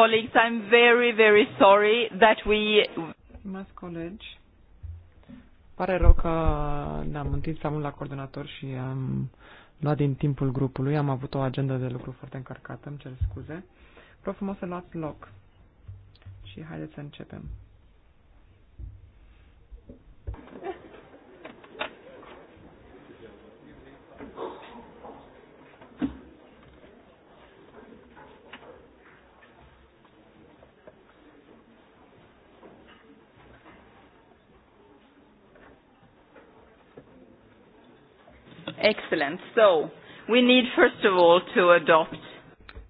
colleagues, I'm very, very sorry that we... Stimați colegi, pare rău că ne-am întins prea mult la coordonator și am luat din timpul grupului. Am avut o agendă de lucru foarte încărcată, îmi cer scuze. Vreau frumos să luați loc și haideți să începem. Excellent. So, we need first of all to adopt.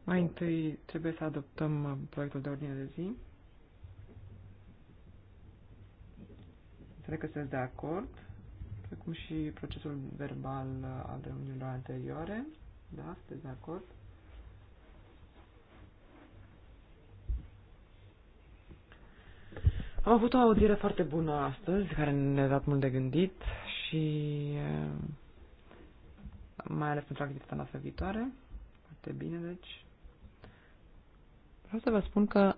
Mai întâi trebuie să adoptăm uh, proiectul de ordine de zi. Înțeleg că sunteți de acord, precum și procesul verbal uh, al reuniunilor anterioare. Da, sunteți de acord? Am avut o audiere foarte bună astăzi, care ne-a dat mult de gândit și uh, mai ales pentru activitatea noastră viitoare. Foarte bine, deci. Vreau să vă spun că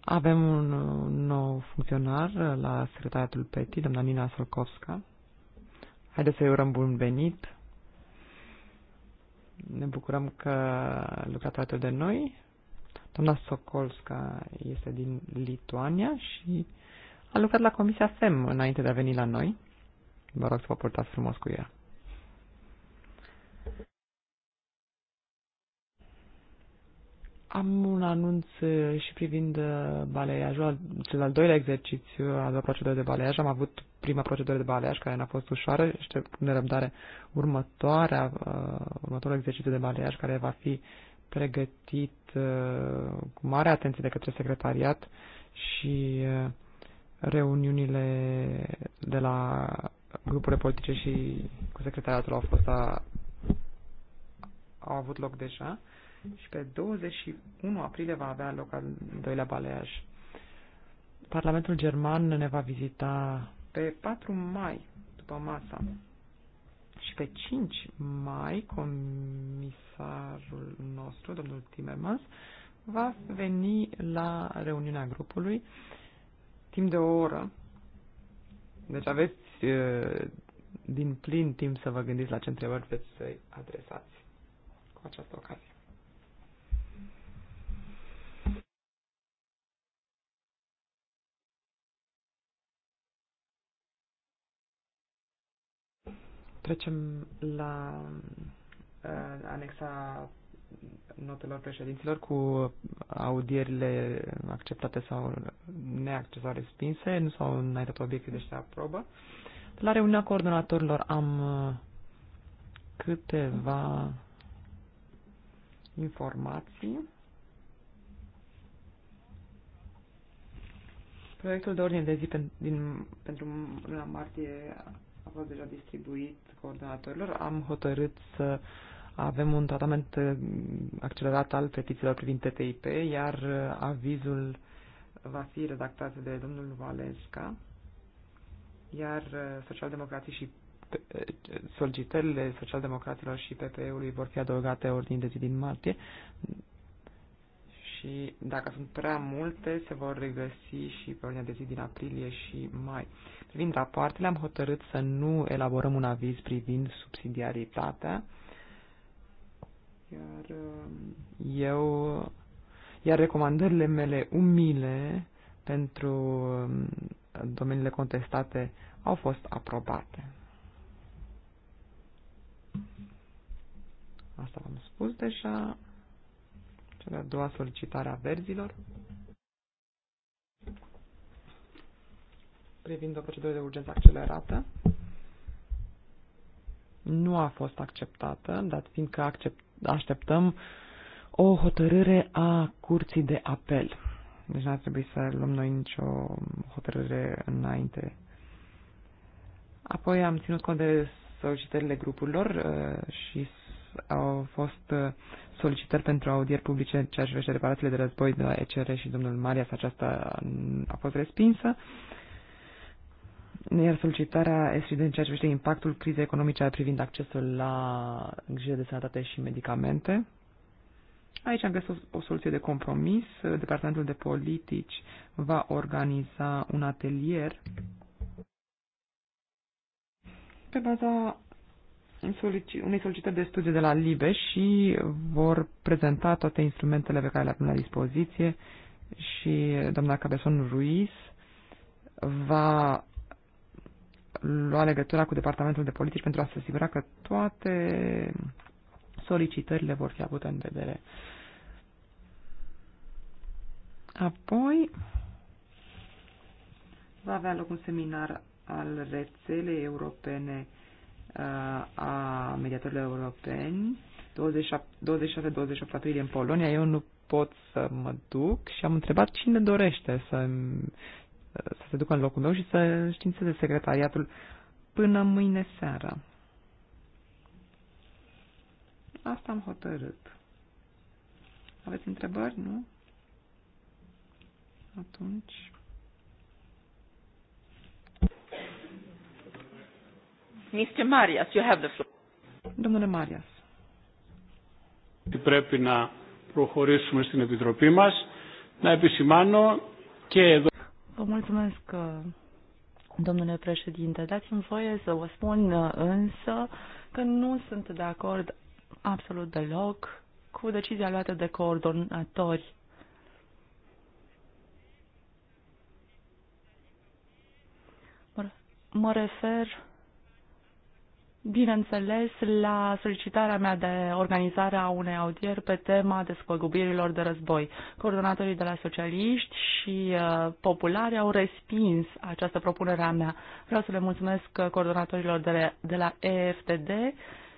avem un nou funcționar la secretariatul PETI, doamna Nina Solkovska. Haideți să-i urăm bun venit. Ne bucurăm că lucrați alături de noi. Doamna Sokolska este din Lituania și a lucrat la Comisia FEM înainte de a veni la noi. Vă rog să vă purtați frumos cu ea. Am un anunț uh, și privind uh, baleajul, cel al doilea exercițiu, a doua procedură de baleaj. Am avut prima procedură de baleaj care n-a fost ușoară și cu nerăbdare următoarea, uh, următorul exercițiu de baleaj care va fi pregătit cu mare atenție de către secretariat și reuniunile de la grupurile politice și cu secretariatul au fost a, au avut loc deja și pe 21 aprilie va avea loc al doilea baleaj. Parlamentul German ne va vizita pe 4 mai, după masa. Și pe 5 mai, comisarul nostru, domnul Timmermans, va veni la reuniunea grupului timp de o oră. Deci aveți din plin timp să vă gândiți la ce întrebări veți să i adresați cu această ocazie. Trecem la uh, anexa notelor președinților cu audierile acceptate sau neacceptate sau respinse, nu s-au înaintat obiecții, de deci se aprobă. La reuniunea coordonatorilor am uh, câteva informații. Proiectul de ordine de zi pen, din, pentru luna martie a fost deja distribuit coordonatorilor am hotărât să avem un tratament uh, accelerat al petițiilor privind TTIP, iar uh, avizul va fi redactat de domnul Valesca, iar uh, socialdemocrații și solicitările socialdemocraților și PPE-ului vor fi adăugate ordinii de zi din martie, și dacă sunt prea multe, se vor regăsi și pe ordinea de zi din aprilie și mai. Privind rapoartele, am hotărât să nu elaborăm un aviz privind subsidiaritatea, iar uh, eu, iar recomandările mele umile pentru um, domeniile contestate au fost aprobate. Asta v-am spus deja. Cea de-a doua solicitare a verzilor. Privind o procedură de urgență accelerată. Nu a fost acceptată, dat fiindcă accept, așteptăm o hotărâre a curții de apel. Deci n-ar trebui să luăm noi nicio hotărâre înainte. Apoi am ținut cont de solicitările grupurilor uh, și au fost uh, solicitări pentru audieri publice în ceea ce privește reparațiile de război de la ECR și domnul Marias. Aceasta a fost respinsă. Iar solicitarea este în ceea ce privește impactul crizei economice privind accesul la grijă de sănătate și medicamente. Aici am găsit o, o soluție de compromis. Departamentul de politici va organiza un atelier pe baza unei solicitări de studiu de la LIBE și vor prezenta toate instrumentele pe care le avem la dispoziție și doamna Cabeson Ruiz va lua legătura cu Departamentul de Politici pentru a se asigura că toate solicitările vor fi avute în vedere. Apoi va avea loc un seminar al rețelei europene Uh, a mediatorilor europeni, 27 28 aprilie în Polonia. Eu nu pot să mă duc și am întrebat cine dorește să, uh, să se ducă în locul meu și să științeze secretariatul până mâine seara Asta am hotărât. Aveți întrebări, nu? Atunci... Mr. Marias, you have the floor. Domnule Marias. Πρέπει να προχωρήσουμε στην Επιτροπή μας. Να επισημάνω και εδώ... Vă mulțumesc, domnule președinte. Dați-mi voie să vă spun însă că nu sunt de acord absolut deloc cu decizia luată de coordonatori mă refer bineînțeles, la solicitarea mea de organizare a unei audieri pe tema despăgubirilor de război. Coordonatorii de la socialiști și uh, populari au respins această propunere a mea. Vreau să le mulțumesc coordonatorilor de, de la EFTD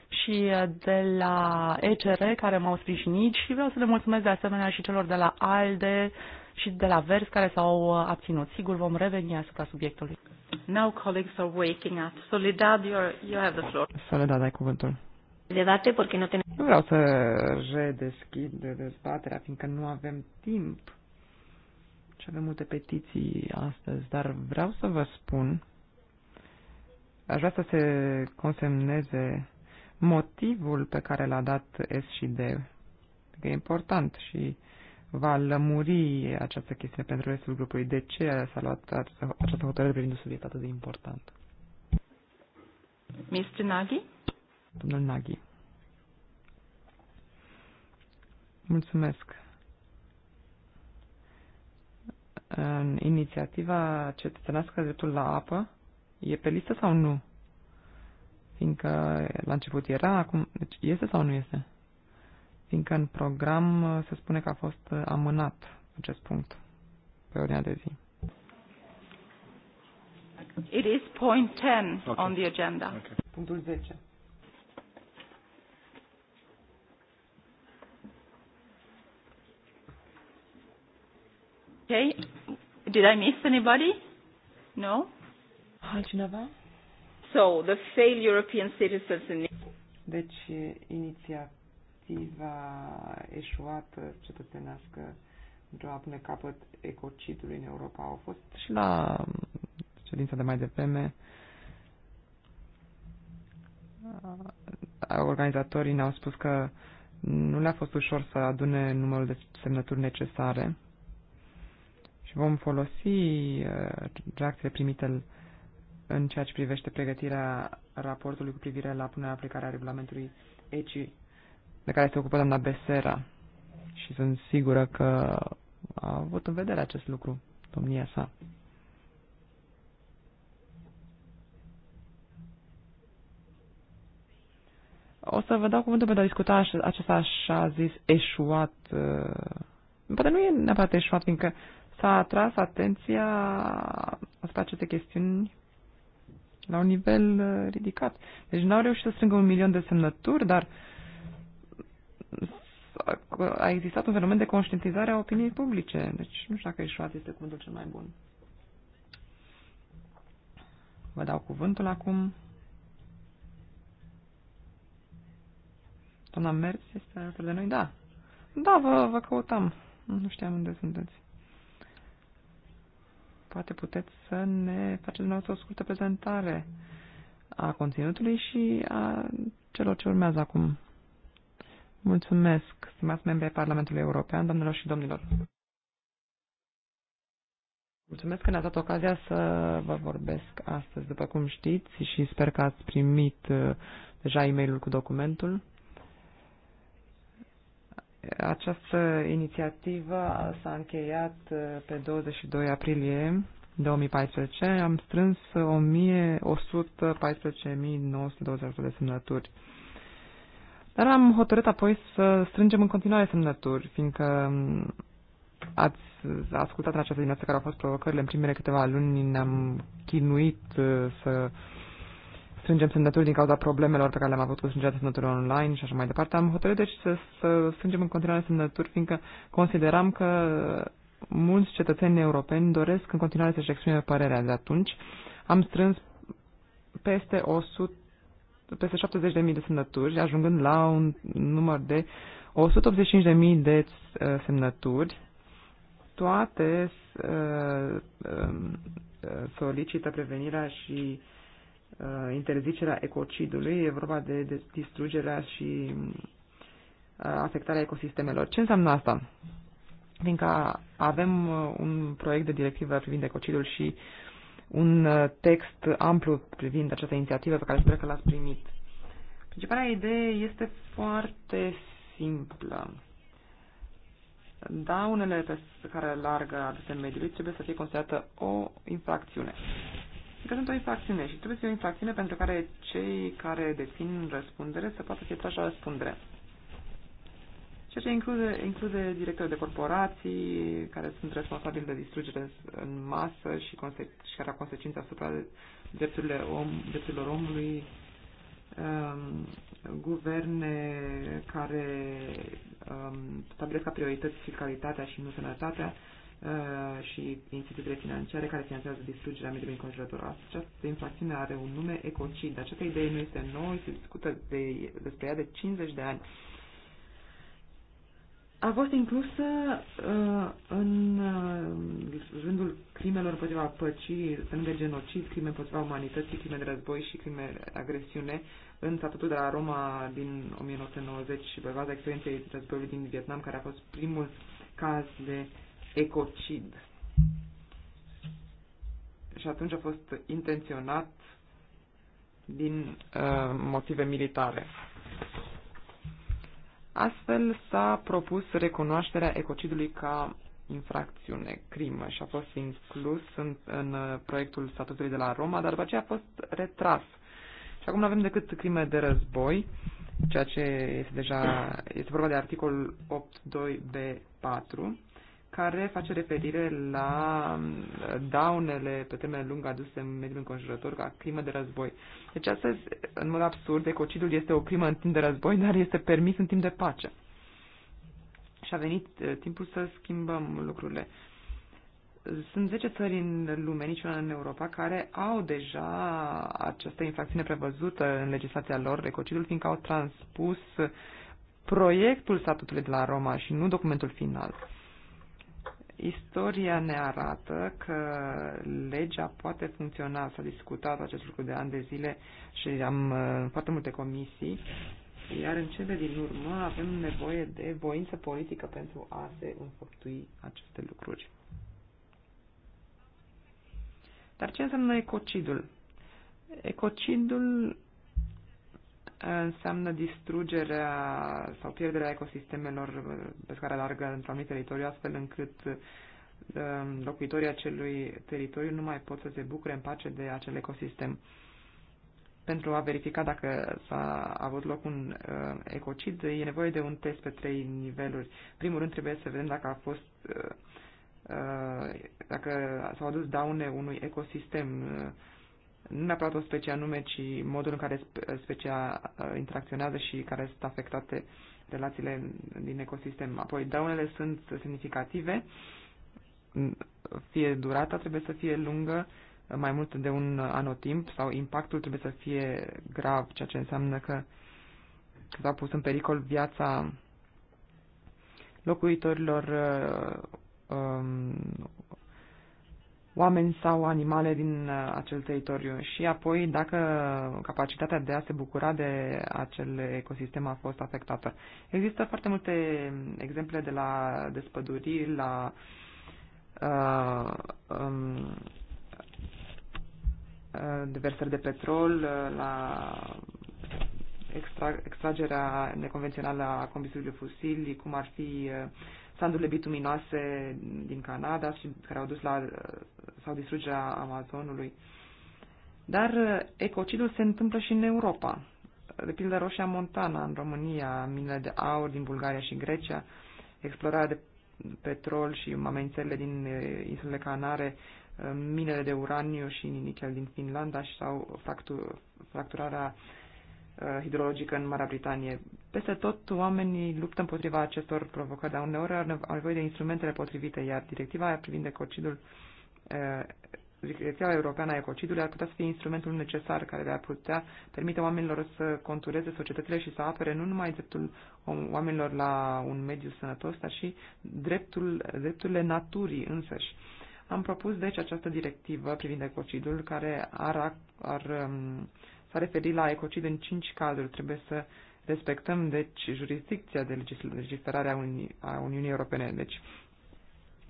și uh, de la ECR care m-au sprijinit și vreau să le mulțumesc de asemenea și celor de la ALDE și de la VERS care s-au uh, abținut. Sigur, vom reveni asupra subiectului. Now colleagues are waking up. Soledad, you have the floor. Soledad, ai cuvântul. De date, porque no ten... Nu vreau să redeschid dezbaterea, fiindcă nu avem timp și avem multe petiții astăzi, dar vreau să vă spun, aș vrea să se consemneze motivul pe care l-a dat S și D, că e important și va lămuri această chestiune pentru restul grupului. De ce s-a luat această hotărâre privind un subiect atât de important? Mr. Nagy? Domnul Nagy. Mulțumesc. În inițiativa cetățenească dreptul la apă e pe listă sau nu? Fiindcă la început era, acum deci este sau nu este? fiindcă în program uh, se spune că a fost uh, amânat acest punct pe ordinea de zi. It is point 10 okay. on the agenda. Okay. Punctul 10. Okay. Did I miss anybody? No? Altcineva? So, the failed European citizens in... Deci, inițiat directiva eșuată cetățenească pentru a pune capăt ecocidului în Europa au fost și la um, ședința de mai devreme. Uh, organizatorii ne-au spus că nu le-a fost ușor să adune numărul de semnături necesare și vom folosi uh, reacțiile primite în ceea ce privește pregătirea raportului cu privire la punerea aplicarea regulamentului ECI de care se ocupă doamna Besera și sunt sigură că a avut în vedere acest lucru domnia sa. O să vă dau cuvântul pentru a discuta acest așa zis eșuat. Uh, poate nu e neapărat eșuat, fiindcă s-a atras atenția asupra aceste chestiuni la un nivel uh, ridicat. Deci n-au reușit să strângă un milion de semnături, dar uh, a existat un fenomen de conștientizare a opiniei publice. Deci nu știu dacă eșuat este cuvântul cel mai bun. Vă dau cuvântul acum. Doamna Merz este alături de noi? Da. Da, vă, vă căutam. Nu știam unde sunteți. Poate puteți să ne faceți dumneavoastră o scurtă prezentare a conținutului și a celor ce urmează acum. Mulțumesc, stimați membri ai Parlamentului European, domnilor și domnilor. Mulțumesc că ne-ați dat ocazia să vă vorbesc astăzi. După cum știți și sper că ați primit uh, deja e mail cu documentul, această inițiativă s-a încheiat uh, pe 22 aprilie 2014. Am strâns 1114.920 de semnături dar am hotărât apoi să strângem în continuare semnături, fiindcă um, ați ascultat în această dimineață care au fost provocările în primele câteva luni, ne-am chinuit uh, să strângem semnături din cauza problemelor pe care le-am avut cu strângerea semnături online și așa mai departe. Am hotărât deci să, să strângem în continuare semnături, fiindcă consideram că mulți cetățeni europeni doresc în continuare să-și exprime părerea de atunci. Am strâns peste 100 peste 70.000 de semnături, ajungând la un număr de 185.000 de uh, semnături. Toate uh, uh, solicită prevenirea și interzicerea ecocidului, e vorba de distrugerea și afectarea ecosistemelor. Ce înseamnă asta? Fiindcă avem un proiect de directivă privind ecocidul și uh, un uh, text amplu privind această inițiativă pe care sper că l-ați primit. Principala idee este foarte simplă. Daunele pe care largă aduse mediului trebuie să fie considerată o infracțiune. Că sunt o infracțiune și trebuie să fie o infracțiune pentru care cei care dețin răspundere să poată fi trași la răspundere ceea ce include, include directori de corporații care sunt responsabili de distrugere în masă și, conse- și care au consecințe asupra drepturile om, drepturilor omului, um, guverne care um, stabilesc ca priorități fiscalitatea și nu sănătatea uh, și instituțiile financiare care finanțează distrugerea mediului înconjurător. Această infracțiune are un nume ecocid. Această idee nu este nouă, se discută de, despre ea de 50 de ani a fost inclusă uh, în uh, rândul crimelor împotriva păcii, lângă genocid, crime împotriva umanității, crime de război și crime de agresiune, în statutul de la Roma din 1990 și pe baza experienței războiului din Vietnam, care a fost primul caz de ecocid. Și atunci a fost intenționat din uh, motive militare. Astfel s-a propus recunoașterea ecocidului ca infracțiune, crimă și a fost inclus în, în uh, proiectul statutului de la Roma, dar după aceea a fost retras. Și acum nu avem decât crime de război, ceea ce este deja, este vorba de articolul 8.2b4 care face referire la um, daunele pe termen lung aduse în mediul înconjurător ca crimă de război. Deci astăzi, în mod absurd, ecocidul este o crimă în timp de război, dar este permis în timp de pace. Și a venit uh, timpul să schimbăm lucrurile. Sunt 10 țări în lume, niciuna în Europa, care au deja această infracțiune prevăzută în legislația lor, ecocidul, fiindcă au transpus proiectul statutului de la Roma și nu documentul final. Istoria ne arată că legea poate funcționa. S-a discutat acest lucru de ani de zile și am uh, foarte multe comisii. Iar în cele din urmă avem nevoie de voință politică pentru a se înfăptui aceste lucruri. Dar ce înseamnă ecocidul? Ecocidul înseamnă distrugerea sau pierderea ecosistemelor pe scară largă într-un anumit teritoriu, astfel încât um, locuitorii acelui teritoriu nu mai pot să se bucure în pace de acel ecosistem. Pentru a verifica dacă s-a avut loc un uh, ecocid, e nevoie de un test pe trei niveluri. Primul rând trebuie să vedem dacă a fost uh, uh dacă s-au adus daune unui ecosistem. Uh, nu neapărat o specie anume, ci modul în care specia uh, interacționează și care sunt afectate relațiile din ecosistem. Apoi, daunele sunt semnificative, fie durata trebuie să fie lungă, mai mult de un anotimp, sau impactul trebuie să fie grav, ceea ce înseamnă că s-a pus în pericol viața locuitorilor uh, um, oameni sau animale din uh, acel teritoriu și apoi dacă capacitatea de a se bucura de acel ecosistem a fost afectată. Există foarte multe exemple de la despăduri, la uh, um, uh, deversări de petrol, uh, la extra, extragerea neconvențională a combustibilului fosili, cum ar fi uh, sandurile bituminoase din Canada și care au dus la sau distrugerea Amazonului. Dar eh, ecocidul se întâmplă și în Europa. De pildă Roșia Montana în România, minele de aur din Bulgaria și Grecia, explorarea de petrol și amenințările din eh, insulele Canare, eh, minele de uraniu și nichel din Finlanda și sau fracturarea Uh, hidrologică în Marea Britanie. Peste tot, oamenii luptă împotriva acestor provocări, dar uneori au nevoie de instrumentele potrivite, iar directiva privind ecocidul, uh, directiva europeană a ecocidului ar putea să fie instrumentul necesar care le-ar putea permite oamenilor să contureze societățile și să apere nu numai dreptul oamenilor la un mediu sănătos, dar și dreptul, drepturile naturii însăși. Am propus, deci, această directivă privind ecocidul, care ar, ar um, s-a referit la ecocid în cinci cazuri. Trebuie să respectăm, deci, jurisdicția de legiferare a, Uni- a Uniunii Europene. Deci,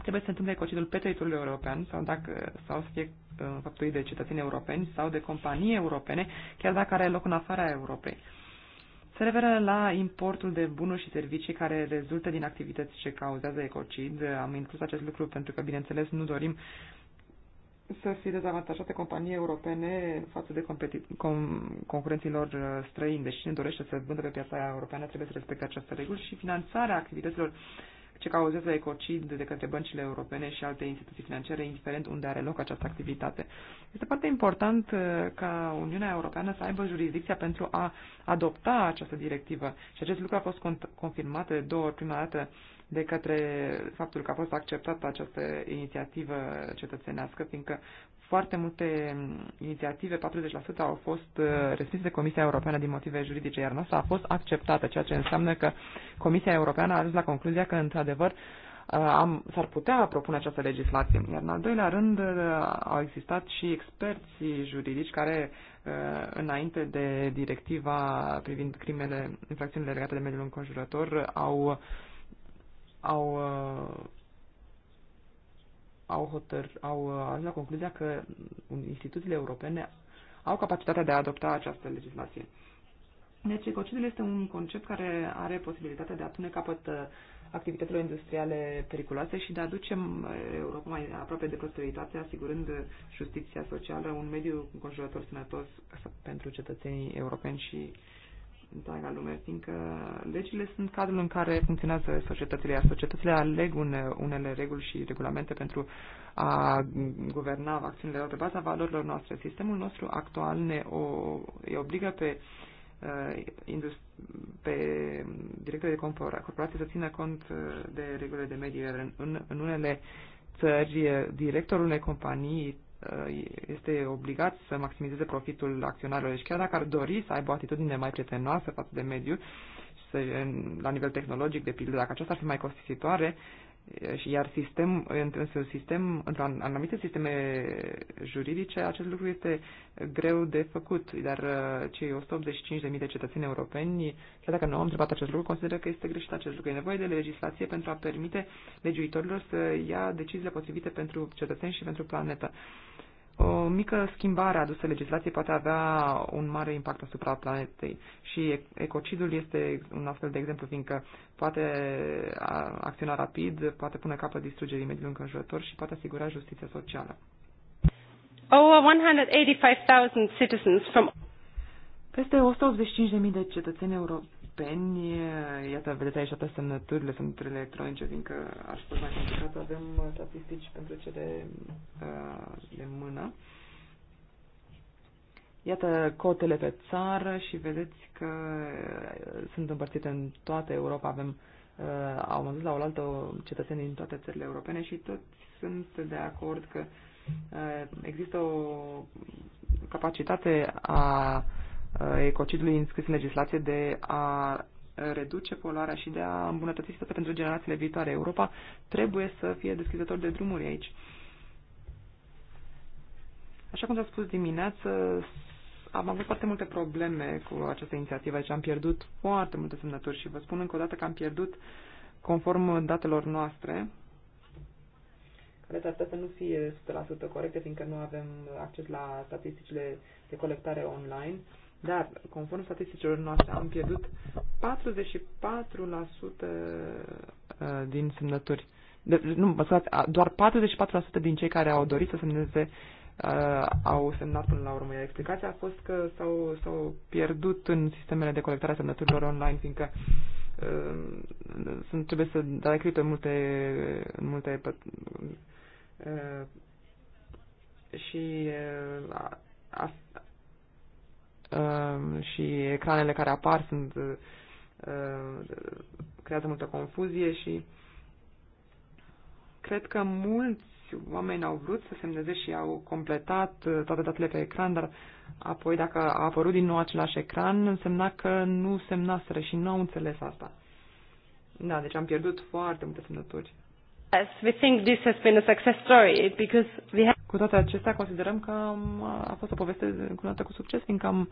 trebuie să întâmple ecocidul pe teritoriul european sau, dacă, sau să fie uh, făptuit de cetățeni europeni sau de companii europene, chiar dacă are loc în afara Europei. Se referă la importul de bunuri și servicii care rezultă din activități ce cauzează ecocid. Am inclus acest lucru pentru că, bineînțeles, nu dorim uh, să fie dezavantajate companii europene față de com- concurenților uh, străini. deci cine dorește să vândă pe piața europeană, trebuie să respecte aceste reguli și finanțarea activităților ce cauzează ecocid de către băncile europene și alte instituții financiare, indiferent unde are loc această activitate. Este foarte important uh, ca Uniunea Europeană să aibă jurisdicția pentru a adopta această directivă și acest lucru a fost confirmat de două ori prima dată de către faptul că a fost acceptată această inițiativă cetățenească, fiindcă foarte multe inițiative, 40% au fost uh, respinse de Comisia Europeană din motive juridice, iar noastră a fost acceptată, ceea ce înseamnă că Comisia Europeană a ajuns la concluzia că, într-adevăr, uh, am, s-ar putea propune această legislație. Iar în al doilea rând uh, au existat și experți juridici care, înainte de directiva privind crimele, infracțiunile legate de mediul înconjurător, au au, uh, au, hotăr, au uh, ajuns la concluzia că instituțiile europene au capacitatea de a adopta această legislație. Deci, ecocidul este un concept care are posibilitatea de a pune capăt uh, activităților industriale periculoase și de a duce Europa mai aproape de prosperitate, asigurând justiția socială, un mediu înconjurător sănătos pentru cetățenii europeni și da, în întreaga lume, fiindcă legile sunt cadrul în care funcționează societățile, iar societățile aleg une, unele reguli și regulamente pentru a guverna acțiunile lor pe baza valorilor noastre. Sistemul nostru actual ne o, îi obligă pe uh, pe directorii de corporații să țină cont uh, de regulile de mediu, în, în unele țări uh, directorul unei companii Uh, este obligat să maximizeze profitul acționarilor. Deci chiar dacă ar dori să aibă o atitudine mai prietenoasă față de mediu, să, la nivel tehnologic, de pildă, dacă aceasta ar fi mai costisitoare, iar sistem, într-un sistem, într anumite sisteme juridice, acest lucru este greu de făcut, dar uh, cei 185.000 de cetățeni europeni, chiar dacă nu am întrebat acest lucru, consideră că este greșit acest lucru. E nevoie de legislație pentru a permite legiuitorilor să ia deciziile potrivite pentru cetățeni și pentru planetă. Uh, o mică schimbare adusă legislației poate avea un mare impact asupra planetei și ecocidul este un astfel de exemplu, fiindcă poate acționa rapid, poate pune capăt distrugerii mediului înconjurător și poate asigura justiția socială. Over citizens from peste 185.000 de cetățeni europeni europeni. Iată, vedeți aici toate semnăturile, semnăturile electronice, fiindcă aș spus mai complicat, avem statistici pentru cele uh, de mână. Iată cotele pe țară și vedeți că uh, sunt împărțite în toată Europa. Avem, uh, au adus la oaltă cetățenii din toate țările europene și toți sunt de acord că există o capacitate a Uh, ecocidului înscris în legislație de a reduce poluarea și de a îmbunătăți situația pentru generațiile viitoare. Europa trebuie să fie deschizător de drumuri aici. Așa cum s-a spus dimineață, am avut foarte multe probleme cu această inițiativă, deci am pierdut foarte multe semnături și vă spun încă o dată că am pierdut, conform datelor noastre, care s-ar putea să nu fie 100% corecte, fiindcă nu avem acces la statisticile de colectare online, dar, conform statisticilor noastre, am pierdut 44% uh, din semnături. De, nu, mă scuzați, doar 44% din cei care au dorit să semneze uh, au semnat până la urmă. Iar explicația a fost că s-au, s-au pierdut în sistemele de colectare a semnăturilor online, fiindcă uh, sunt, trebuie să dai click pe multe, în multe uh, și uh, a, Um, și ecranele care apar sunt uh, creează multă confuzie și cred că mulți oameni au vrut să semneze și au completat uh, toate datele pe ecran, dar apoi dacă a apărut din nou același ecran, însemna că nu semnaseră și nu au înțeles asta. Da, deci am pierdut foarte multe semnături we think this has been a success story because we have... Cu toate acestea, considerăm că am, a fost o poveste cunată cu succes, fiindcă am,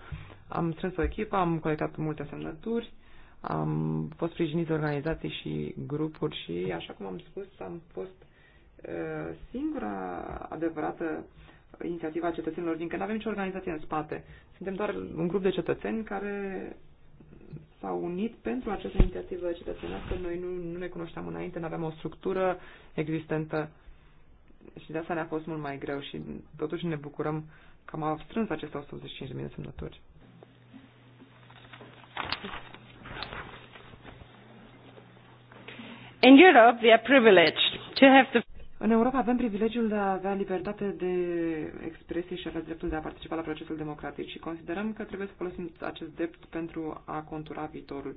am strâns o echipă, am colectat multe semnături, am fost sprijinit de organizații și grupuri și, așa cum am spus, am fost uh, singura adevărată inițiativa cetățenilor, din că nu avem nicio organizație în spate. Suntem doar un grup de cetățeni care s-au unit pentru această inițiativă cetățenească. Noi nu, nu ne cunoșteam înainte, nu aveam o structură existentă și de asta ne-a fost mult mai greu și totuși ne bucurăm că am strâns aceste 185.000 de semnături. In Europe, we are privileged to have the în Europa avem privilegiul de a avea libertate de expresie și avea dreptul de a participa la procesul democratic și considerăm că trebuie să folosim acest drept pentru a contura viitorul.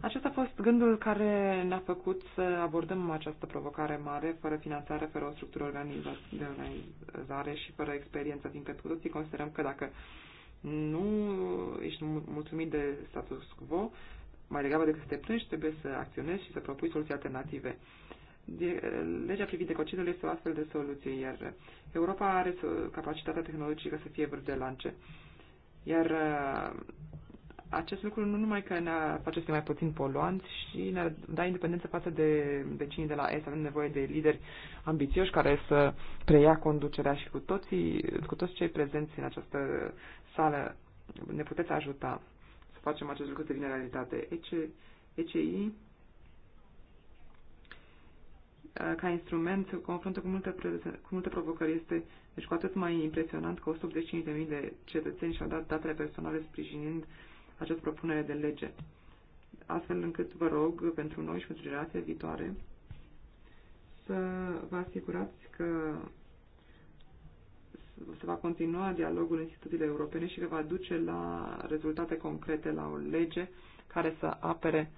Acesta a fost gândul care ne-a făcut să abordăm această provocare mare, fără finanțare, fără o structură de organizare și fără experiență, fiindcă cu toții considerăm că dacă nu ești mulțumit de status quo, mai degrabă decât să te plângi, trebuie să acționezi și să propui soluții alternative. Legea privind ecocidul este o astfel de soluție, iar Europa are capacitatea tehnologică să fie vârf de lance. Iar uh, acest lucru nu numai că ne face să mai puțin poluanți și ne da independență față de vecinii de la Est. Avem nevoie de lideri ambițioși care să preia conducerea și cu, toții, cu toți cei prezenți în această sală ne puteți ajuta să facem acest lucru să devină realitate. ECI ca instrument se confruntă cu multe, cu multe provocări. Este deci cu atât mai impresionant că 185.000 de cetățeni și-au dat datele personale sprijinind această propunere de lege. Astfel încât vă rog pentru noi și pentru generația viitoare să vă asigurați că se va continua dialogul în instituțiile europene și că va duce la rezultate concrete, la o lege care să apere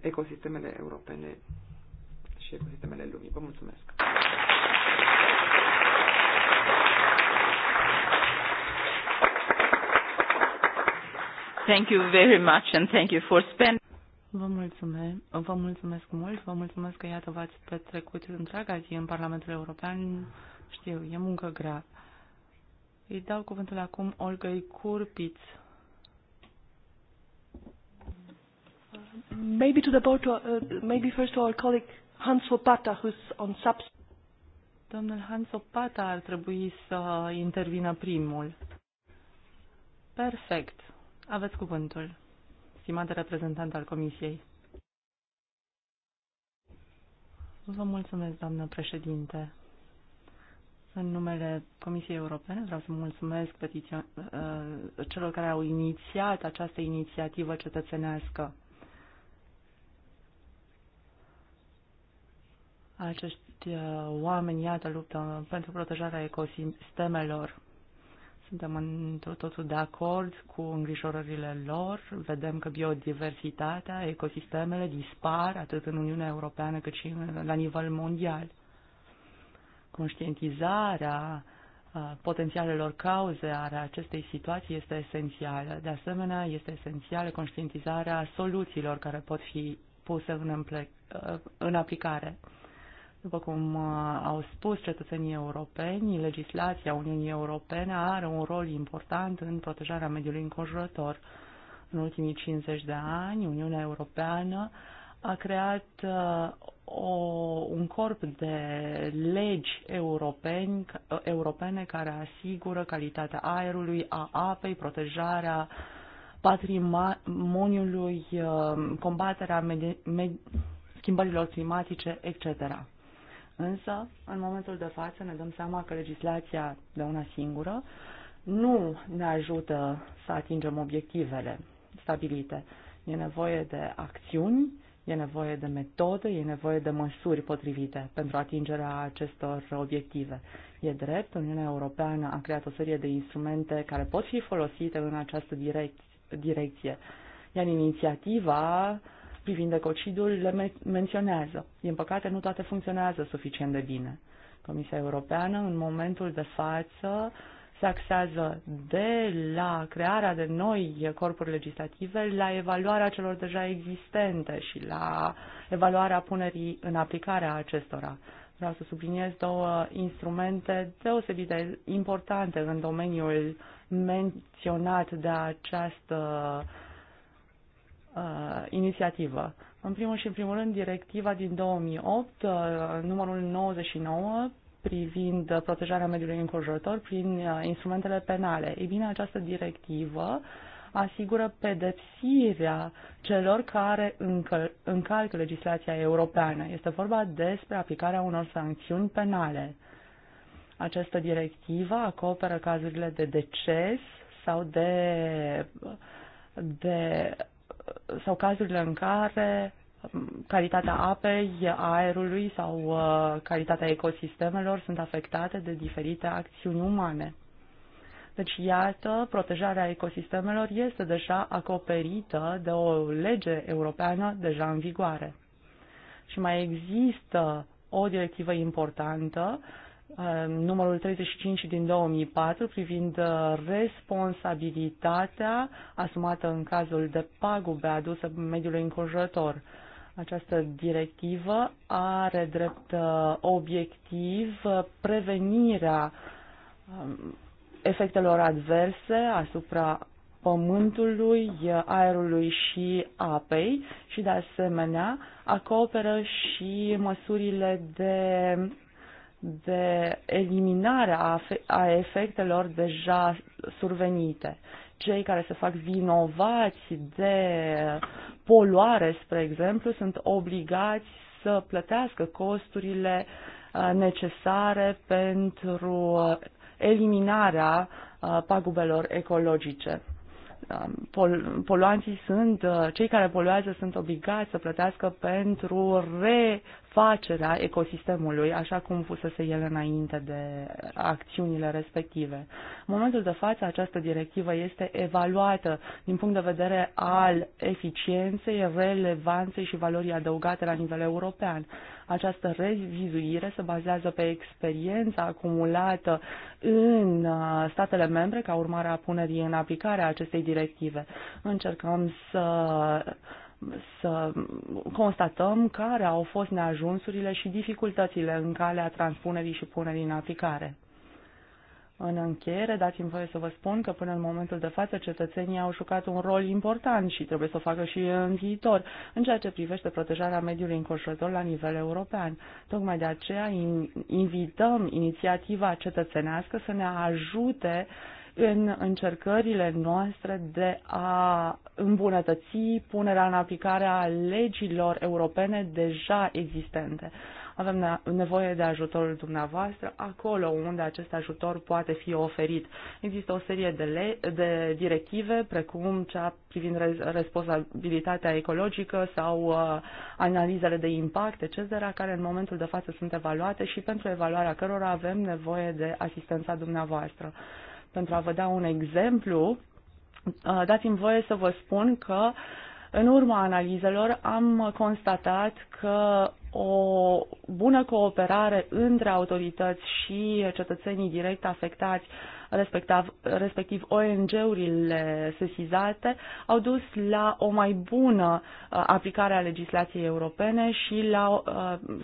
ecosistemele europene și ecosistemele lumii. Vă mulțumesc! Thank you very much and thank you for spending Vă mulțumesc, vă mulțumesc mult, vă mulțumesc că iată v-ați petrecut întreaga zi în Parlamentul European. Știu, e muncă grea. Îi dau cuvântul acum Olga Curpiț. Maybe to the board, to, uh, maybe first to our colleague Hans Opata, who's on subs. Domnul Hans Opata ar trebui să intervină primul. Perfect. Aveți cuvântul, stimată reprezentant al Comisiei. Vă mulțumesc, doamnă președinte. În numele Comisiei Europene vreau să mulțumesc petițion- uh, celor care au inițiat această inițiativă cetățenească. Acești uh, oameni, iată, luptă pentru protejarea ecosistemelor. Suntem într totul de acord cu îngrijorările lor. Vedem că biodiversitatea, ecosistemele dispar atât în Uniunea Europeană cât și la nivel mondial. Conștientizarea uh, potențialelor cauze ale acestei situații este esențială. De asemenea, este esențială conștientizarea soluțiilor care pot fi puse în, uh, în aplicare. După cum uh, au spus cetățenii europeni, legislația Uniunii Europene are un rol important în protejarea mediului înconjurător. În ultimii 50 de ani, Uniunea Europeană a creat uh, o, un corp de legi europeni, europene care asigură calitatea aerului, a apei, protejarea patrimoniului, uh, combaterea med- schimbărilor climatice, etc. Însă, în momentul de față, ne dăm seama că legislația de una singură nu ne ajută să atingem obiectivele stabilite. E nevoie de acțiuni, e nevoie de metode, e nevoie de măsuri potrivite pentru atingerea acestor obiective. E drept, Uniunea Europeană a creat o serie de instrumente care pot fi folosite în această direc- direcție. Iar inițiativa privind ecocidul le menționează. Din păcate, nu toate funcționează suficient de bine. Comisia Europeană, în momentul de față, se axează de la crearea de noi corpuri legislative la evaluarea celor deja existente și la evaluarea punerii în aplicare a acestora. Vreau să subliniez două instrumente deosebit de importante în domeniul menționat de această uh, uh, inițiativă. În primul și în primul rând, directiva din 2008, uh, numărul 99, privind protejarea mediului înconjurător prin uh, instrumentele penale. Ei bine, această directivă asigură pedepsirea celor care încă, încalcă legislația europeană. Este vorba despre aplicarea unor sancțiuni penale. Această directivă acoperă cazurile de deces sau de, de sau cazurile în care calitatea apei, aerului sau uh, calitatea ecosistemelor sunt afectate de diferite acțiuni umane. Deci, iată, protejarea ecosistemelor este deja acoperită de o lege europeană deja în vigoare. Și mai există o directivă importantă uh, Uh, numărul 35 din 2004 privind uh, responsabilitatea asumată în cazul de pagube aduse mediului înconjurător. Această directivă are drept uh, obiectiv prevenirea um, efectelor adverse asupra pământului, aerului și apei și, de asemenea, acoperă și măsurile de de eliminarea a efectelor deja survenite. Cei care se fac vinovați de poluare, spre exemplu, sunt obligați să plătească costurile uh, necesare pentru uh, eliminarea uh, pagubelor ecologice. Um, poluanții sunt, cei care poluează sunt obligați să plătească pentru re refacerea ecosistemului, așa cum fusese el înainte de acțiunile respective. În momentul de față, această directivă este evaluată din punct de vedere al eficienței, relevanței și valorii adăugate la nivel european. Această revizuire se bazează pe experiența acumulată în uh, statele membre ca urmare a punerii în aplicare a acestei directive. Încercăm să să constatăm care au fost neajunsurile și dificultățile în calea transpunerii și punerii în aplicare. În încheiere, dați-mi voie să vă spun că până în momentul de față cetățenii au jucat un rol important și trebuie să o facă și în viitor în ceea ce privește protejarea mediului înconjurător la nivel european. Tocmai de aceea invităm inițiativa cetățenească să ne ajute uh, în încercările noastre de a îmbunătăți punerea în aplicare a legilor europene deja existente. Avem nevoie de ajutorul dumneavoastră acolo unde acest ajutor poate fi oferit. Există o serie de, le- de directive, precum cea privind re- responsabilitatea ecologică sau uh, analizele de impact, etc., care în momentul de față sunt evaluate și pentru evaluarea cărora avem nevoie de asistența dumneavoastră. Uh, pentru a vă da un exemplu, uh, dați-mi voie să vă spun că în urma analizelor am constatat că o bună cooperare între autorități și cetățenii direct afectați, respectiv, respectiv ONG-urile sesizate, au dus la o mai bună uh, aplicare a legislației europene și la uh,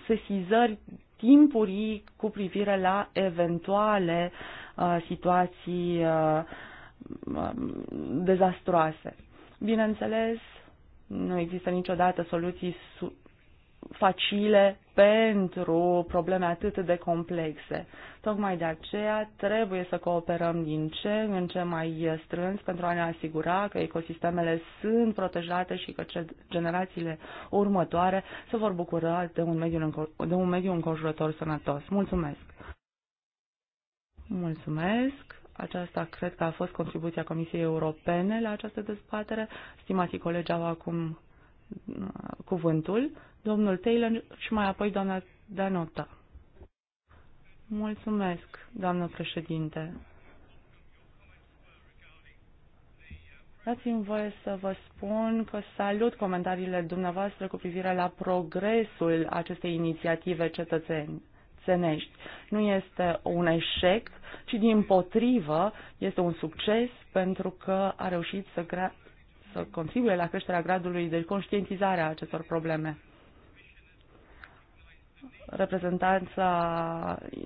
sesizări timpurii cu privire la eventuale uh, Uh, situații uh, um, dezastroase. Bineînțeles, nu există niciodată soluții facile pentru probleme atât de complexe. Tocmai de aceea trebuie să cooperăm din ce în ce mai strâns pentru a ne asigura că ecosistemele sunt protejate și că generațiile următoare se vor bucura de un mediu, înco- de un mediu înconjurător sănătos. Mulțumesc! Mulțumesc. Aceasta cred că a fost contribuția Comisiei Europene la această dezbatere. Stimații colegi au acum uh, cuvântul, domnul Taylor și mai apoi doamna Danota. Mulțumesc, doamnă președinte. Dați-mi voie să vă spun că salut comentariile dumneavoastră cu privire la progresul acestei inițiative cetățeni cetățenești. Nu este un eșec, ci din potrivă este un succes pentru că a reușit să, gra- să contribuie la creșterea gradului de conștientizare a acestor probleme. Reprezentanța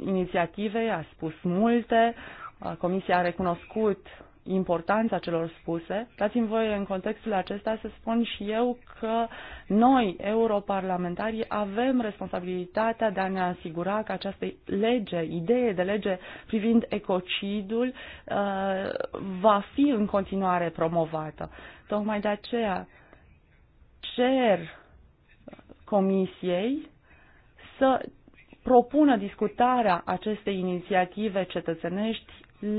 inițiativei a spus multe, Comisia a recunoscut importanța celor spuse. Dați-mi voie în contextul acesta să spun și eu că noi, europarlamentarii, avem responsabilitatea de a ne asigura că această lege, idee de lege privind ecocidul uh, va fi în continuare promovată. Tocmai de aceea cer Comisiei să propună discutarea acestei inițiative cetățenești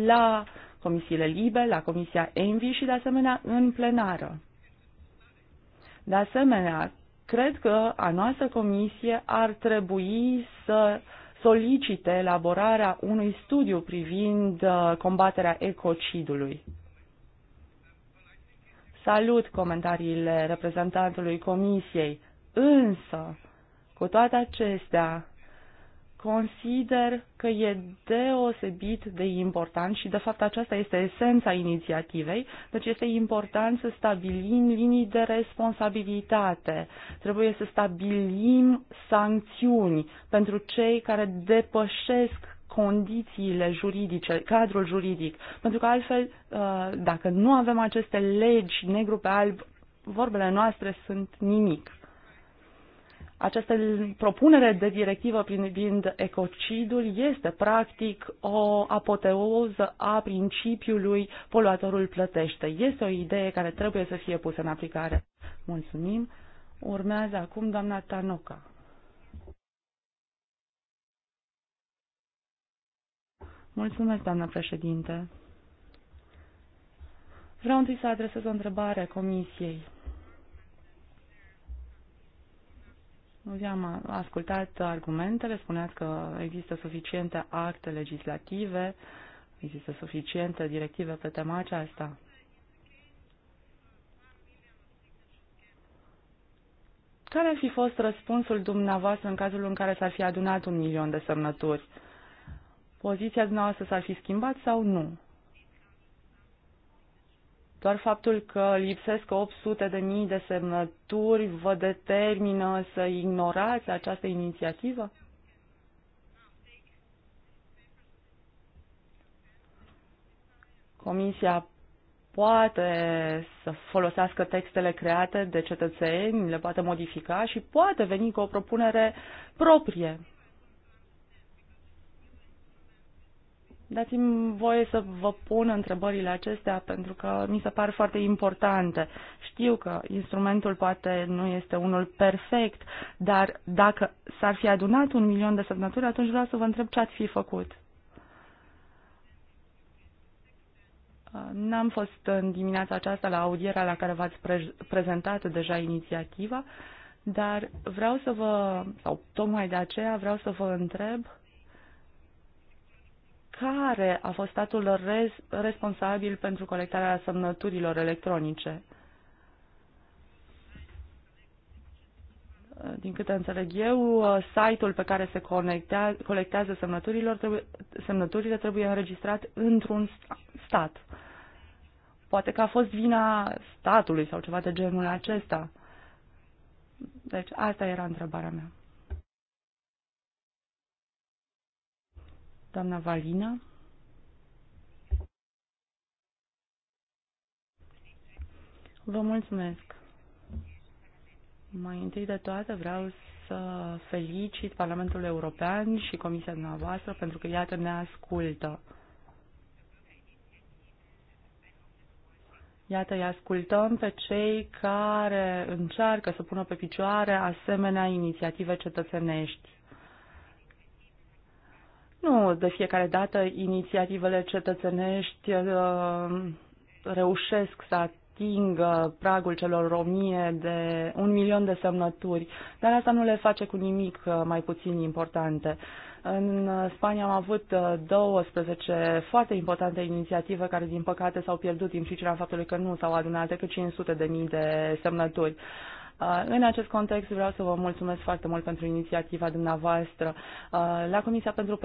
la uh, comisiile LIBE, la comisia ENVI și de asemenea în plenară. De asemenea, cred că a noastră comisie ar trebui să solicite elaborarea unui studiu privind uh, combaterea ecocidului. Salut comentariile reprezentantului comisiei, însă, cu toate acestea, consider că e deosebit de important și de fapt aceasta este esența inițiativei, deci este important să stabilim linii de responsabilitate. Trebuie să stabilim sancțiuni pentru cei care depășesc condițiile juridice, cadrul juridic, pentru că altfel, uh, dacă nu avem aceste legi negru pe alb, vorbele noastre sunt nimic. Această propunere de directivă privind ecocidul este practic o apoteoză a principiului poluatorul plătește. Este o idee care trebuie să fie pusă în aplicare. Mulțumim. Urmează acum doamna Tanoca. Mulțumesc, doamna președinte. Vreau întâi să adresez o întrebare comisiei. am ascultat argumentele, spuneați că există suficiente acte legislative, există suficiente directive pe tema aceasta. Care ar fi fost răspunsul dumneavoastră în cazul în care s-ar fi adunat un milion de semnături? Poziția dumneavoastră s-ar fi schimbat sau nu? Doar faptul că lipsesc 800 de mii de semnături vă determină să ignorați această inițiativă? Comisia poate să folosească textele create de cetățeni, le poate modifica și poate veni cu o propunere proprie Dați-mi voie să vă pun întrebările acestea pentru că mi se par foarte importante. Știu că instrumentul poate nu este unul perfect, dar dacă s-ar fi adunat un milion de semnături, atunci vreau să vă întreb ce ați fi făcut. N-am fost în dimineața aceasta la audierea la care v-ați pre- prezentat deja inițiativa, dar vreau să vă, sau tocmai de aceea vreau să vă întreb uh, care a fost statul res- responsabil pentru colectarea semnăturilor electronice. Din câte înțeleg eu, site-ul pe care se conectea, colectează semnăturilor trebuie, semnăturile trebuie înregistrat într-un stat. Poate că a fost vina statului sau ceva de genul acesta. Deci, asta era întrebarea mea. Doamna Valina. Vă mulțumesc. Mai întâi de toate vreau să felicit Parlamentul European și Comisia dumneavoastră pentru că, iată, ne ascultă. Iată, îi ascultăm pe cei care încearcă să pună pe picioare asemenea inițiative cetățenești. Nu de fiecare dată inițiativele cetățenești uh, reușesc să atingă pragul celor romie de, un milion de semnături, dar asta nu le face cu nimic uh, mai puțin importante. În Spania am avut 12 uh, foarte importante inițiative care, din păcate, s-au pierdut din pricina faptului că nu s-au adunat decât 500 de mii de semnături. Uh, în acest context vreau să vă mulțumesc foarte mult pentru inițiativa dumneavoastră. Uh, la Comisia pentru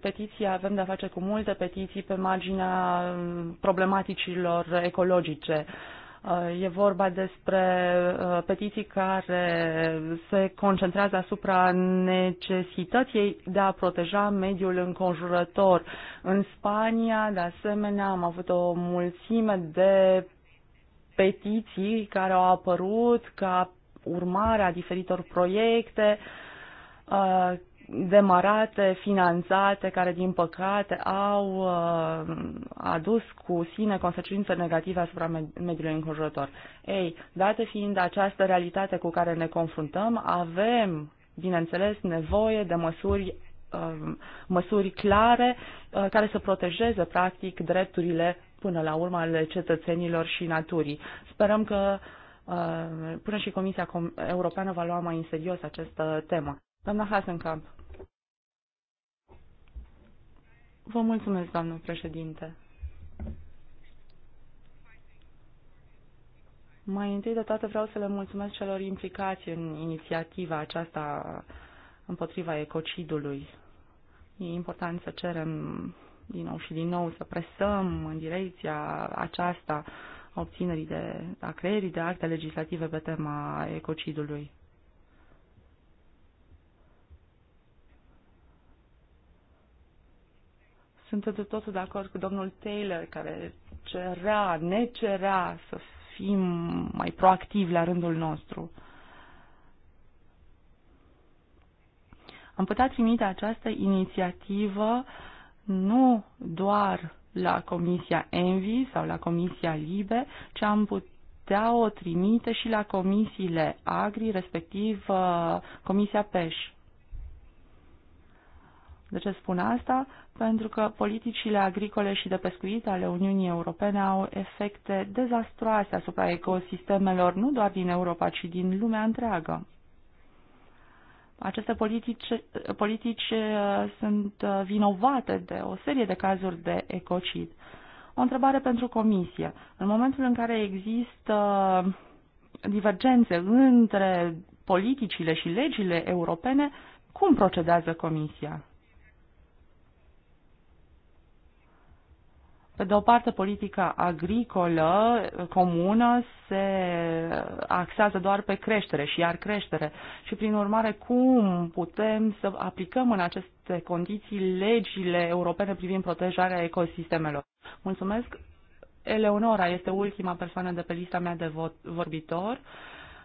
Petiții avem de-a face cu multe petiții pe marginea um, problematicilor ecologice. Uh, e vorba despre petiții care se concentrează asupra necesității de a proteja mediul înconjurător. În Spania, de asemenea, am avut o mulțime de petiții care au apărut ca urmare a diferitor proiecte uh, demarate, finanțate, care din păcate au uh, adus cu sine consecințe negative asupra mediului înconjurător. Ei, date fiind această realitate cu care ne confruntăm, avem, bineînțeles, nevoie de măsuri uh, măsuri clare uh, care să protejeze practic drepturile până la urmă ale cetățenilor și naturii. Sperăm că uh, Uh, până și Comisia Europeană va lua mai în serios această temă. Doamna Hasenkamp. Vă mulțumesc, doamnă președinte. Mai întâi de toate vreau să le mulțumesc celor implicați în inițiativa aceasta împotriva ecocidului. E important să cerem din nou și din nou să presăm în direcția aceasta uh, a obținerii de, a creierii de acte legislative pe tema ecocidului. Sunt de totul de acord cu domnul Taylor, care cerea, ne cerea să fim mai proactivi la rândul nostru. Am putea trimite această inițiativă nu doar la Comisia Envi sau la Comisia Libe, ci am putea o trimite și la comisiile Agri, respectiv uh, Comisia PEș. De ce spun asta? Pentru că politicile agricole și de pescuit ale Uniunii Europene au efecte dezastroase asupra ecosistemelor nu doar din Europa, ci din lumea întreagă. Aceste politici, politici uh, sunt uh, vinovate de o serie de cazuri de ecocid. O întrebare pentru comisie. În momentul în care există divergențe între politicile și legile europene, cum procedează comisia? Pe de o parte, politica agricolă eh, comună se axează doar pe creștere și iar creștere. Și prin urmare, cum putem să aplicăm în aceste condiții legile europene privind protejarea ecosistemelor? Mulțumesc. Eleonora este ultima persoană de pe lista mea de vorbitor.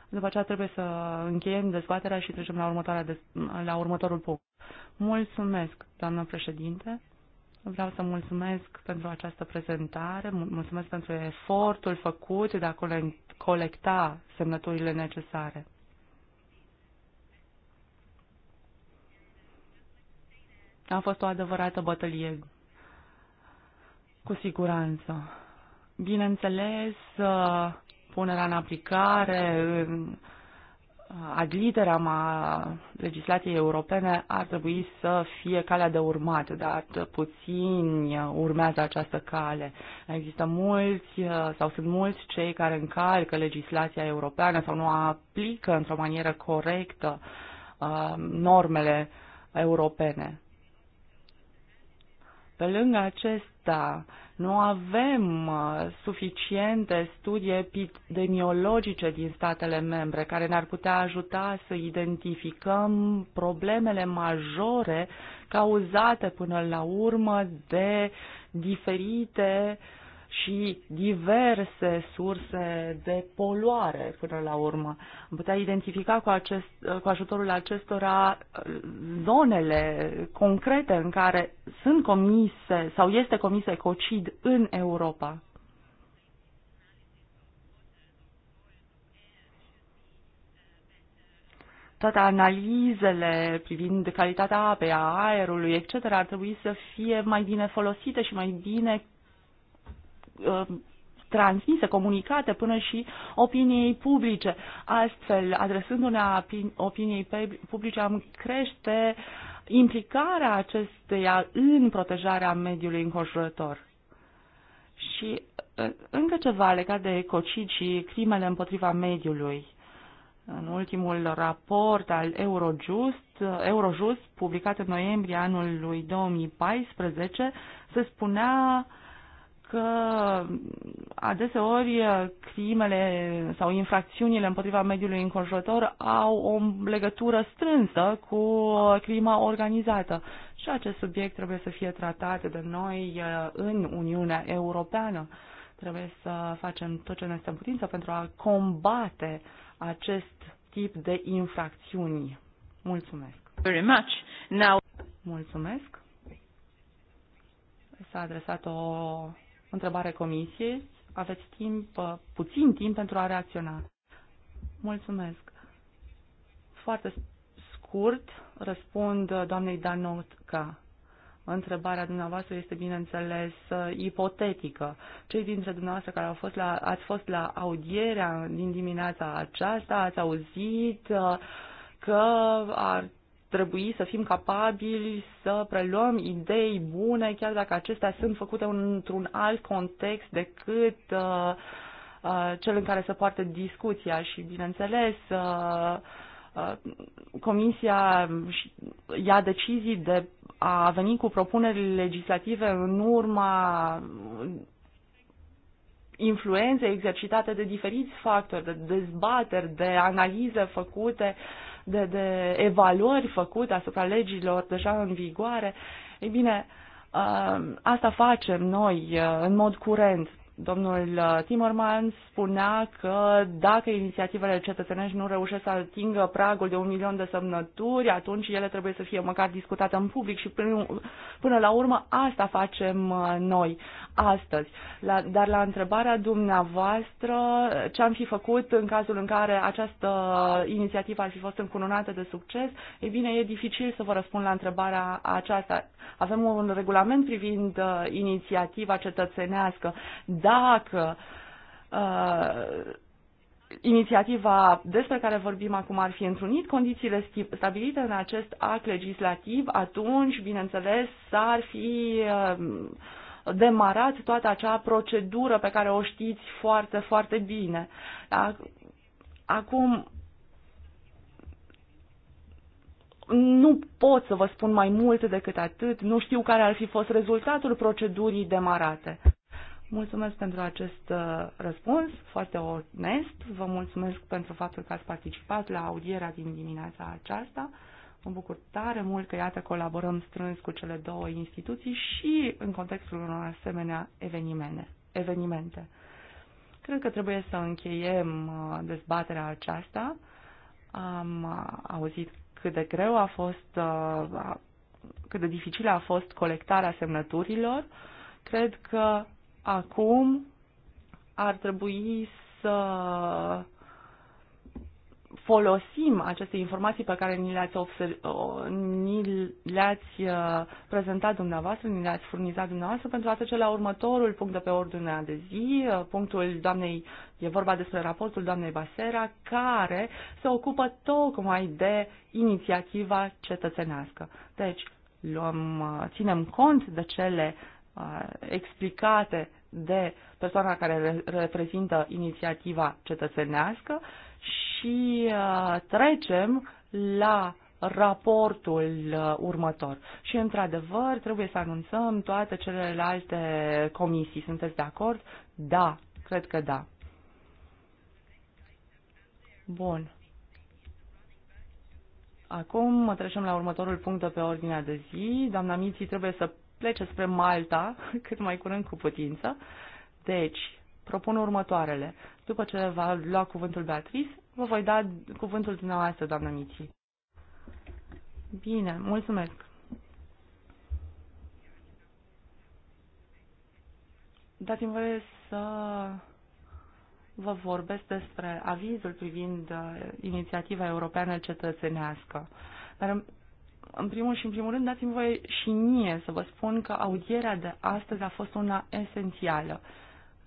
După aceea trebuie să încheiem dezbaterea și trecem la, următoarea de, la următorul punct. Mulțumesc, doamnă președinte. Vreau să mulțumesc pentru această prezentare, mulțumesc pentru efortul făcut de a colecta semnăturile necesare. A fost o adevărată bătălie, cu siguranță. Bineînțeles, uh, punerea în aplicare, în ad literam a legislației europene ar trebui să fie calea de urmat, dar puțini urmează această cale. Există mulți sau sunt mulți cei care încalcă legislația europeană sau nu aplică într-o manieră corectă uh, normele europene. Pe lângă acesta, nu avem uh, suficiente studii epidemiologice din statele membre care ne-ar putea ajuta să identificăm problemele majore cauzate până la urmă de diferite uh, și diverse surse de poluare până la urmă. Am putea identifica cu, acest, cu ajutorul acestora uh, zonele concrete în care sunt comise sau este comis ecocid în Europa. toate analizele privind calitatea apei, a aerului, etc., ar trebui să fie mai bine folosite și mai bine Um, transmise, comunicate până și opiniei publice. Astfel, adresându-ne opiniei publice, am crește implicarea acesteia în protejarea mediului înconjurător. Și uh, încă ceva legat de ecocid și crimele împotriva mediului. În ultimul raport al Eurojust, uh, Eurojust publicat în noiembrie anului 2014, se spunea că adeseori crimele sau infracțiunile împotriva mediului înconjurător au o legătură strânsă cu crima organizată. Și acest subiect trebuie să fie tratat de noi uh, în Uniunea Europeană. Trebuie să facem tot ce ne este în putință pentru a combate acest tip de infracțiuni. Mulțumesc! Very much. Now... Mulțumesc! S-a adresat o întrebare comisiei. Aveți timp, uh, puțin timp pentru a reacționa. Mulțumesc. Foarte scurt răspund uh, doamnei Danotca. Întrebarea dumneavoastră este, bineînțeles, uh, ipotetică. Cei dintre dumneavoastră care au fost la, ați fost la audierea din dimineața aceasta, ați auzit că ar trebui să fim capabili să preluăm idei bune, chiar dacă acestea sunt făcute într-un alt context decât uh, uh, cel în care se poartă discuția și, bineînțeles, uh, Comisia ia decizii de a veni cu propuneri legislative în urma influențe exercitate de diferiți factori, de dezbateri, de analize făcute uh, de, de evaluări făcute asupra legilor deja în vigoare. Ei bine, ă, asta facem noi ă, în mod curent. Domnul uh, Timmermans spunea că dacă inițiativele cetățenești nu reușesc să atingă pragul de un milion de semnături, atunci ele trebuie să fie măcar discutate în public și până, la urmă asta facem uh, noi astăzi. La, dar la întrebarea dumneavoastră, ce am fi făcut în cazul în care această inițiativă ar fi fost încununată de succes, e bine, e dificil să vă răspund la întrebarea aceasta. Avem un regulament privind uh, inițiativa cetățenească, dacă uh, inițiativa despre care vorbim acum ar fi întrunit condițiile stabilite în acest act legislativ, atunci, bineînțeles, s-ar fi uh, demarat toată acea procedură pe care o știți foarte, foarte bine. Acum, nu pot să vă spun mai mult decât atât, nu știu care ar fi fost rezultatul procedurii demarate. Mulțumesc pentru acest uh, răspuns foarte onest. Vă mulțumesc pentru faptul că ați participat la audierea din dimineața aceasta. Mă bucur tare mult că, iată, colaborăm strâns cu cele două instituții și în contextul unor asemenea evenimente. evenimente. Cred că trebuie să încheiem uh, dezbaterea aceasta. Am uh, auzit cât de greu a fost, cât de dificilă a fost colectarea semnăturilor. Cred că Acum ar trebui să folosim aceste informații pe care ni le-ați, observ, ni le-ați uh, prezentat dumneavoastră, ni le-ați furnizat dumneavoastră pentru a trece la următorul punct de pe ordinea de zi, uh, punctul doamnei, e vorba despre raportul doamnei Basera, care se ocupă tocmai de inițiativa cetățenească. Deci, luăm, uh, ținem cont de cele explicate de persoana care reprezintă inițiativa cetățenească și uh, trecem la raportul uh, următor. Și, într-adevăr, trebuie să anunțăm toate celelalte comisii. Sunteți de acord? Da, cred că da. Bun. Acum trecem la următorul punct de pe ordinea de zi. Doamna Miții trebuie să plece spre Malta cât mai curând cu putință. Deci, propun următoarele. După ce va lua cuvântul Beatriz, vă voi da cuvântul dumneavoastră, doamnă Mici. Bine, mulțumesc. Dați-mi voie să vă vorbesc despre avizul privind uh, inițiativa europeană cetățenească. Dar în primul și în primul rând, dați-mi voie și mie să vă spun că audierea de astăzi a fost una esențială.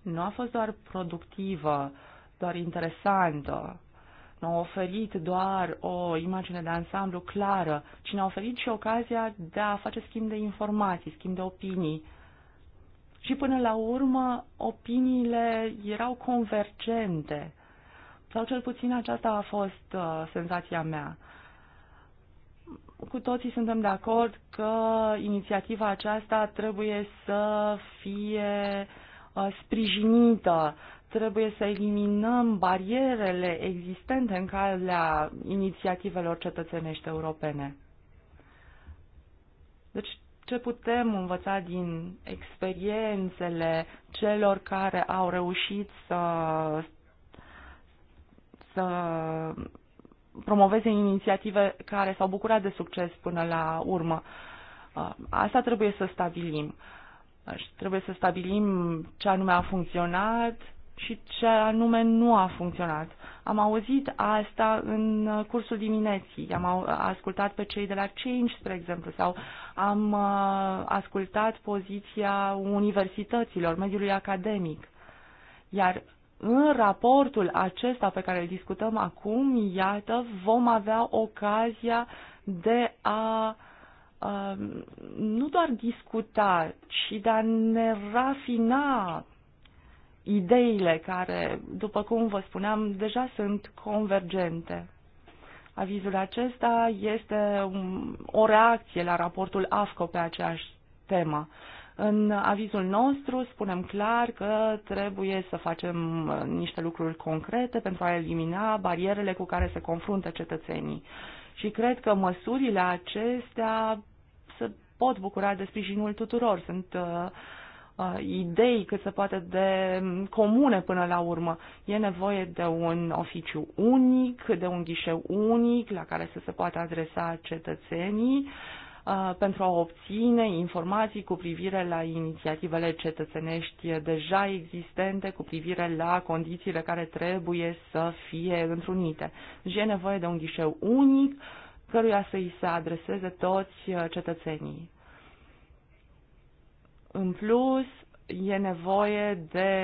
Nu a fost doar productivă, doar interesantă, nu a oferit doar o imagine de ansamblu clară, ci ne-a oferit și ocazia de a face schimb de informații, schimb de opinii. Și până la urmă, opiniile erau convergente, sau cel puțin aceasta a fost uh, senzația mea cu toții suntem de acord că inițiativa aceasta trebuie să fie uh, sprijinită, trebuie să eliminăm barierele existente în calea inițiativelor cetățenești europene. Deci, ce putem învăța din experiențele celor care au reușit să, să promoveze inițiative care s-au bucurat de succes până la urmă. Uh, asta trebuie să stabilim. Deci, trebuie să stabilim ce anume a funcționat și ce anume nu a funcționat. Am auzit asta în cursul dimineții. Am ascultat pe cei de la Change, spre exemplu, sau am uh, ascultat poziția universităților, mediului academic. Iar în raportul acesta pe care îl discutăm acum, iată, vom avea ocazia de a um, nu doar discuta, ci de a ne rafina ideile care, după cum vă spuneam, deja sunt convergente. Avizul acesta este o reacție la raportul AFCO pe aceeași temă. În avizul nostru spunem clar că trebuie să facem uh, niște lucruri concrete pentru a elimina barierele cu care se confruntă cetățenii. Și cred că măsurile acestea se pot bucura de sprijinul tuturor. Sunt uh, uh idei cât se poate de um, comune până la urmă. E nevoie de un oficiu unic, de un ghișeu unic la care să se poată adresa cetățenii Uh, pentru a obține informații cu privire la inițiativele cetățenești deja existente, cu privire la condițiile care trebuie să fie întrunite. Deci e nevoie de un ghișeu unic căruia să îi se adreseze toți uh, cetățenii. În plus, e nevoie de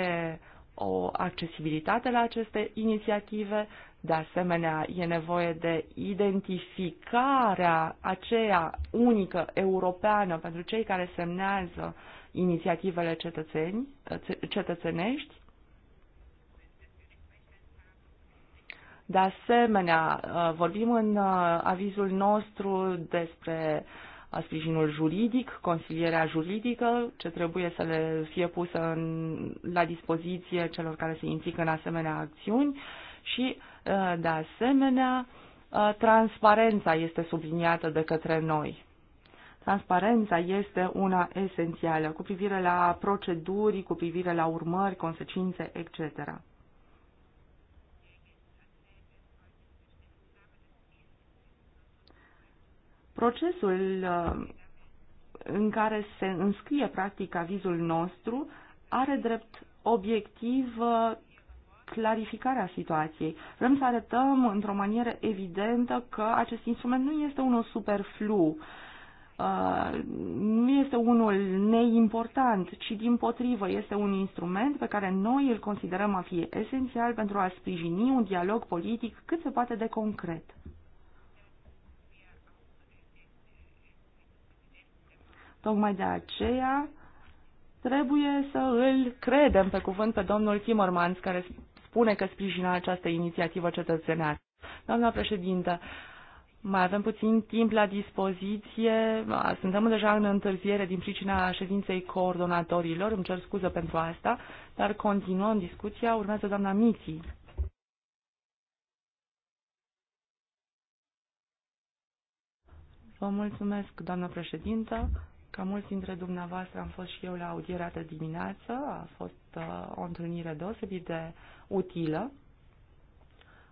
o accesibilitate la aceste inițiative, de asemenea, e nevoie de identificarea aceea unică europeană pentru cei care semnează inițiativele cetățeni, cetățenești. De asemenea, uh, vorbim în uh, avizul nostru despre uh, sprijinul juridic, consilierea juridică, ce trebuie să le fie pusă în, la dispoziție celor care se implică în asemenea acțiuni și uh, Eh, de asemenea, eh, transparența este subliniată de către noi. Transparența este una esențială cu privire la proceduri, cu privire la urmări, consecințe, etc. Procesul eh, în care se înscrie practic avizul nostru are drept obiectiv clarificarea situației. Vrem să arătăm într-o manieră evidentă că acest instrument nu este unul superflu, uh, nu este unul neimportant, ci din potrivă este un instrument pe care noi îl considerăm a fi esențial pentru a sprijini un dialog politic cât se poate de concret. Tocmai de aceea trebuie să îl credem pe cuvânt pe domnul Timmermans, care spune că sprijină această inițiativă cetățenească. Doamna președintă, mai avem puțin timp la dispoziție. Suntem deja în întârziere din pricina ședinței coordonatorilor. Îmi cer scuză pentru asta, dar continuăm discuția. Urmează doamna Miti. Vă mulțumesc, doamnă președintă. Ca mulți dintre dumneavoastră am fost și eu la audierea de dimineață, a fost uh, o întâlnire deosebit de utilă.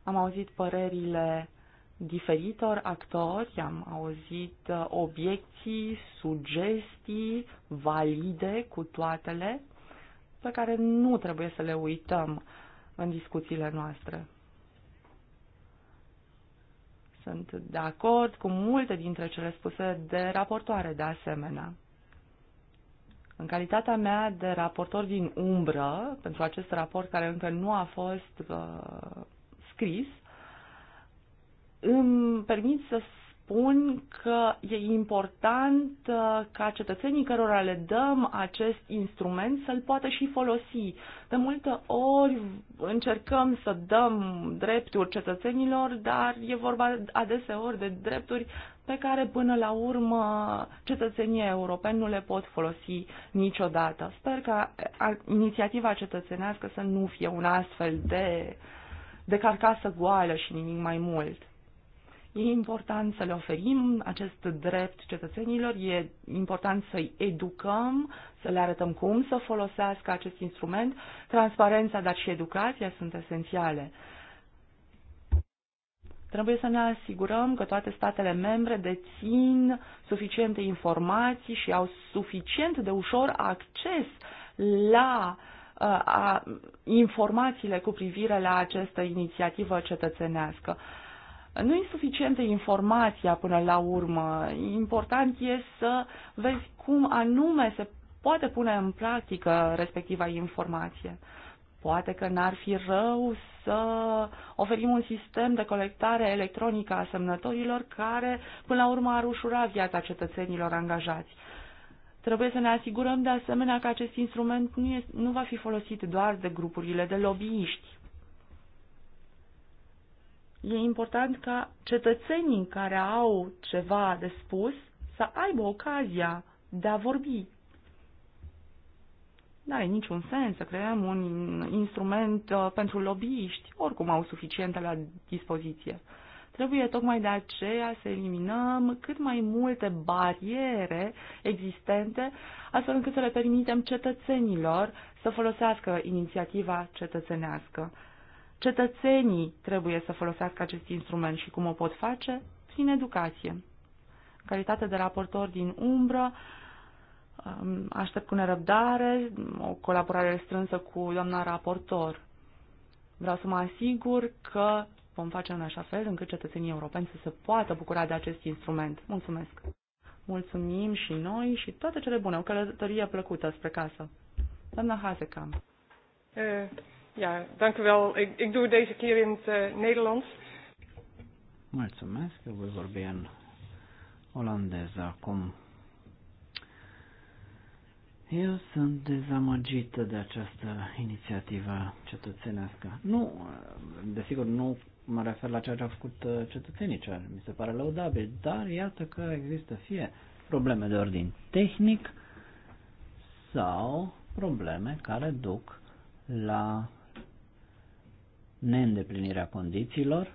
Am auzit părerile diferitor actori, am auzit uh, obiecții, sugestii valide cu toatele, pe care nu trebuie să le uităm în discuțiile noastre. Sunt de acord cu multe dintre cele spuse de raportoare de asemenea. În calitatea mea de raportor din umbră, pentru acest raport care încă nu a fost uh, scris, îmi permit să spun că e important uh, ca cetățenii cărora le dăm acest instrument să-l poată și folosi. De multe ori încercăm să dăm drepturi cetățenilor, dar e vorba adeseori de drepturi pe care până la urmă cetățenii europeni nu le pot folosi niciodată. Sper ca inițiativa cetățenească să nu fie un astfel de, de carcasă goală și nimic mai mult. E important să le oferim acest drept cetățenilor, e important să-i educăm, să le arătăm cum să folosească acest instrument. Transparența, dar și educația sunt esențiale. Trebuie să ne asigurăm că toate statele membre dețin suficiente informații și au suficient de ușor acces la a, uh, a, informațiile cu privire la această inițiativă cetățenească. Nu e suficientă informația până la urmă. Important e să vezi cum anume se poate pune în practică respectiva informație. Poate că n-ar fi rău să oferim un sistem de colectare electronică a semnătorilor care, până la urmă, ar ușura viața cetățenilor angajați. Trebuie să ne asigurăm de asemenea că acest instrument nu, este, nu va fi folosit doar de grupurile de lobbyiști. E important ca cetățenii care au ceva de spus să aibă ocazia de a vorbi. Nu da, are niciun sens să creăm un instrument uh, pentru lobbyiști, oricum au suficiente la dispoziție. Trebuie tocmai de aceea să eliminăm cât mai multe bariere existente, astfel încât să le permitem cetățenilor să folosească inițiativa cetățenească. Cetățenii trebuie să folosească acest instrument și cum o pot face? Prin educație. Calitatea calitate de raportor din umbră, um, aștept cu nerăbdare o colaborare strânsă cu doamna raportor. Vreau să mă asigur că vom face în așa fel încât cetățenii europeni să se poată bucura de acest instrument. Mulțumesc! Mulțumim și noi și toate cele bune. O călătorie plăcută spre casă. Doamna Uh. Ja, dank u wel. Ik, ik doe deze keer in het uh, Nederlands. Mulțumesc, eu voi vorbi în olandeză acum. Eu sunt dezamăgită de această inițiativă cetățenească. Nu, desigur, nu mă refer la ceea ce au făcut eh, cetățenii, ceea ce mi se pare lăudabil, dar iată că există fie probleme de ordin tehnic sau probleme care duc la neîndeplinirea condițiilor.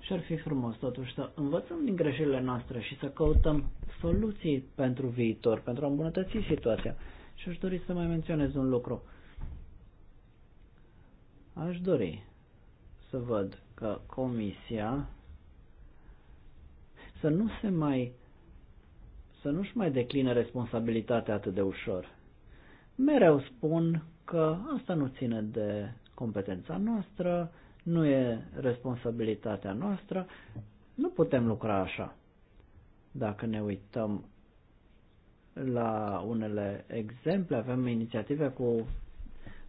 Și ar fi frumos totuși să învățăm din greșelile noastre și să căutăm soluții pentru viitor, pentru a îmbunătăți situația. Și aș dori să mai menționez un lucru. Aș dori să văd că comisia să nu se mai să nu-și mai decline responsabilitatea atât de ușor. Mereu spun că asta nu ține de competența noastră, nu e responsabilitatea noastră, nu putem lucra așa. Dacă ne uităm la unele exemple, avem inițiative cu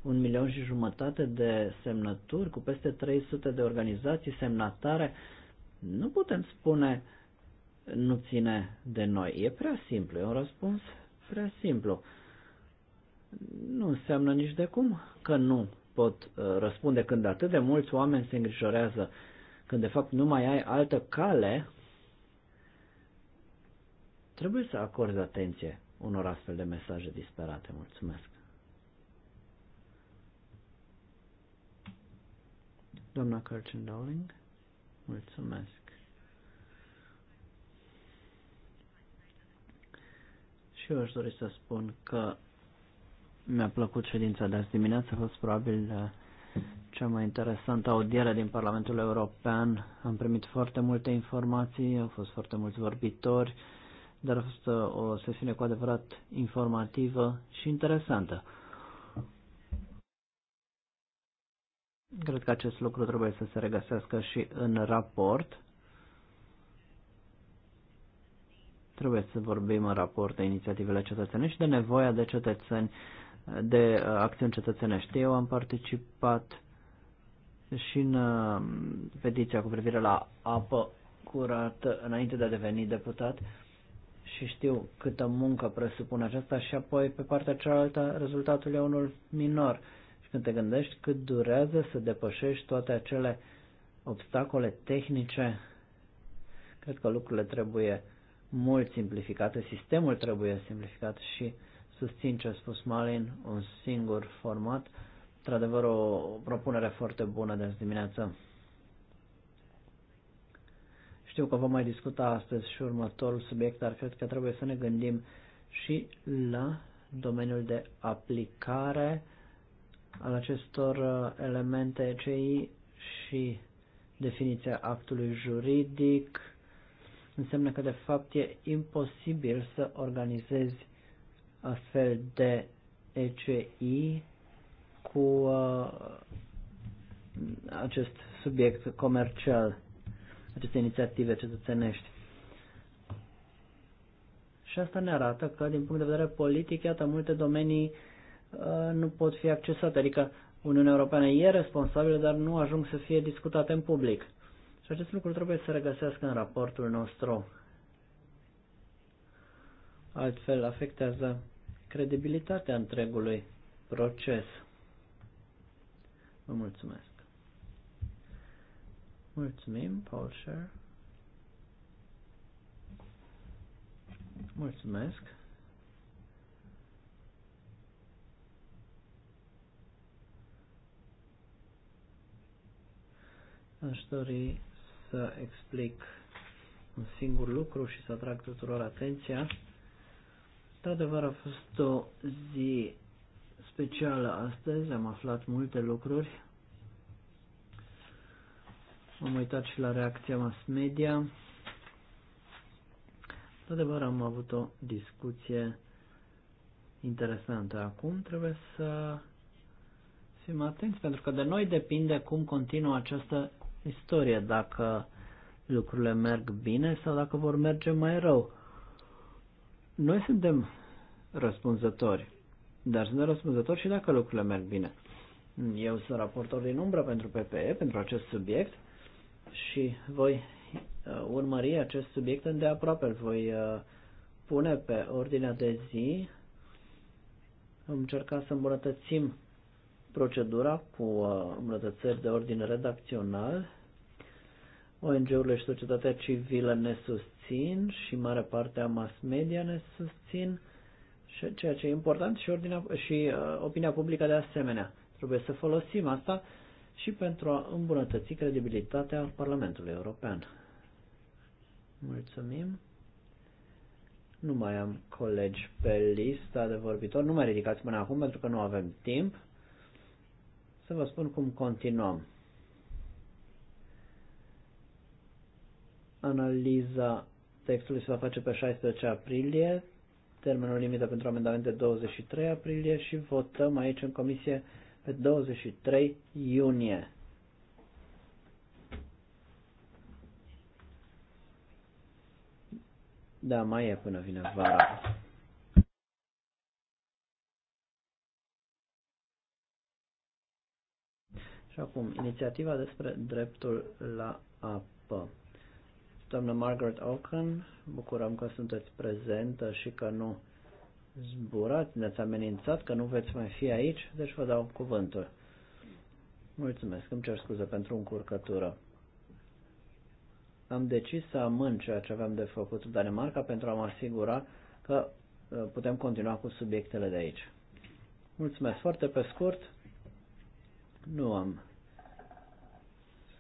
un milion și jumătate de semnături, cu peste 300 de organizații semnatare, nu putem spune nu ține de noi. E prea simplu, e un răspuns prea simplu nu înseamnă nici de cum că nu pot uh, răspunde când atât de mulți oameni se îngrijorează, când de fapt nu mai ai altă cale, trebuie să acorzi atenție unor astfel de mesaje disperate. Mulțumesc. Doamna Kirchen Dowling, mulțumesc. Și eu aș dori să spun că mi-a plăcut ședința de azi dimineață, a fost probabil uh, cea mai interesantă audiere din Parlamentul European. Am primit foarte multe informații, au fost foarte mulți vorbitori, dar a fost uh, o sesiune cu adevărat informativă și interesantă. Cred că acest lucru trebuie să se regăsească și în raport. Trebuie să vorbim în raport de inițiativele cetățenești și de nevoia de cetățeni de uh, acțiuni cetățenești. Eu am participat și în um, petiția cu privire la apă curată înainte de a deveni deputat și știu câtă muncă presupune aceasta și apoi pe partea cealaltă rezultatul e unul minor. Și când te gândești cât durează să depășești toate acele obstacole tehnice, cred că lucrurile trebuie mult simplificate, sistemul trebuie simplificat și uh, Susțin ce a spus Malin, un singur format. Într-adevăr, o propunere foarte bună de azi dimineață. Știu că vom mai discuta astăzi și următorul subiect, dar cred că trebuie să ne gândim și la domeniul de aplicare al acestor uh, elemente CI și definiția actului juridic. Înseamnă că, de fapt, e imposibil să organizezi astfel de ECI cu uh, acest subiect comercial, aceste inițiative cetățenești. Și asta ne arată că, din punct de vedere politic, iată, multe domenii uh, nu pot fi accesate. Adică Uniunea Europeană e responsabilă, dar nu ajung să fie discutate în public. Și acest lucru trebuie să regăsească în raportul nostru. Altfel afectează credibilitatea întregului proces. Vă mulțumesc. Mulțumim, Paul Scher. Mulțumesc. Aș dori să explic un singur lucru și să atrag tuturor atenția. Într-adevăr a fost o zi specială astăzi, am aflat multe lucruri. Am uitat și la reacția mass media. Într-adevăr am avut o discuție interesantă. Acum trebuie să fim atenți, pentru că de noi depinde cum continuă această istorie, dacă lucrurile merg bine sau dacă vor merge mai rău. Noi suntem răspunzători, dar suntem răspunzători și dacă lucrurile merg bine. Eu sunt raportor din umbră pentru PPE, pentru acest subiect și voi uh, urmări acest subiect îndeaproape. Îl voi uh, pune pe ordinea de zi. Am încercat să îmbunătățim procedura cu uh, îmbunătățări de ordin redacțional ONG-urile și societatea civilă ne susțin și mare parte a mass media ne susțin și ceea ce e important și, ordinea, și uh, opinia publică de asemenea. Trebuie să folosim asta și pentru a îmbunătăți credibilitatea Parlamentului European. Mulțumim. Nu mai am colegi pe lista de vorbitori. Nu mai ridicați până acum pentru că nu avem timp. Să vă spun cum continuăm. Analiza textului se va face pe 16 aprilie, termenul limită pentru amendamente 23 aprilie și votăm aici în comisie pe 23 iunie. Da, mai e până vine vara. Și acum, inițiativa despre dreptul la apă. Doamna Margaret Oaken, bucurăm că sunteți prezentă și că nu zburați, ne-ați amenințat că nu veți mai fi aici, deci vă dau cuvântul. Mulțumesc, îmi cer scuze pentru încurcătură. Am decis să amân ceea ce aveam de făcut în Danemarca pentru a mă asigura că uh, putem continua cu subiectele de aici. Mulțumesc foarte pe scurt. Nu am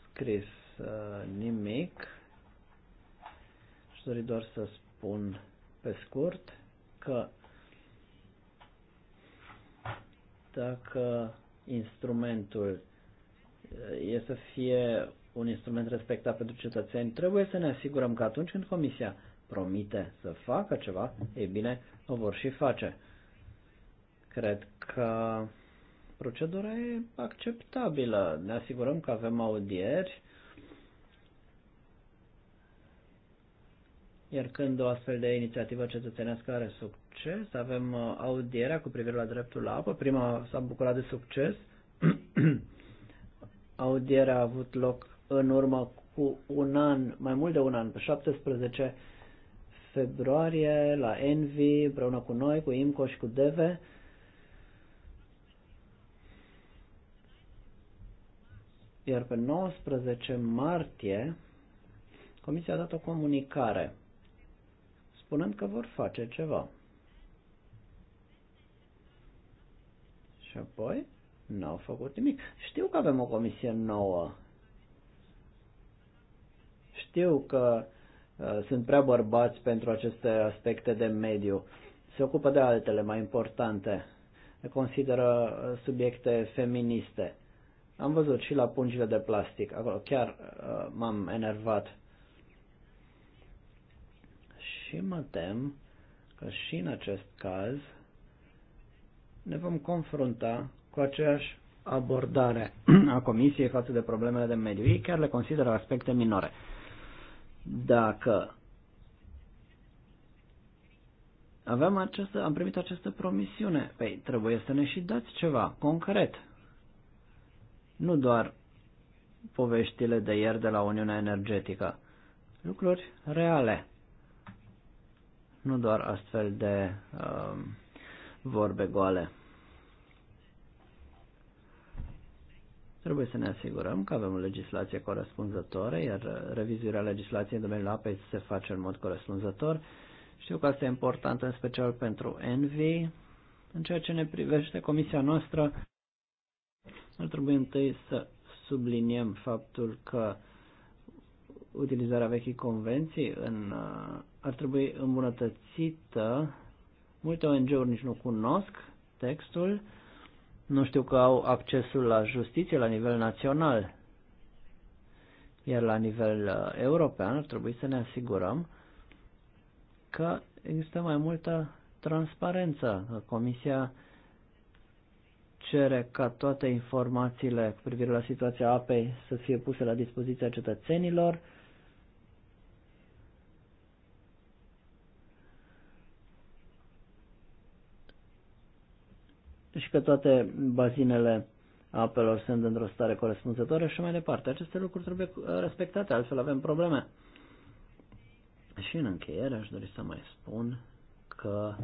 scris uh, nimic dori doar să spun pe scurt că dacă instrumentul uh, e să fie un instrument respectat pentru cetățeni, trebuie să ne asigurăm că atunci când Comisia promite să facă ceva, e bine, o vor și face. Cred că procedura e acceptabilă. Ne asigurăm că avem audieri, Iar când o astfel de inițiativă cetățenească are succes, avem uh, audierea cu privire la dreptul la apă. Prima s-a bucurat de succes. audierea a avut loc în urmă cu un an, mai mult de un an, pe 17 februarie la Envi, împreună cu noi, cu IMCO și cu DEVE. Iar pe 19 martie, Comisia a dat o comunicare spunând că vor face ceva. Și apoi n-au făcut nimic. Știu că avem o comisie nouă. Știu că uh, sunt prea bărbați pentru aceste aspecte de mediu. Se ocupă de altele mai importante. Consideră uh, subiecte feministe. Am văzut și la pungile de plastic. Acolo chiar uh, m-am enervat. Și mă tem că și în acest caz ne vom confrunta cu aceeași abordare a Comisiei față de problemele de mediu. Ei chiar le consideră aspecte minore. Dacă avem această, am primit această promisiune, păi trebuie să ne și dați ceva concret. Nu doar poveștile de ieri de la Uniunea Energetică. Lucruri reale nu doar astfel de uh, vorbe goale. Trebuie să ne asigurăm că avem o legislație corespunzătoare, iar revizuirea legislației în domeniul apei se face în mod corespunzător. Știu că asta e important în special pentru Envy. În ceea ce ne privește, comisia noastră ar trebui întâi să subliniem faptul că utilizarea vechii convenții în uh, ar trebui îmbunătățită. Multe ONG-uri nici nu cunosc textul, nu știu că au accesul la justiție la nivel național. Iar la nivel uh, european ar trebui să ne asigurăm că există mai multă transparență, Comisia cere ca toate informațiile cu privire la situația apei să fie puse la dispoziția cetățenilor, și că toate bazinele apelor sunt într-o stare corespunzătoare și mai departe. Aceste lucruri trebuie uh, respectate, altfel avem probleme. Și în încheiere aș dori să mai spun că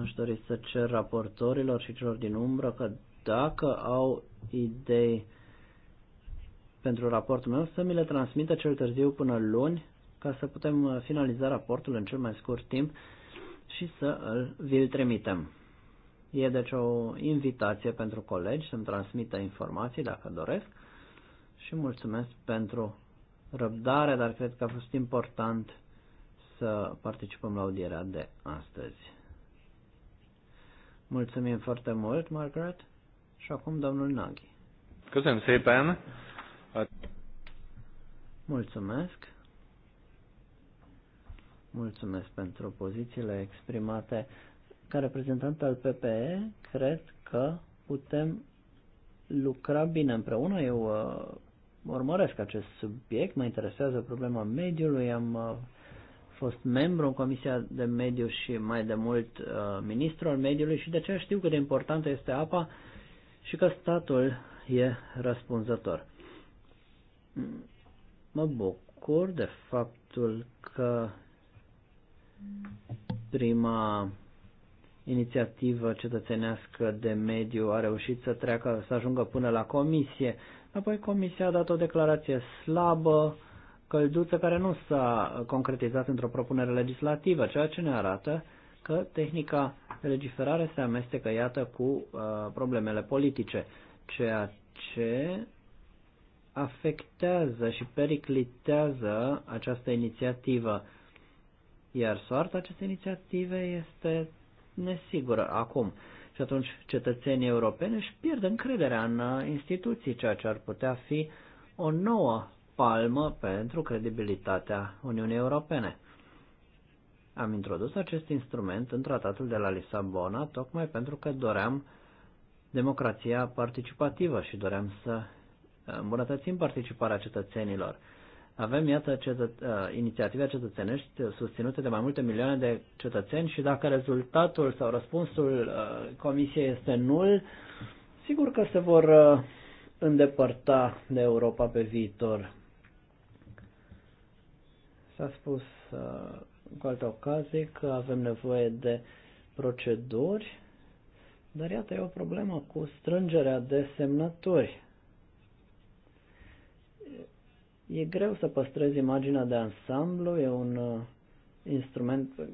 aș dori să cer raportorilor și celor din umbră că dacă au idei pentru raportul meu, să mi le transmită cel târziu până luni, ca să putem uh, finaliza raportul în cel mai scurt timp și să îl, vi-l trimitem. E deci o invitație pentru colegi să-mi transmită informații dacă doresc și mulțumesc pentru răbdare, dar cred că a fost important să participăm la audierea de astăzi. Mulțumim foarte mult, Margaret, și acum domnul Nagy. Mulțumesc! Mulțumesc pentru pozițiile exprimate. Ca reprezentant al PPE, cred că putem lucra bine împreună. Eu uh, urmăresc acest subiect, mă interesează problema mediului, am uh, fost membru în Comisia de Mediu și mai de mult uh, ministru al mediului și de aceea știu cât de importantă este apa și că statul e răspunzător. Mă bucur de faptul că Prima inițiativă cetățenească de mediu a reușit să treacă, să ajungă până la comisie. Apoi comisia a dat o declarație slabă, călduță, care nu s-a concretizat într-o propunere legislativă, ceea ce ne arată că tehnica de legiferare se amestecă, iată, cu uh, problemele politice, ceea ce afectează și periclitează această inițiativă. Iar soarta acestei inițiative este nesigură acum. Și atunci cetățenii europeni își pierd încrederea în uh, instituții, ceea ce ar putea fi o nouă palmă pentru credibilitatea Uniunii Europene. Am introdus acest instrument în tratatul de la Lisabona tocmai pentru că doream democrația participativă și doream să uh, îmbunătățim participarea cetățenilor. Avem, iată, cetăt- uh, inițiative cetățenești uh, susținute de mai multe milioane de cetățeni și dacă rezultatul sau răspunsul uh, Comisiei este nul, sigur că se vor îndepărta de Europa pe viitor. S-a spus cu alte ocazii că avem nevoie de proceduri, dar iată, e o problemă cu strângerea de semnături. E greu să păstrezi imaginea de ansamblu, e un uh, instrument uh,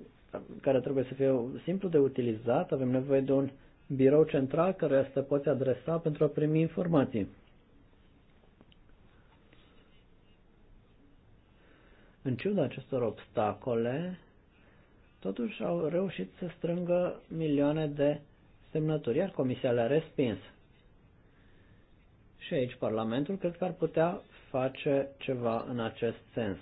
care trebuie să fie simplu de utilizat, avem nevoie de un birou central care să poți adresa pentru a primi informații. În ciuda acestor obstacole, totuși au reușit să strângă milioane de semnături, iar Comisia le-a respins. Și aici Parlamentul cred că ar putea face ceva în acest sens.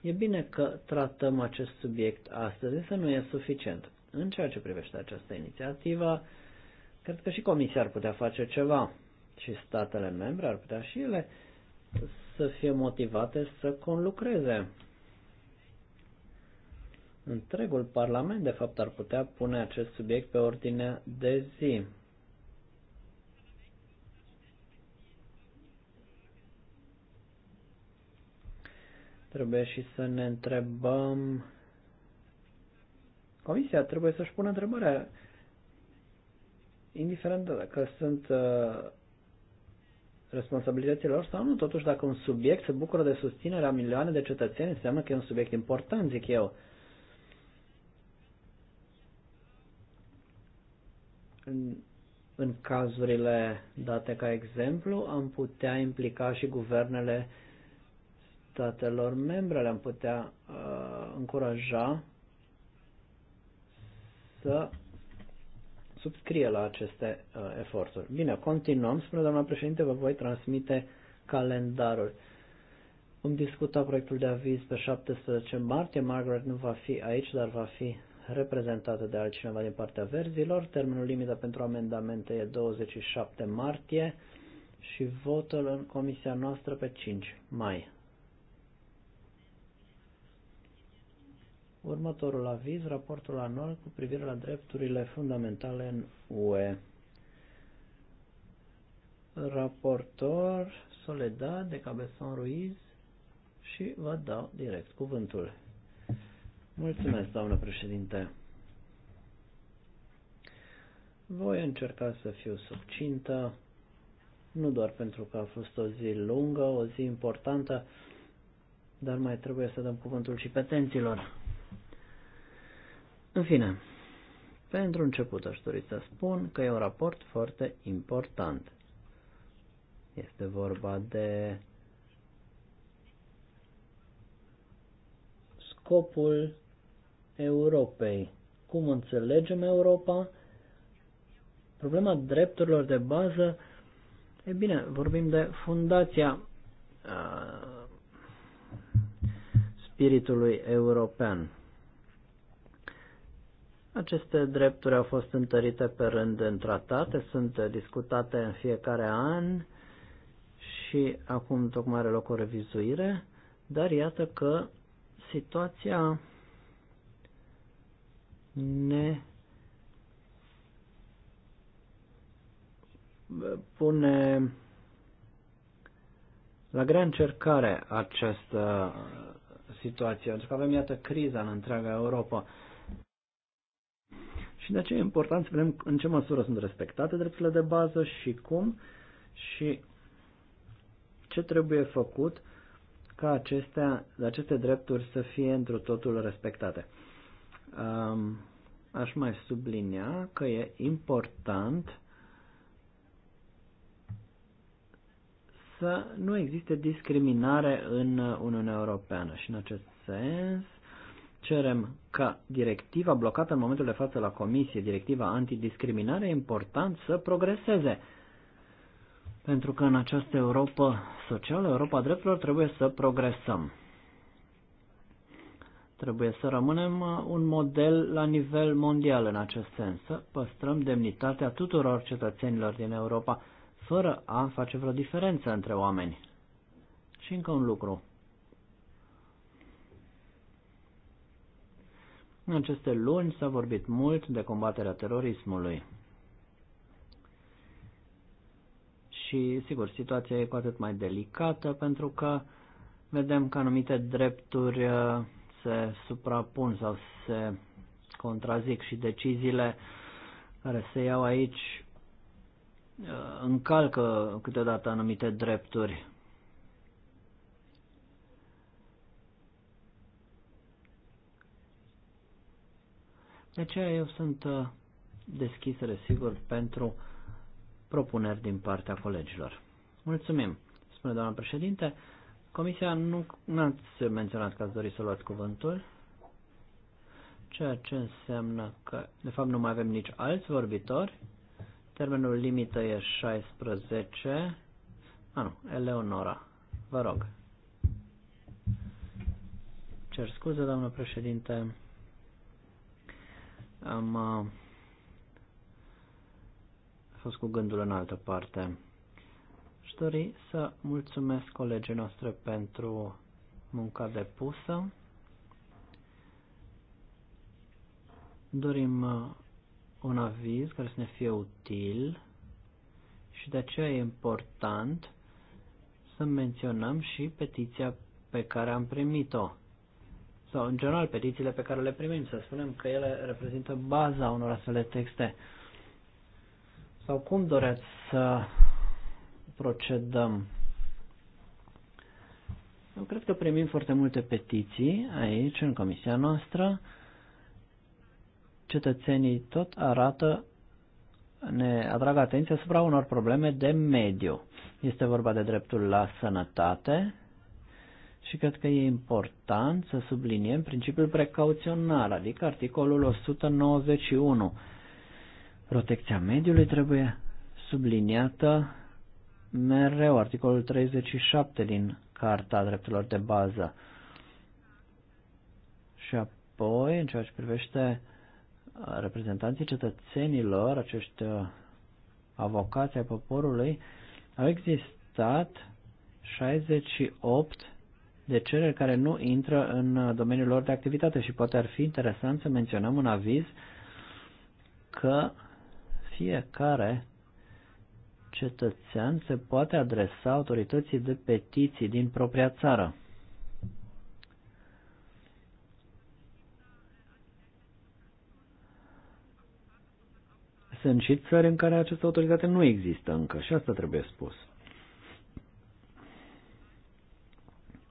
E bine că tratăm acest subiect astăzi, însă nu e suficient. În ceea ce privește această inițiativă, cred că și Comisia ar putea face ceva și statele membre ar putea și ele să fie motivate să conlucreze. Întregul Parlament, de fapt, ar putea pune acest subiect pe ordine de zi. Trebuie și să ne întrebăm. Comisia trebuie să-și pună întrebarea, indiferent dacă sunt uh, responsabilitățile lor sau nu, totuși dacă un subiect se bucură de susținerea milioane de cetățeni, înseamnă că e un subiect important, zic eu. În, în cazurile date ca exemplu, am putea implica și guvernele uh, statelor membre. Le-am putea uh, încuraja să subscrie la aceste uh, eforturi. Bine, continuăm. Spune doamna președinte, vă voi transmite calendarul. Vom discuta proiectul de aviz pe 17 martie. Margaret nu va fi aici, dar va fi reprezentată de altcineva din partea verzilor. Termenul limită pentru amendamente e 27 martie și votul în comisia noastră pe 5 mai. Următorul aviz, raportul anual cu privire la drepturile fundamentale în UE. Raportor Soledad de Cabezon Ruiz și vă dau direct cuvântul. Mulțumesc, doamnă președinte. Voi încerca să fiu subcintă, nu doar pentru că a fost o zi lungă, o zi importantă, dar mai trebuie să dăm cuvântul și petenților. În fine, pentru început aș dori să spun că e un raport foarte important. Este vorba de scopul Europei. Cum înțelegem Europa? Problema drepturilor de bază. E bine, vorbim de fundația uh, spiritului european. Aceste drepturi au fost întărite pe rând în tratate, sunt discutate în fiecare an și acum tocmai are loc o revizuire, dar iată că situația ne pune la grea încercare această situație, pentru că avem, iată, criza în întreaga Europa și de aceea e important să vedem în ce măsură sunt respectate drepturile de bază și cum și ce trebuie făcut ca acestea, aceste drepturi să fie într totul respectate. Um, aș mai sublinia că e important să nu existe discriminare în Uniunea Europeană și în acest sens Cerem ca directiva blocată în momentul de față la comisie, directiva antidiscriminare, e important să progreseze. Pentru că în această Europa socială, Europa drepturilor, trebuie să progresăm. Trebuie să rămânem uh, un model la nivel mondial în acest sens, să păstrăm demnitatea tuturor cetățenilor din Europa, fără a face vreo diferență între oameni. Și încă un lucru. În aceste luni s-a vorbit mult de combaterea terorismului. Și, sigur, situația e cu atât mai delicată pentru că vedem că anumite drepturi uh, se suprapun sau se contrazic și deciziile care se iau aici uh, încalcă câteodată anumite drepturi. De aceea eu sunt uh, deschisă, desigur, pentru propuneri din partea colegilor. Mulțumim, spune doamna președinte. Comisia nu ați menționat că ați dori să luați cuvântul, ceea ce înseamnă că, de fapt, nu mai avem nici alți vorbitori. Termenul limită e 16. A, nu, Eleonora. Vă rog. Cer scuze, doamnă președinte am uh, fost cu gândul în altă parte. Și dori să mulțumesc colegii noastre pentru munca depusă. Dorim uh, un aviz care să ne fie util și de aceea e important să menționăm și petiția pe care am primit-o sau în general petițiile pe care le primim, să spunem că ele reprezintă baza unor astfel de texte. Sau cum doreți să procedăm? Eu cred că primim foarte multe petiții aici, în comisia noastră. Cetățenii tot arată, ne atrag atenția asupra unor probleme de mediu. Este vorba de dreptul la sănătate, și cred că e important să subliniem principiul precauțional, adică articolul 191. Protecția mediului trebuie subliniată mereu, articolul 37 din Carta Drepturilor de Bază. Și apoi, în ceea ce privește reprezentanții cetățenilor, acești uh, avocați ai poporului, au existat 68 de cereri care nu intră în domeniul lor de activitate și poate ar fi interesant să menționăm un aviz că fiecare cetățean se poate adresa autorității de petiții din propria țară. Sunt și țări în care această autoritate nu există încă și asta trebuie spus.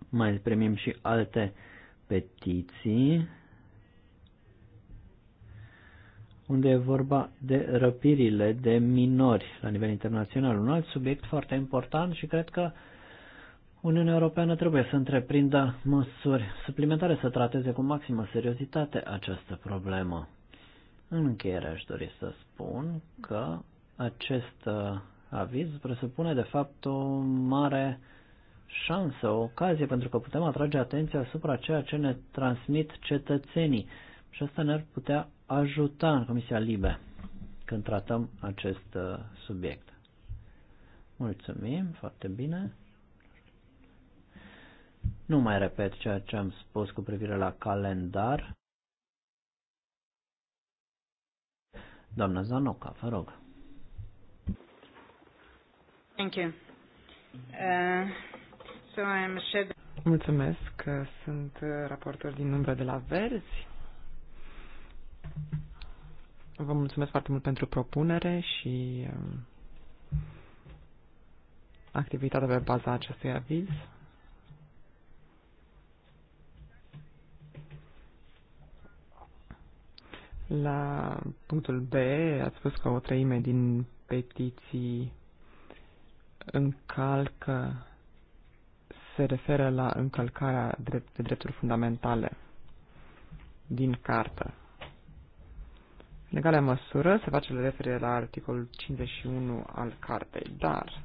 Mai primim și alte petiții unde e vorba de răpirile de minori la nivel internațional. Un alt subiect foarte important și cred că Uniunea Europeană trebuie să întreprindă măsuri suplimentare să trateze cu maximă seriozitate această problemă. În încheiere aș dori să spun că acest uh, aviz presupune de fapt o mare șansă, o ocazie, pentru că putem atrage atenția asupra ceea ce ne transmit cetățenii. Și asta ne-ar putea ajuta în Comisia Libe când tratăm acest uh, subiect. Mulțumim, foarte bine. Nu mai repet ceea ce am spus cu privire la calendar. Doamna Zanoca, vă rog. Thank you. Uh... Mulțumesc că sunt raportor din umbră de la Verzi. Vă mulțumesc foarte mult pentru propunere și um, activitatea pe baza acestui aviz. La punctul B ați spus că o treime din petiții încalcă se referă la încălcarea drept, de drepturi fundamentale din cartă. În egală măsură se face referire la articolul 51 al cartei, dar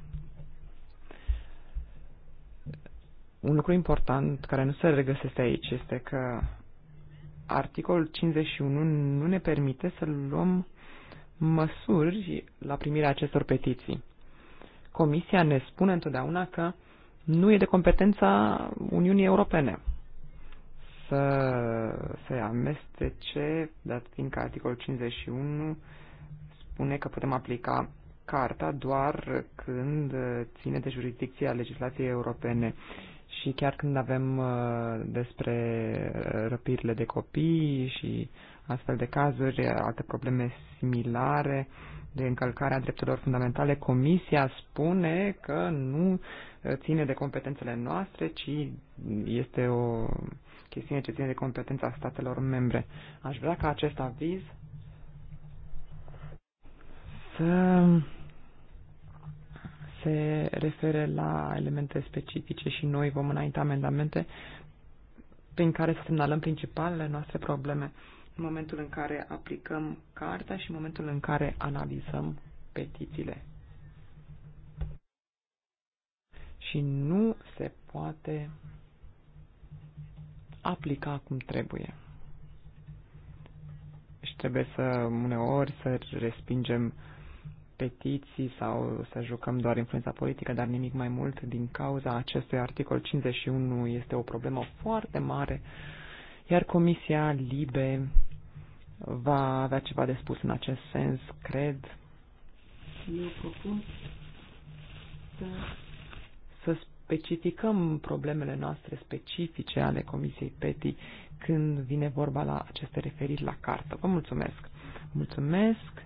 un lucru important care nu se regăsește aici este că articolul 51 nu ne permite să luăm măsuri la primirea acestor petiții. Comisia ne spune întotdeauna că nu e de competența Uniunii Europene să se amestece, dat fiindcă articolul 51 spune că putem aplica carta doar când ține de jurisdicția legislației europene și chiar când avem uh, despre răpirile de copii și astfel de cazuri, alte probleme similare de încălcarea drepturilor fundamentale, Comisia spune că nu ține de competențele noastre, ci este o chestiune ce ține de competența statelor membre. Aș vrea ca acest aviz să se refere la elemente specifice și noi vom înainta amendamente prin care să semnalăm principalele noastre probleme în momentul în care aplicăm cartea și în momentul în care analizăm petițiile. și nu se poate aplica cum trebuie. Și trebuie să uneori să respingem petiții sau să jucăm doar influența politică, dar nimic mai mult din cauza acestui articol 51 este o problemă foarte mare, iar Comisia Libe va avea ceva de spus în acest sens, cred. Eu propun să să specificăm problemele noastre specifice ale Comisiei PETI când vine vorba la aceste referiri la cartă. Vă mulțumesc! Mulțumesc!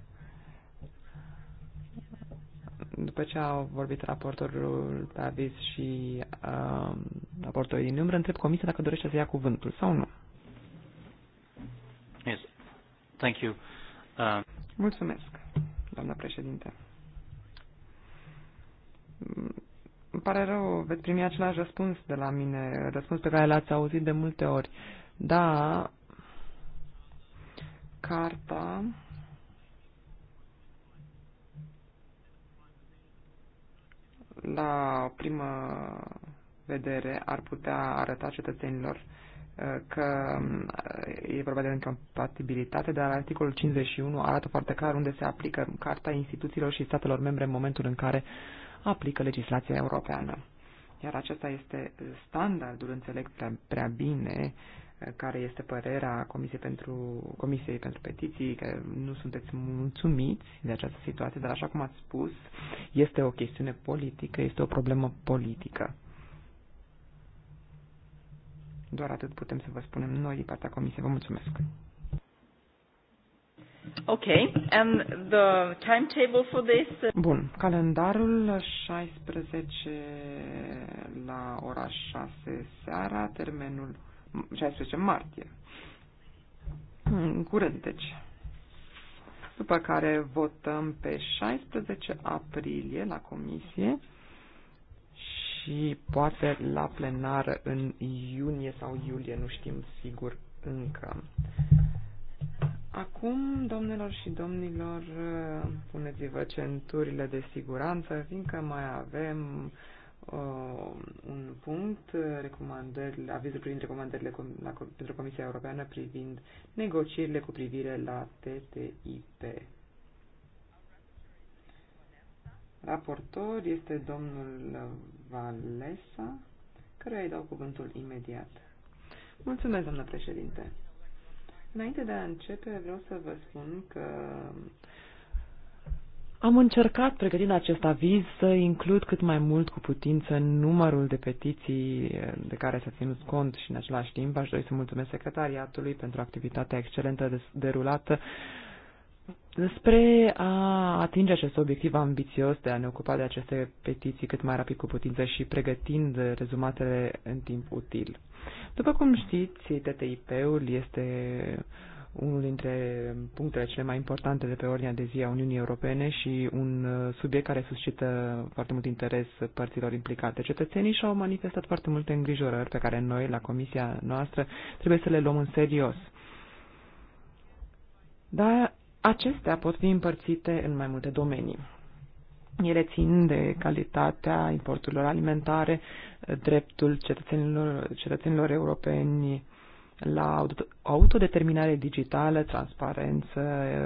După ce au vorbit raportorul pe aviz și uh, raportorul din număr întreb comisia dacă dorește să ia cuvântul sau nu. Yes. Thank you. Uh... Mulțumesc, doamna președinte îmi pare rău, veți primi același răspuns de la mine, răspuns pe care l-ați auzit de multe ori. Da, carta la primă vedere ar putea arăta cetățenilor uh, că uh, e vorba de incompatibilitate, dar articolul 51 arată foarte clar unde se aplică Carta instituțiilor și statelor membre în momentul în care uh, aplică legislația europeană. Iar acesta este standardul, înțeleg prea, prea bine, care este părerea Comisiei pentru, Comisiei pentru Petiții, că nu sunteți mulțumiți de această situație, dar așa cum ați spus, este o chestiune politică, este o problemă politică. Doar atât putem să vă spunem noi din partea Comisiei. Vă mulțumesc! Okay, and the timetable for this? Uh, Bun, calendarul 16 la ora 6 seara, termenul 16 martie. În curând, deci. După care votăm pe 16 aprilie la comisie și poate la plenară în iunie sau iulie, nu știm sigur încă. Acum, domnilor și domnilor, puneți-vă centurile de siguranță, fiindcă mai avem uh, un punct, recomandările, avizul privind recomandările com la, pentru Comisia Europeană privind negocierile cu privire la TTIP. Raportor este domnul Valesa, care îi dau cuvântul imediat. Mulțumesc, doamnă președinte. Înainte de a începe, vreau să vă spun că am încercat, pregătind acest aviz, să includ cât mai mult cu putință numărul de petiții de care s-a ținut cont și, în același timp, aș dori să mulțumesc secretariatului pentru activitatea excelentă derulată Spre a atinge acest obiectiv ambițios de a ne ocupa de aceste petiții cât mai rapid cu putință și pregătind rezumatele în timp util. După cum știți, TTIP-ul este unul dintre punctele cele mai importante de pe ordinea de zi a Uniunii Europene și un uh, subiect care suscită foarte mult interes părților implicate. Cetățenii și-au manifestat foarte multe îngrijorări pe care noi, la comisia noastră, trebuie să le luăm în serios. Dar Acestea pot fi împărțite în mai multe domenii. Ele țin de calitatea importurilor alimentare, dreptul cetățenilor, cetățenilor europeni la autodeterminare digitală, transparență,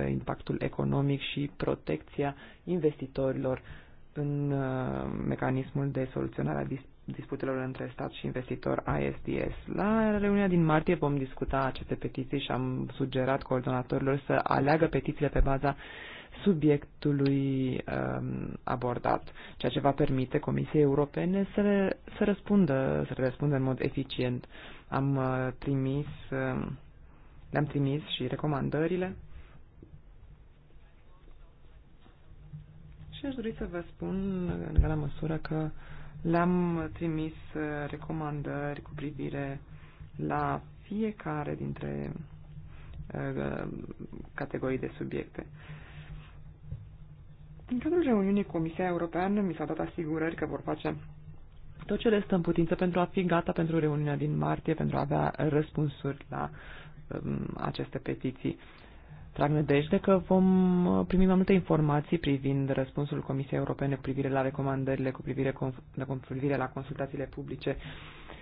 impactul economic și protecția investitorilor, în uh, mecanismul de soluționare a disputelor între stat și investitor ISDS. La reuniunea din martie vom discuta aceste petiții și am sugerat coordonatorilor să aleagă petițiile pe baza subiectului um, abordat, ceea ce va permite Comisiei Europene să, re, să răspundă, să răspundă în mod eficient. Am uh, trimis, uh, le-am trimis și recomandările Și aș dori să vă spun, în egală măsură, că le-am trimis uh, recomandări cu privire la fiecare dintre uh, categorii de subiecte. În cadrul reuniunii Comisia Europeană mi s-a dat asigurări că vor face tot ce le stă în putință pentru a fi gata pentru reuniunea din martie, pentru a avea răspunsuri la um, aceste petiții. Trag nădejde că vom uh, primi mai multe informații privind răspunsul Comisiei Europene cu privire la recomandările cu privire, cu privire la consultațiile publice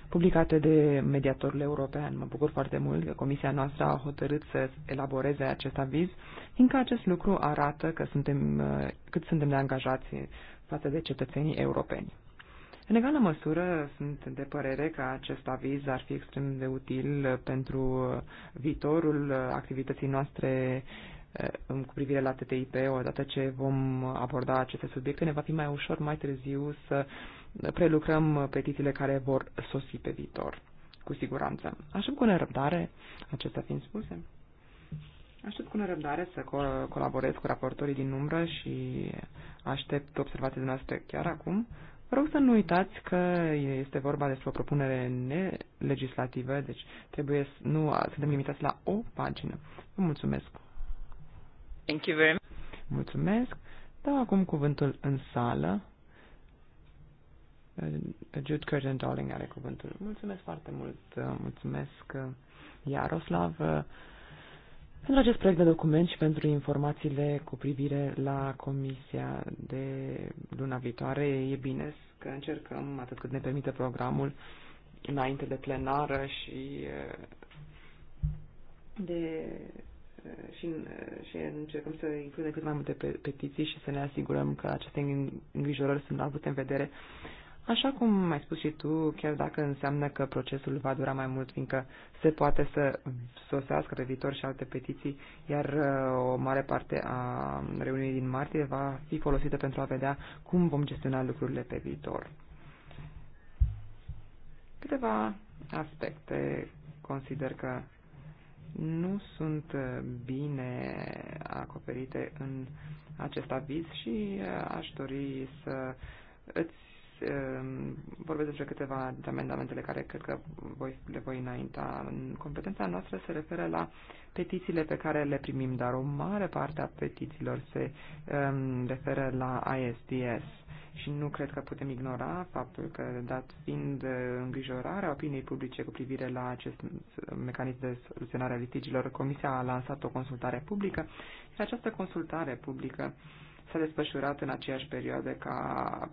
publicate de mediatorul european. Mă bucur foarte mult că comisia noastră a hotărât să elaboreze acest aviz, fiindcă acest lucru arată că suntem, uh, cât suntem de angajați față de cetățenii europeni. În egală măsură, sunt de părere că acest aviz ar fi extrem de util pentru viitorul activității noastre eh, cu privire la TTIP, odată ce vom aborda aceste subiecte, ne va fi mai ușor mai târziu să prelucrăm petițiile care vor sosi pe viitor, cu siguranță. Aștept cu nerăbdare, acestea fiind spuse. Aștept cu nerăbdare să co- colaborez cu raportorii din umbră și aștept observații dumneavoastră chiar acum. Rog să nu uitați că este vorba despre o propunere nelegislativă, deci trebuie să nu suntem limitați la o pagină. Vă mulțumesc. Thank you very much. Mulțumesc. Dau acum cuvântul în sală. Jude Curtin Darling are cuvântul. Mulțumesc foarte mult. Mulțumesc, Iaroslav pentru acest proiect de document și pentru informațiile cu privire la comisia de luna viitoare. E bine că încercăm, atât cât ne permite programul, înainte de plenară și eh, de eh, și, eh, și încercăm să includem cât mai multe petiții și să ne asigurăm că aceste îngrijorări sunt avute în vedere Așa cum ai spus și tu, chiar dacă înseamnă că procesul va dura mai mult, fiindcă se poate să sosească pe viitor și alte petiții, iar uh, o mare parte a reuniunii din martie va fi folosită pentru a vedea cum vom gestiona lucrurile pe viitor. Câteva aspecte consider că nu sunt bine acoperite în acest aviz și uh, aș dori să îți Ehm, vorbesc despre câteva dintre amendamentele care cred că voi, le voi înainta. Competența noastră se referă la petițiile pe care le primim, dar o mare parte a petițiilor se um, referă la ISDS și nu cred că putem ignora faptul că, dat fiind ehm, îngrijorarea opiniei publice cu privire la acest mecanism de soluționare a litigilor, Comisia a lansat o consultare publică și această consultare publică uh, s-a desfășurat în aceeași perioadă ca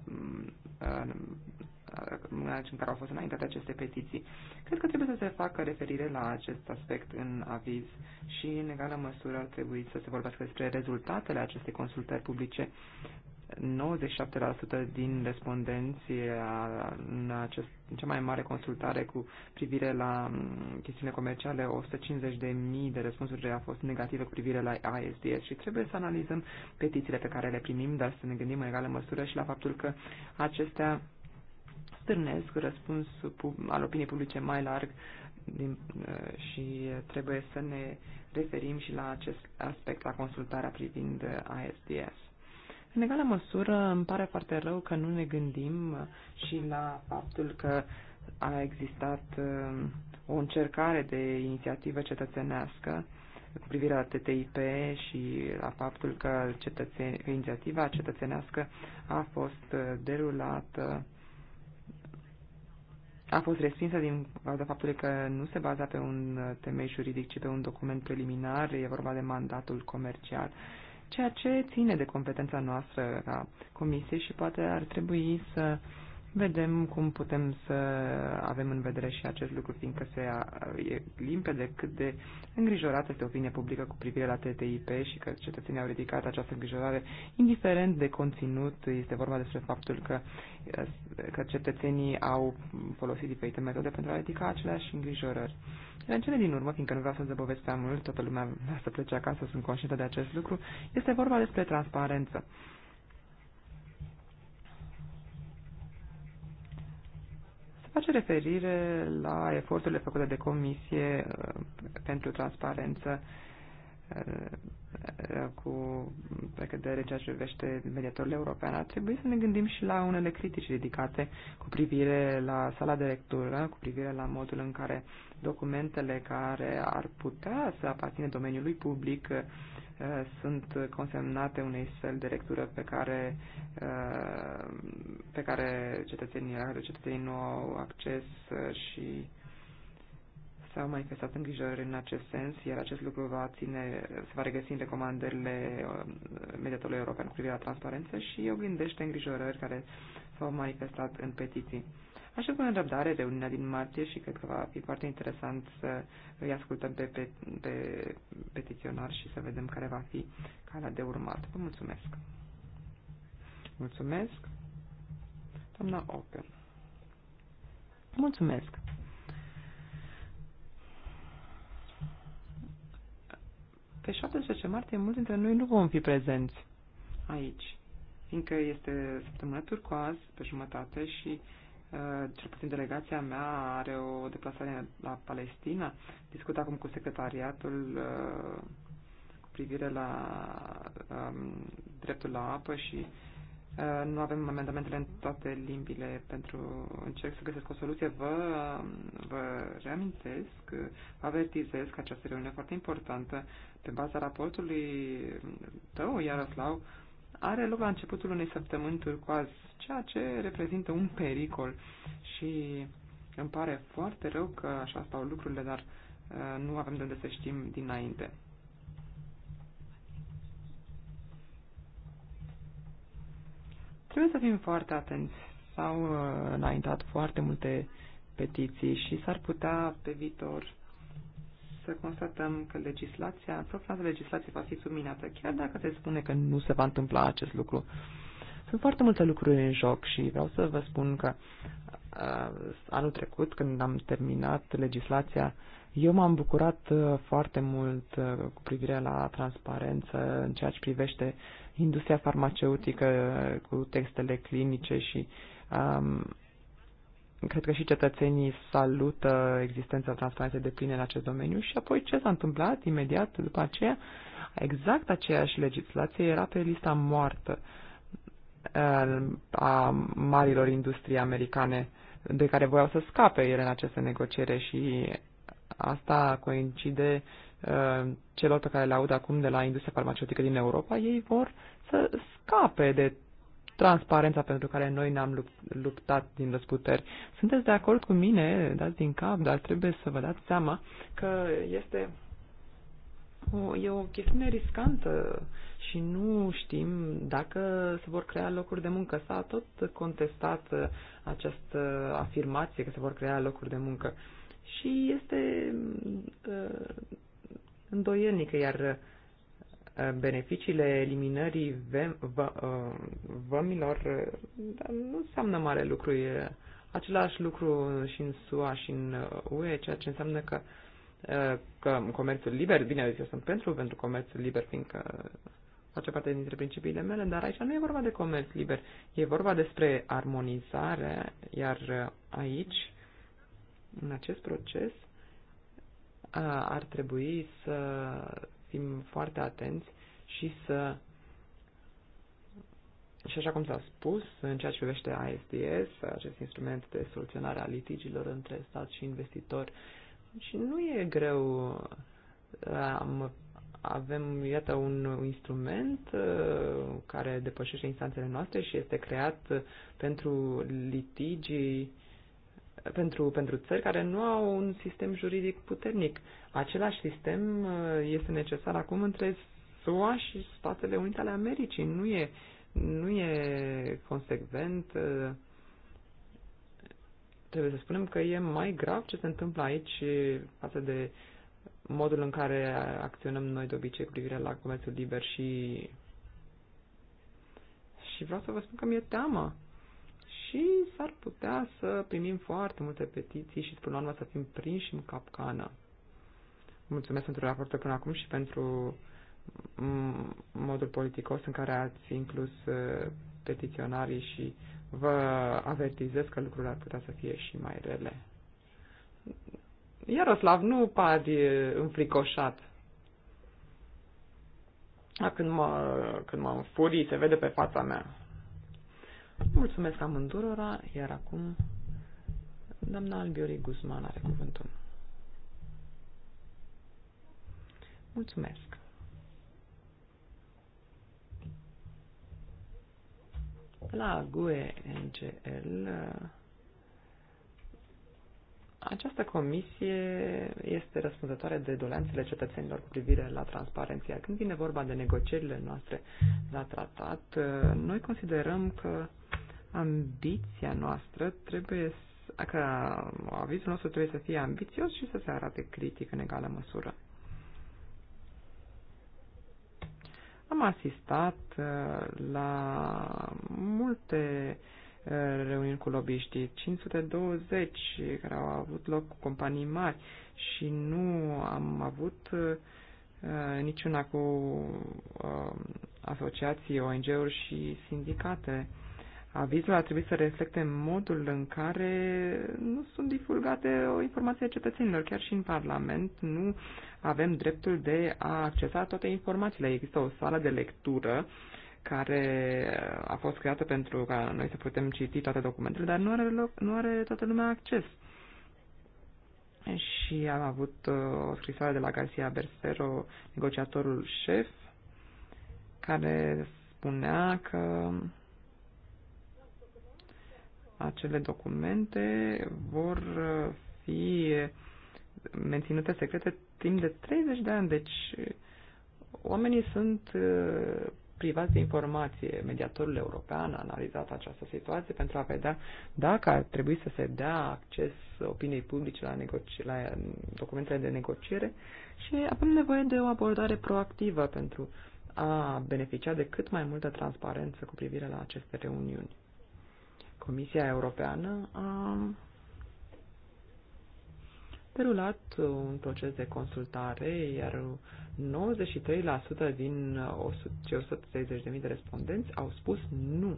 mm, în, în care au fost înaintate aceste petiții. Cred că trebuie să se facă referire la acest aspect în aviz și, în egală măsură, ar trebui să se vorbească despre rezultatele acestei consultări publice 97% din respondenți în, acest, în cea mai mare consultare cu privire la mm, chestiune comerciale, 150.000 de răspunsuri au fost negative cu privire la ISDS și trebuie să analizăm petițiile pe care le primim, dar să ne gândim în egală măsură și la faptul că acestea stârnesc răspuns al opiniei publice mai larg din, eh, și trebuie să ne referim și la acest aspect, la consultarea privind ISDS. În egală măsură, îmi pare foarte rău că nu ne gândim și la faptul că a existat um, o încercare de inițiativă cetățenească cu privire la TTIP și la faptul că cetățe, inițiativa cetățenească a fost uh, derulată, a fost respinsă din cauza faptului că nu se baza pe un uh, temei juridic, ci pe un document preliminar, e vorba de mandatul comercial. Uh, ceea ce ține de competența noastră la comisie și poate ar trebui să uh, Vedem cum putem să avem în vedere și acest lucru, fiindcă se e limpede cât de îngrijorată este opinia publică cu privire la TTIP și că cetățenii au ridicat această îngrijorare, indiferent de conținut, este vorba despre faptul că, că cetățenii au folosit diferite metode pentru a ridica aceleași îngrijorări. În cele din urmă, fiindcă nu vreau să zăbovesc prea mult, toată lumea vrea să plece acasă, sunt conștientă de acest lucru, este vorba despre transparență. face referire la eforturile făcute de Comisie uh, pentru Transparență uh, uh, cu precădere ceea ce privește mediatorul european. Ar trebui să ne gândim și la unele critici ridicate cu privire la sala de lectură, cu privire la modul în care documentele care ar putea să aparține domeniului public Uh, sunt consemnate unei fel de lectură pe care, uh, pe care cetățenii, care cetățenii nu au acces uh, și s-au manifestat îngrijorări în acest sens, iar acest lucru va ține, se va regăsi în recomandările mediatorului european cu privire la transparență și oglindește îngrijorări care s-au manifestat în petiții. Aștept cu nerăbdare reuniunea din martie și cred că va fi foarte interesant să îi ascultăm pe, pe, pe petiționar și să vedem care va fi calea de urmat. Vă mulțumesc! Mulțumesc! Doamna Open. Mulțumesc! Pe 17 martie mulți dintre noi nu vom fi prezenți aici, fiindcă este săptămâna turcoaz pe jumătate și Eh, cel puțin delegația mea are o deplasare la Palestina. Discut acum cu secretariatul eh, cu privire la ehm, dreptul la apă și eh, nu avem amendamentele în toate limbile pentru încerc să găsesc o soluție. Vă, ehm, vă reamintesc, vă avertizez că această reuniune foarte importantă pe baza raportului tău, Iaroslav, are loc la începutul unei săptămâni turcoaz, ceea ce reprezintă un pericol și îmi pare foarte rău că așa stau lucrurile, dar uh, nu avem de unde să știm dinainte. Trebuie să fim foarte atenți. S-au uh, înaintat foarte multe petiții și s-ar putea pe viitor să constatăm că legislația, propria de legislație va fi subminată, chiar dacă se spune că nu se va întâmpla acest lucru. Sunt foarte multe lucruri în joc și vreau să vă spun că uh, anul trecut, când am terminat legislația, eu m-am bucurat uh, foarte mult uh, cu privire la transparență în ceea ce privește industria farmaceutică uh, cu textele clinice și um, Cred că și cetățenii salută existența transparenței de pline în acest domeniu și apoi ce s-a întâmplat imediat după aceea? Exact aceeași legislație era pe lista moartă uh, a marilor industrii americane de care voiau să scape ele în aceste negociere și asta coincide uh, celor pe care le aud acum de la industria farmaceutică din Europa, ei vor să scape de transparența pentru care noi ne-am luptat din răsputeri. Sunteți de acord cu mine, dați din cap, dar trebuie să vă dați seama că este o, e o chestiune riscantă și nu știm dacă se vor crea locuri de muncă. S-a tot contestat această afirmație că se vor crea locuri de muncă și este uh, îndoielnică, iar beneficiile eliminării ă, vămilor nu înseamnă mare lucru. E același lucru și în SUA și în UE, ceea ce înseamnă că, ă, că comerțul liber, bine, eu sunt pentru, pentru comerțul liber, fiindcă face parte dintre principiile mele, dar aici nu e vorba de comerț liber, e vorba despre armonizare, iar aici, în acest proces, ă, ar trebui să fim foarte atenți și să și așa cum s-a spus, în ceea ce privește ISDS, acest instrument de soluționare a litigilor între stat și investitor, și nu e greu. Am, avem, iată, un instrument uh, care depășește instanțele noastre și este creat pentru litigii pentru, pentru țări care nu au un sistem juridic puternic. Același sistem uh, este necesar acum între SUA și Statele Unite ale Americii. Nu e, nu e consecvent. Uh, trebuie să spunem că e mai grav ce se întâmplă aici față de modul în care acționăm noi de obicei cu privire la comerțul liber și și vreau să vă spun că mi-e teamă și s-ar putea să primim foarte multe petiții și până la urmă să fim prinși în capcană. Mulțumesc pentru raportul până acum și pentru mm, modul politicos în care ați inclus uh, petiționarii și vă avertizez că lucrurile ar putea să fie și mai rele. Iaroslav, nu pari uh, înfricoșat. Când mă, când mă înfurii, se vede pe fața mea. Mulțumesc amândurora, iar acum doamna Albiori Guzman are cuvântul. Mulțumesc! La GUE NGL această comisie este răspunzătoare de doleanțele cetățenilor cu privire la transparență. Când vine vorba de negocierile noastre la tratat, noi considerăm că ambiția noastră trebuie să, că avizul nostru trebuie să fie ambițios și să se arate critic în egală măsură. Am asistat uh, la multe uh, reuniuni cu lobiștii, 520 care au avut loc cu companii mari și nu am avut uh, niciuna cu asociații, ONG-uri și sindicate avizul ar trebui să reflecte modul în care nu sunt divulgate o informație cetățenilor. Chiar și în Parlament nu avem dreptul de a accesa toate informațiile. Există o sală de lectură care a fost creată pentru ca noi să putem citi toate documentele, dar nu are, loc, nu are toată lumea acces. Și am avut uh, o scrisoare de la Garcia Bersero, negociatorul șef, care spunea că acele documente vor uh, fi menținute secrete timp de 30 de ani, deci uh, oamenii sunt uh, privați de informație. Mediatorul european a analizat această situație pentru a vedea dacă ar trebui să se dea acces opiniei publice la, negoci- la documentele de negociere și avem nevoie de o abordare proactivă pentru a beneficia de cât mai multă transparență cu privire la aceste reuniuni. Comisia Europeană a derulat un proces de consultare, iar 93% din cei 130.000 de respondenți au spus nu.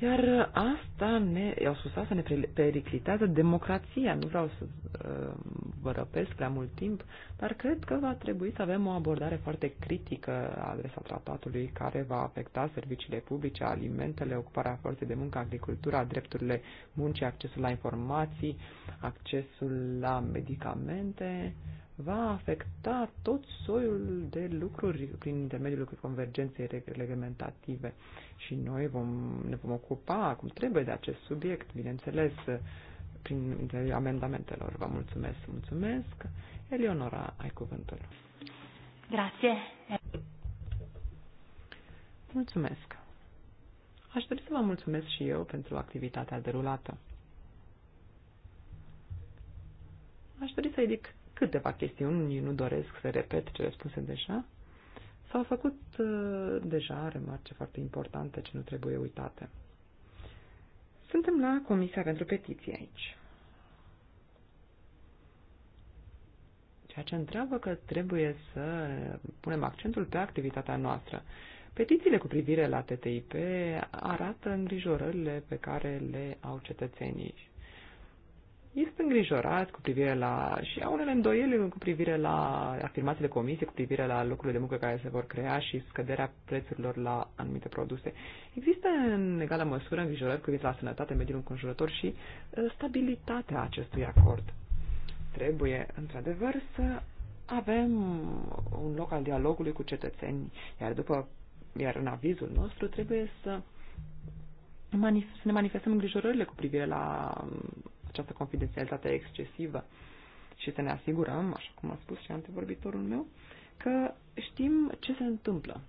Iar asta ne, au spus asta ne periclitează democrația. Nu vreau să uh, vă răpesc prea mult timp, dar cred că va trebui să avem o abordare foarte critică adresa tratatului care va afecta serviciile publice, alimentele, ocuparea forței de muncă, agricultura, drepturile muncii, accesul la informații, accesul la medicamente, va afecta tot soiul de lucruri prin intermediul convergenței reglementative. Și noi vom, ne vom ocupa, cum trebuie, de acest subiect, bineînțeles, prin amendamentelor. Vă mulțumesc, mulțumesc. Eleonora, ai cuvântul. Grație. Mulțumesc. Aș dori să vă mulțumesc și eu pentru activitatea derulată. Aș dori să ridic câteva chestiuni, nu doresc să repet cele spuse deja. S-au făcut uh, deja remarce foarte importante ce nu trebuie uitate. Suntem la Comisia pentru Petiții aici. Ceea ce întreabă că trebuie să punem accentul pe activitatea noastră. Petițiile cu privire la TTIP arată îngrijorările pe care le au cetățenii este îngrijorat cu privire la și au unele îndoieli cu privire la afirmațiile comisiei, cu privire la locurile de muncă care se vor crea și scăderea prețurilor la anumite produse. Există în egală măsură îngrijorări cu privire la sănătate, mediul înconjurător și uh, stabilitatea acestui acord. Trebuie, într-adevăr, să avem un loc al dialogului cu cetățenii, iar după iar în avizul nostru trebuie să, manif- să ne manifestăm îngrijorările cu privire la această confidențialitate excesivă și să ne asigurăm, așa cum a spus și antevorbitorul meu, că știm ce se întâmplă.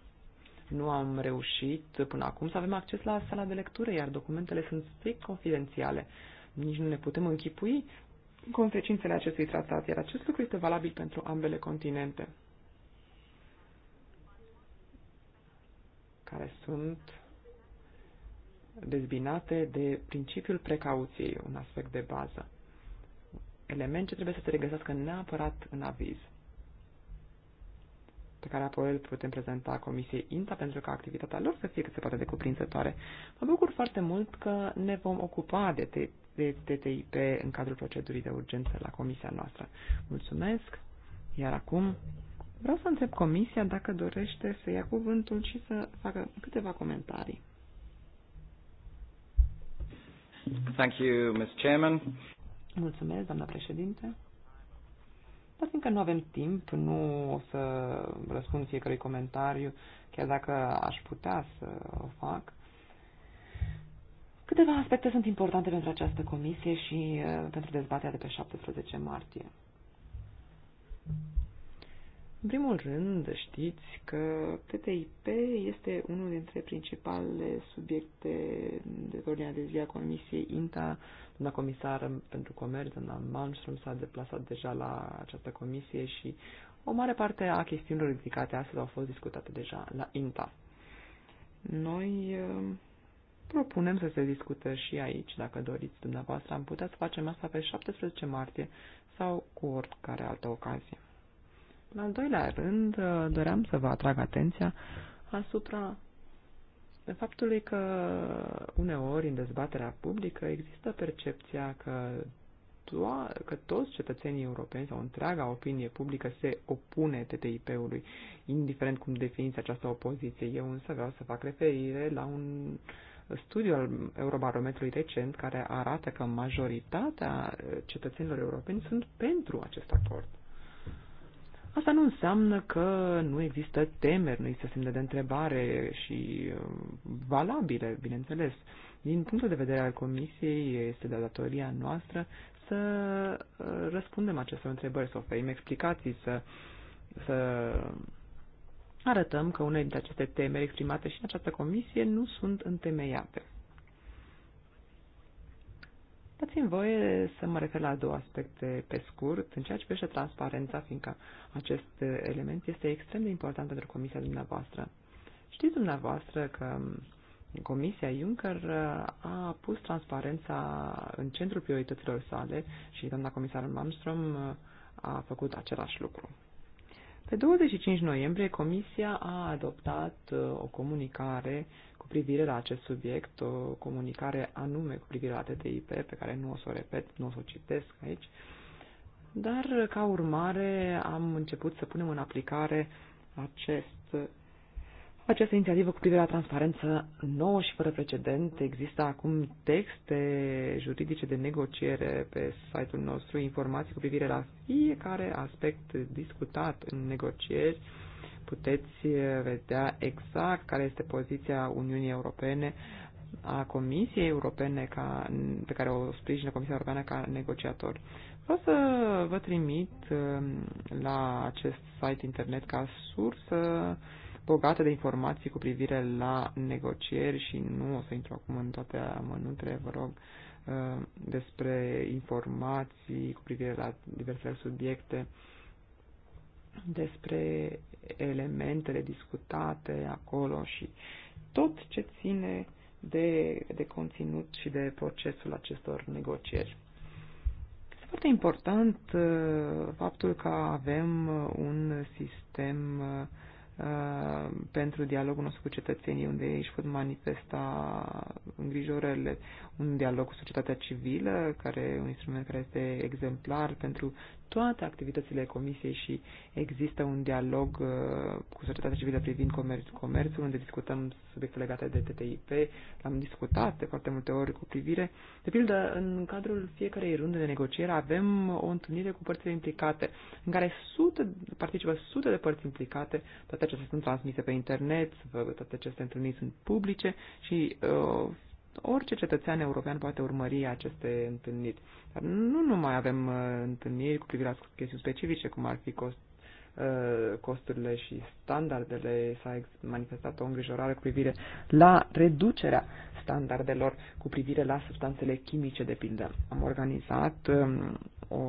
Nu am reușit până acum să avem acces la sala de lectură, iar documentele sunt strict confidențiale. Nici nu ne putem închipui consecințele acestui tratat, iar acest lucru este valabil pentru ambele continente. Care sunt dezbinate de principiul precauției, un aspect de bază. Element ce trebuie să se regăsească neapărat în aviz, pe care apoi îl putem prezenta Comisiei INTA pentru ca activitatea lor să fie cât se poate de cuprinzătoare. Mă bucur foarte mult că ne vom ocupa de, de TTIP în cadrul procedurii de urgență la Comisia noastră. Mulțumesc! Iar acum vreau să întreb Comisia dacă dorește să ia cuvântul și să facă câteva comentarii. Thank you, Ms. Chairman. Mulțumesc, doamna președinte. Dar fiindcă nu avem timp, nu o să răspund fiecărui comentariu, chiar dacă aș putea să o fac. Câteva aspecte sunt importante pentru această comisie și uh, pentru dezbaterea de pe 17 martie. În primul rând, știți că TTIP este unul dintre principalele subiecte de ordinea de zi a Comisiei INTA. Doamna comisară pentru comerț, doamna Malmström, s-a deplasat deja la această comisie și o mare parte a chestiunilor ridicate astăzi au fost discutate deja la INTA. Noi uh, propunem să se discute și aici, dacă doriți dumneavoastră, am putea să facem asta pe 17 martie sau cu oricare altă ocazie. În al doilea rând, uh, doream să vă atrag atenția asupra faptului că uneori în dezbaterea publică există percepția că, to- că toți cetățenii europeni sau întreaga opinie publică se opune TTIP-ului, indiferent cum definiți această opoziție. Eu însă vreau să fac referire la un studiu al Eurobarometrului recent care arată că majoritatea cetățenilor europeni sunt pentru acest acord. Asta nu înseamnă că nu există temeri, nu există semne de întrebare și uh, valabile, bineînțeles. Din punctul de vedere al Comisiei, este de datoria noastră să uh, răspundem acestor întrebări, să oferim explicații, să, să arătăm că unele dintre aceste temeri exprimate și în această comisie nu sunt întemeiate. Dați-mi voie să mă refer la două aspecte pe scurt, în ceea ce privește transparența, fiindcă acest element este extrem de important pentru comisia dumneavoastră. Știți dumneavoastră că Comisia Juncker a pus transparența în centrul priorităților sale și doamna comisar Malmström a făcut același lucru. Pe 25 noiembrie, Comisia a adoptat uh, o comunicare privire la acest subiect, o comunicare anume cu privire la TTIP, pe care nu o să o repet, nu o să o citesc aici, dar ca urmare am început să punem în aplicare acest, această inițiativă cu privire la transparență nouă și fără precedent. Există acum texte juridice de negociere pe site-ul nostru, informații cu privire la fiecare aspect discutat în negocieri, puteți eh, vedea exact care este poziția Uniunii Europene a Comisiei Europene ca, pe care o sprijină Comisia Europeană ca negociator. Vreau să vă trimit ehm, la acest site internet ca sursă bogată de informații cu privire la negocieri și nu o să intru acum în toate amănuntele, vă rog, ehm, despre informații cu privire la diversele subiecte despre elementele discutate acolo și tot ce ține de, de conținut și de procesul acestor negocieri. Este foarte important uh, faptul că avem un sistem uh, pentru dialogul nostru cu cetățenii, unde ei își pot manifesta îngrijorările, un dialog cu societatea civilă, care un instrument care este exemplar pentru toate activitățile comisiei și există un dialog uh, cu societatea civilă privind comerț, comerțul, unde discutăm subiecte legate de TTIP. L-am discutat de foarte multe ori cu privire. De pildă, în cadrul fiecarei runde de negociere avem o întâlnire cu părțile implicate, în care sute, participă sute de părți implicate. Toate acestea sunt transmise pe internet, toate aceste întâlniri sunt publice și uh, orice cetățean european poate urmări aceste întâlniri. Dar nu numai avem uh, întâlniri cu privire la chestiuni specifice, cum ar fi cost, uh, costurile și standardele, s-a manifestat o îngrijorare cu privire la reducerea standardelor cu privire la substanțele chimice, de pildă. Am organizat um, o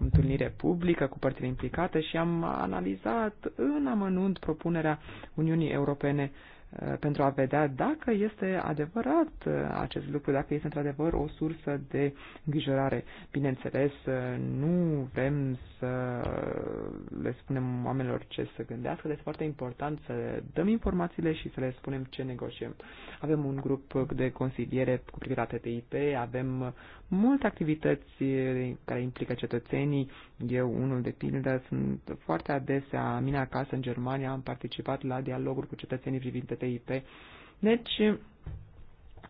întâlnire publică cu părțile implicate și am analizat în amănunt propunerea Uniunii Europene uh, Uh, pentru a vedea dacă este adevărat uh, acest lucru, dacă este într-adevăr o sursă de îngrijorare. Bineînțeles, uh, nu vrem să le spunem oamenilor ce să gândească, deci foarte important să dăm informațiile și să le spunem ce negociem. Avem un grup de consiliere cu privire la TTIP, avem multe activități care implică cetățenii. Eu, unul de pildă, sunt foarte adesea, mine acasă în Germania, am participat la dialoguri cu cetățenii privind TTIP. Deci,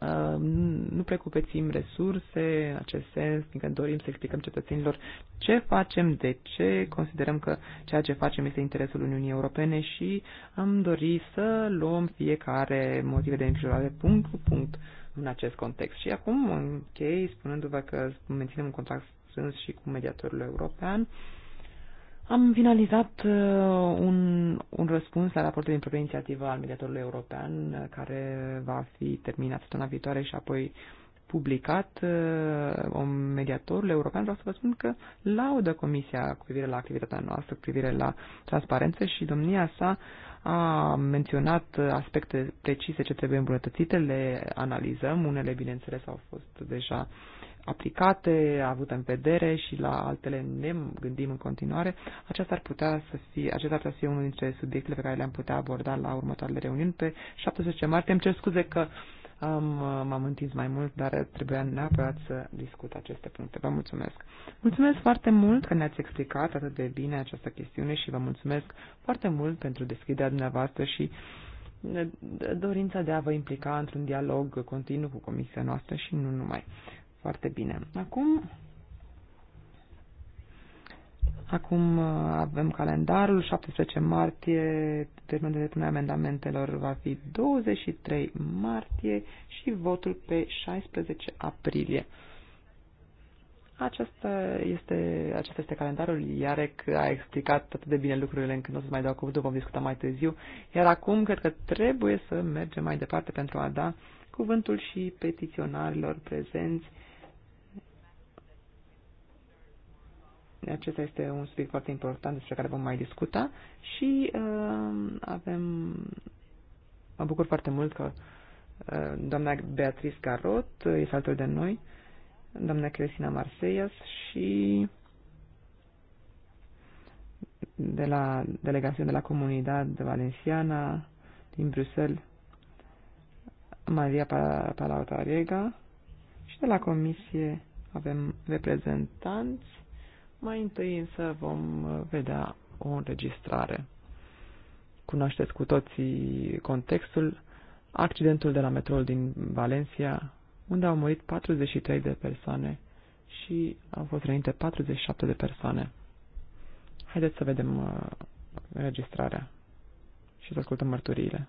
Uh, nu precupețim resurse în acest sens, fiindcă dorim să explicăm cetățenilor ce facem, de ce considerăm că ceea ce facem este interesul Uniunii Europene și am dori să luăm fiecare motive de îngrijorare punct cu punct în acest context. Și acum închei spunându-vă că menținem un contact strâns și cu mediatorul european am finalizat uh, un, un răspuns la raportul din proprie inițiativă al mediatorului european, uh, care va fi terminat săptămâna viitoare și apoi publicat un uh, mediatorul european. Vreau să vă spun că laudă Comisia cu privire la activitatea noastră, cu privire la transparență și domnia sa a menționat aspecte precise ce trebuie îmbunătățite, le analizăm, unele, bineînțeles, au fost deja uh, aplicate, avute în vedere și la altele ne gândim în continuare, aceasta ar putea să fie, acesta ar putea să fie unul dintre subiectele pe care le-am putea aborda la următoarele reuniuni pe 17 martie. Îmi cer scuze că am, m-am întins mai mult, dar trebuia neapărat să discut aceste puncte. Vă mulțumesc! Mulțumesc foarte mult că ne-ați explicat atât de bine această chestiune și vă mulțumesc foarte mult pentru deschiderea dumneavoastră și eh, dorința de a vă implica într-un dialog continuu cu comisia noastră și nu numai foarte bine. Acum, acum uh, avem calendarul, 17 martie, termenul de depunere amendamentelor va fi 23 martie și votul pe 16 aprilie. Aceasta este, acesta este calendarul. Iarec a explicat atât de bine lucrurile încât nu o să mai dau cuvântul, vom discuta mai târziu. Iar acum cred că trebuie să mergem mai departe pentru a da cuvântul și petiționarilor prezenți Acesta este un subiect foarte important despre care vom mai discuta și uh, avem... Mă bucur foarte mult că uh, doamna Beatrice Garot este alături de noi, doamna Cristina Marseias și de la delegația de la de Valenciana din Bruxelles, Maria Palautariega și de la Comisie avem reprezentanți mai întâi însă vom vedea o înregistrare. Cunoașteți cu toții contextul, accidentul de la metroul din Valencia, unde au murit 43 de persoane și au fost rănite 47 de persoane. Haideți să vedem uh, înregistrarea și să ascultăm mărturiile.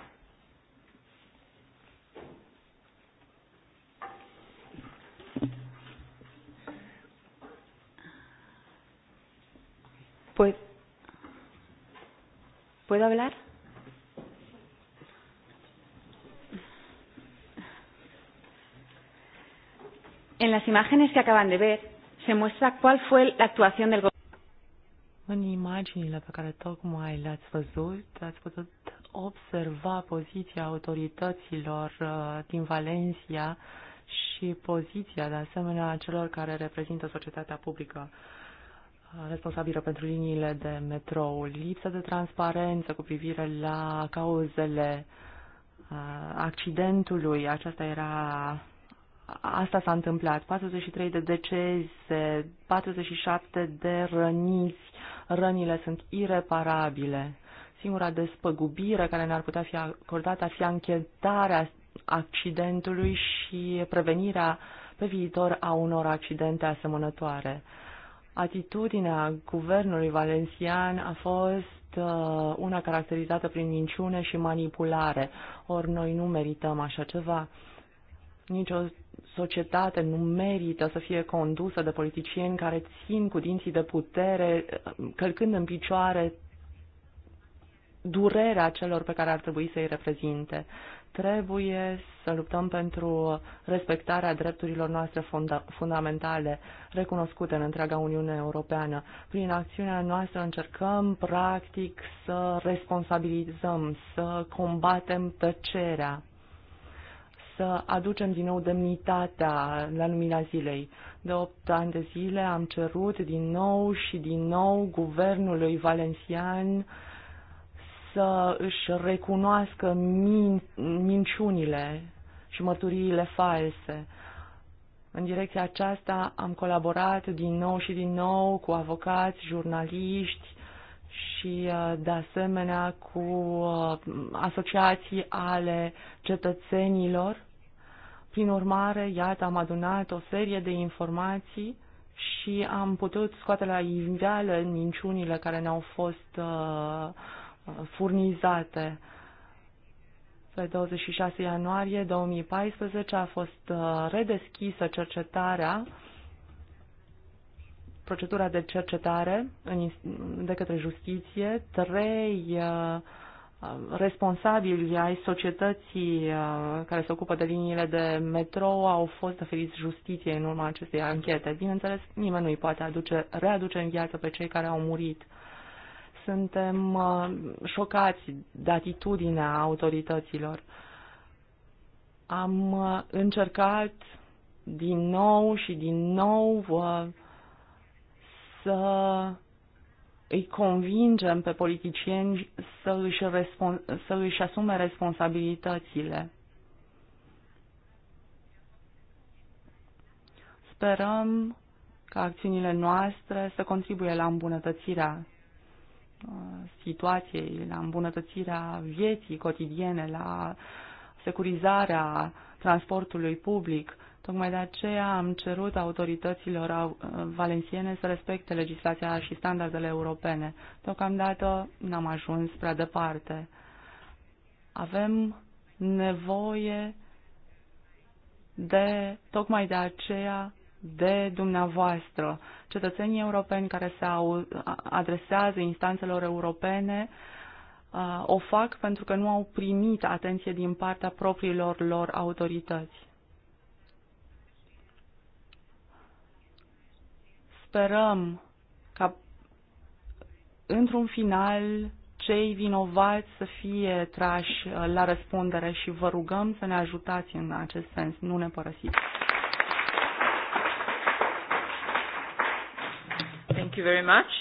Pues, ¿Puedo hablar? En las imágenes que acaban de ver, se muestra cuál fue la actuación del gobierno. În imaginile pe care tocmai le-ați văzut, ați putut observa poziția autorităților uh, din Valencia și poziția, de asemenea, celor care reprezintă societatea publică responsabilă pentru liniile de metrou, lipsa de transparență cu privire la cauzele uh, accidentului, aceasta era asta s-a întâmplat. 43 de decese, 47 de răniți, rănile sunt ireparabile. Singura despăgubire care ne-ar putea fi acordată ar fi anchetarea accidentului și prevenirea pe viitor a unor accidente asemănătoare. Uh, Atitudinea guvernului valencian a fost uh, una caracterizată prin minciune și manipulare. Ori noi nu merităm așa ceva. Nici o societate nu merită să fie condusă de politicieni care țin cu dinții de putere, uh, călcând în picioare durerea celor pe care ar trebui să-i reprezinte. Uh, trebuie să luptăm pentru respectarea drepturilor noastre funda- fundamentale recunoscute în întreaga Uniune Europeană. Prin acțiunea noastră încercăm, practic, să responsabilizăm, să combatem tăcerea, să aducem din nou demnitatea la lumina zilei. De 8 ani de zile am cerut din nou și din nou guvernului valențian uh, să își recunoască min, minciunile și mărturiile false. În direcția aceasta am colaborat din nou și din nou cu avocați, jurnaliști și, uh, de asemenea, cu uh, asociații ale cetățenilor. Prin urmare, iată, am adunat o serie de informații și am putut scoate la iveală minciunile care ne-au fost uh, furnizate. Pe 26 ianuarie 2014 a fost uh, redeschisă cercetarea, procedura de cercetare de către justiție. Trei uh, responsabili ai societății uh, care se ocupă de liniile de metrou au fost oferiți justiție în urma acestei anchete. Bineînțeles, nimeni nu îi poate aduce, readuce în viață pe cei care au murit suntem uh, șocați de atitudinea autorităților. Am uh, încercat din nou și din nou uh, să îi convingem pe politicieni să își, respon- să își asume responsabilitățile. Sperăm ca acțiunile noastre să contribuie la îmbunătățirea situației, la îmbunătățirea vieții cotidiene, la securizarea transportului public. Tocmai de aceea am cerut autorităților valențiene să respecte legislația și standardele europene. Deocamdată n-am ajuns prea departe. Avem nevoie de, tocmai de aceea, de dumneavoastră, cetățenii europeni care se adresează instanțelor europene, o fac pentru că nu au primit atenție din partea propriilor lor autorități. Sperăm ca într-un final cei vinovați să fie trași la răspundere și vă rugăm să ne ajutați în acest sens, nu ne părăsiți. you very much.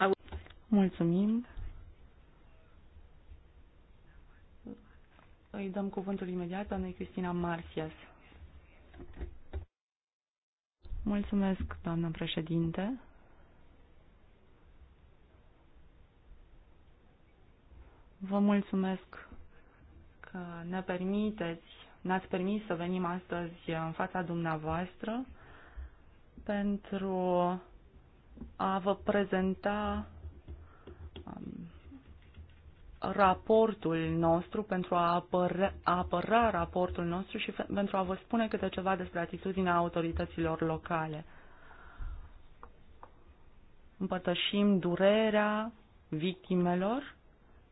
I will... Mulțumim. Îi dăm cuvântul imediat doamnei Cristina Marcias. Mulțumesc, doamnă președinte. Vă mulțumesc că ne permiteți, ne-ați permis să venim astăzi în fața dumneavoastră pentru a vă prezenta um, raportul nostru, pentru a apăra, a apăra raportul nostru și pentru a vă spune câte ceva despre atitudinea autorităților locale. Împărtășim durerea victimelor,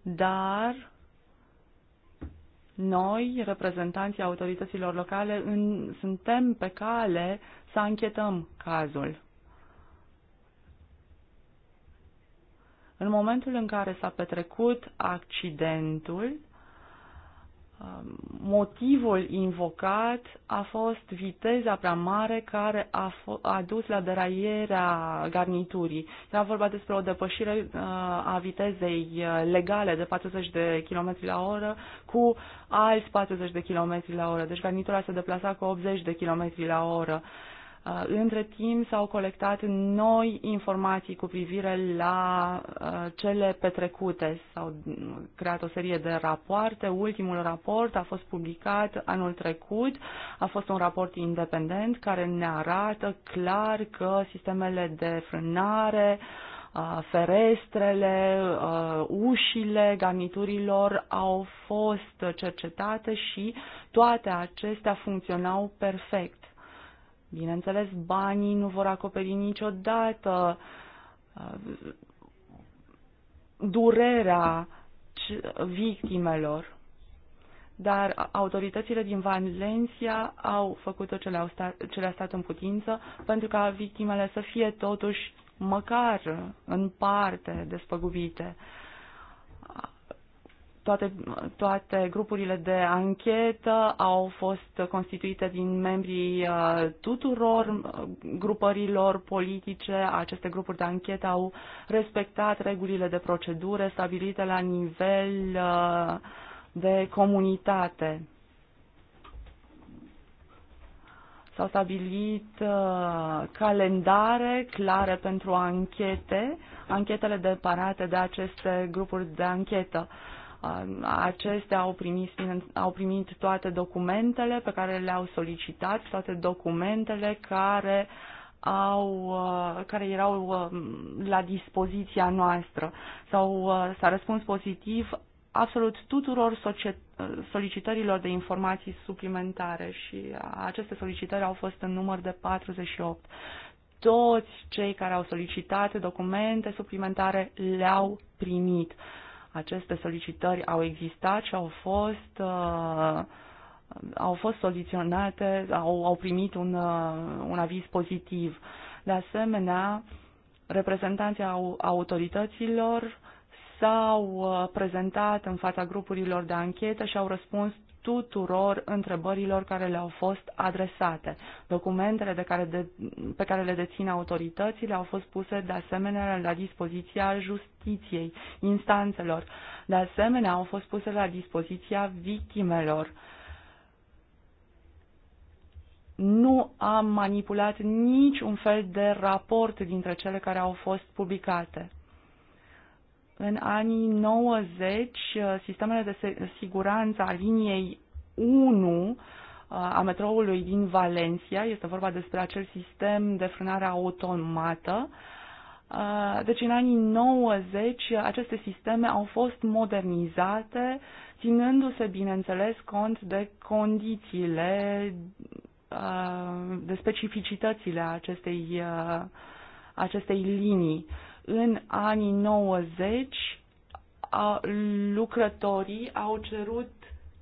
dar noi, reprezentanții autorităților locale, în, suntem pe cale să anchetăm cazul. În momentul în care s-a petrecut accidentul, um, motivul invocat a fost viteza prea mare care a, a dus la deraierea garniturii. Era vorba despre o depășire uh, a vitezei uh, legale de 40 de km la oră cu alți 40 de km la oră. Deci garnitura se deplasa cu 80 de km la oră. Uh, între timp s-au colectat noi informații cu privire la uh, cele petrecute. S-au creat o serie de rapoarte. Ultimul raport a fost publicat anul trecut. A fost un raport independent care ne arată clar că sistemele de frânare uh, ferestrele, ușile garniturilor au fost cercetate și toate acestea funcționau perfect. Bineînțeles, banii nu vor acoperi niciodată uh, durerea victimelor. Dar autoritățile din Valencia au făcut tot ce le-a stat, le stat în putință pentru ca victimele să fie totuși măcar în parte despăgubite toate, toate grupurile de anchetă au fost constituite din membrii uh, tuturor uh, grupărilor politice. Aceste grupuri de anchetă au respectat regulile de procedură stabilite la nivel uh, de comunitate. S-au stabilit calendare clare pentru anchete, anchetele deparate de aceste grupuri de anchetă. Acestea au primit, au primit toate documentele pe care le-au solicitat, toate documentele care au, uh, care erau uh, la dispoziția noastră. Sau uh, s-a răspuns pozitiv absolut tuturor solicitărilor de informații suplimentare și aceste solicitări au fost în număr de 48. Toți cei care au solicitat documente suplimentare le-au primit. Aceste solicitări au existat și au fost uh, au fost soluționate, au, au primit un, uh, un aviz pozitiv. De asemenea, reprezentanții au, autorităților s-au uh, prezentat în fața grupurilor de anchetă și au răspuns tuturor întrebărilor care le-au fost adresate. Documentele de care de, pe care le dețin autoritățile au fost puse de asemenea la dispoziția justiției, instanțelor. De asemenea, au fost puse la dispoziția victimelor. Nu am manipulat niciun fel de raport dintre cele care au fost publicate. În anii 90, uh, sistemele de siguranță a liniei 1 uh, a metroului din Valencia, este vorba despre acel sistem de frânare automată, uh, deci în anii 90 aceste sisteme au fost modernizate, ținându-se, bineînțeles, cont de condițiile, de specificitățile acestei, acestei linii. În anii 90, a, lucrătorii au cerut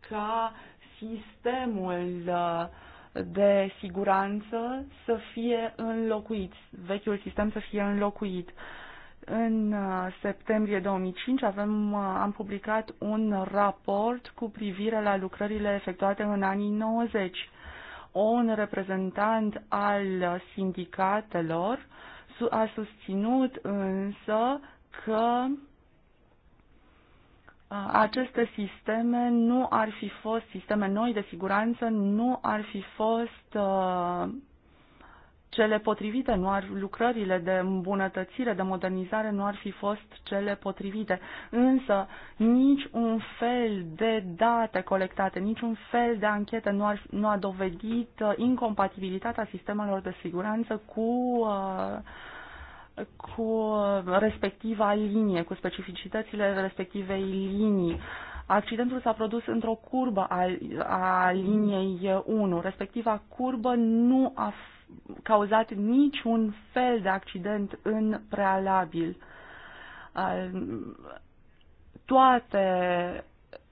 ca sistemul uh, de siguranță să fie înlocuit, vechiul sistem să fie înlocuit. În uh, septembrie 2005 avem, uh, am publicat un raport cu privire la lucrările efectuate în anii 90. Un reprezentant al sindicatelor a susținut însă că aceste sisteme nu ar fi fost, sisteme noi de siguranță, nu ar fi fost cele potrivite, nu ar, lucrările de îmbunătățire, de modernizare nu ar fi fost cele potrivite. Însă nici un fel de date colectate, nici un fel de anchetă nu, ar, nu a dovedit uh, incompatibilitatea sistemelor de siguranță cu uh, cu respectiva linie, cu specificitățile respectivei linii. Accidentul s-a produs într-o curbă a, a liniei 1. Respectiva curbă nu a cauzat niciun fel de accident în prealabil. Toate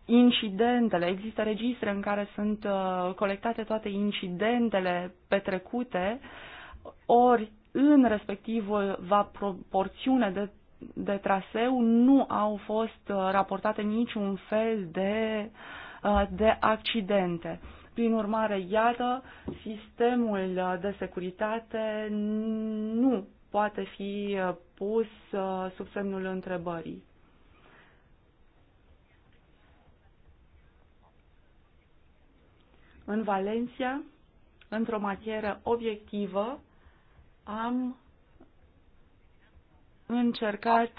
incidentele, există registre în care sunt uh, colectate toate incidentele petrecute, ori în respectivul va proporțiune de, de traseu nu au fost uh, raportate niciun fel de, uh, de accidente. Prin urmare, iată, sistemul de securitate nu poate fi uh, pus uh, sub semnul întrebării. În Valencia, într-o materie obiectivă, am încercat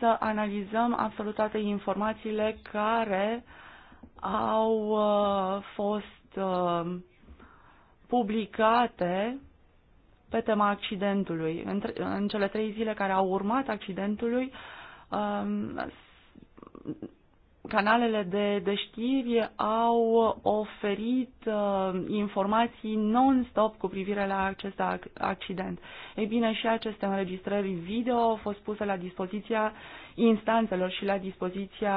să analizăm absolut toate informațiile care au uh, fost Uh, publicate pe tema accidentului. În, în cele trei zile care au urmat accidentului, um, canalele de, de știri au oferit uh, informații non-stop cu privire la acest accident. Ei bine, și aceste înregistrări video au fost puse la dispoziția instanțelor și la dispoziția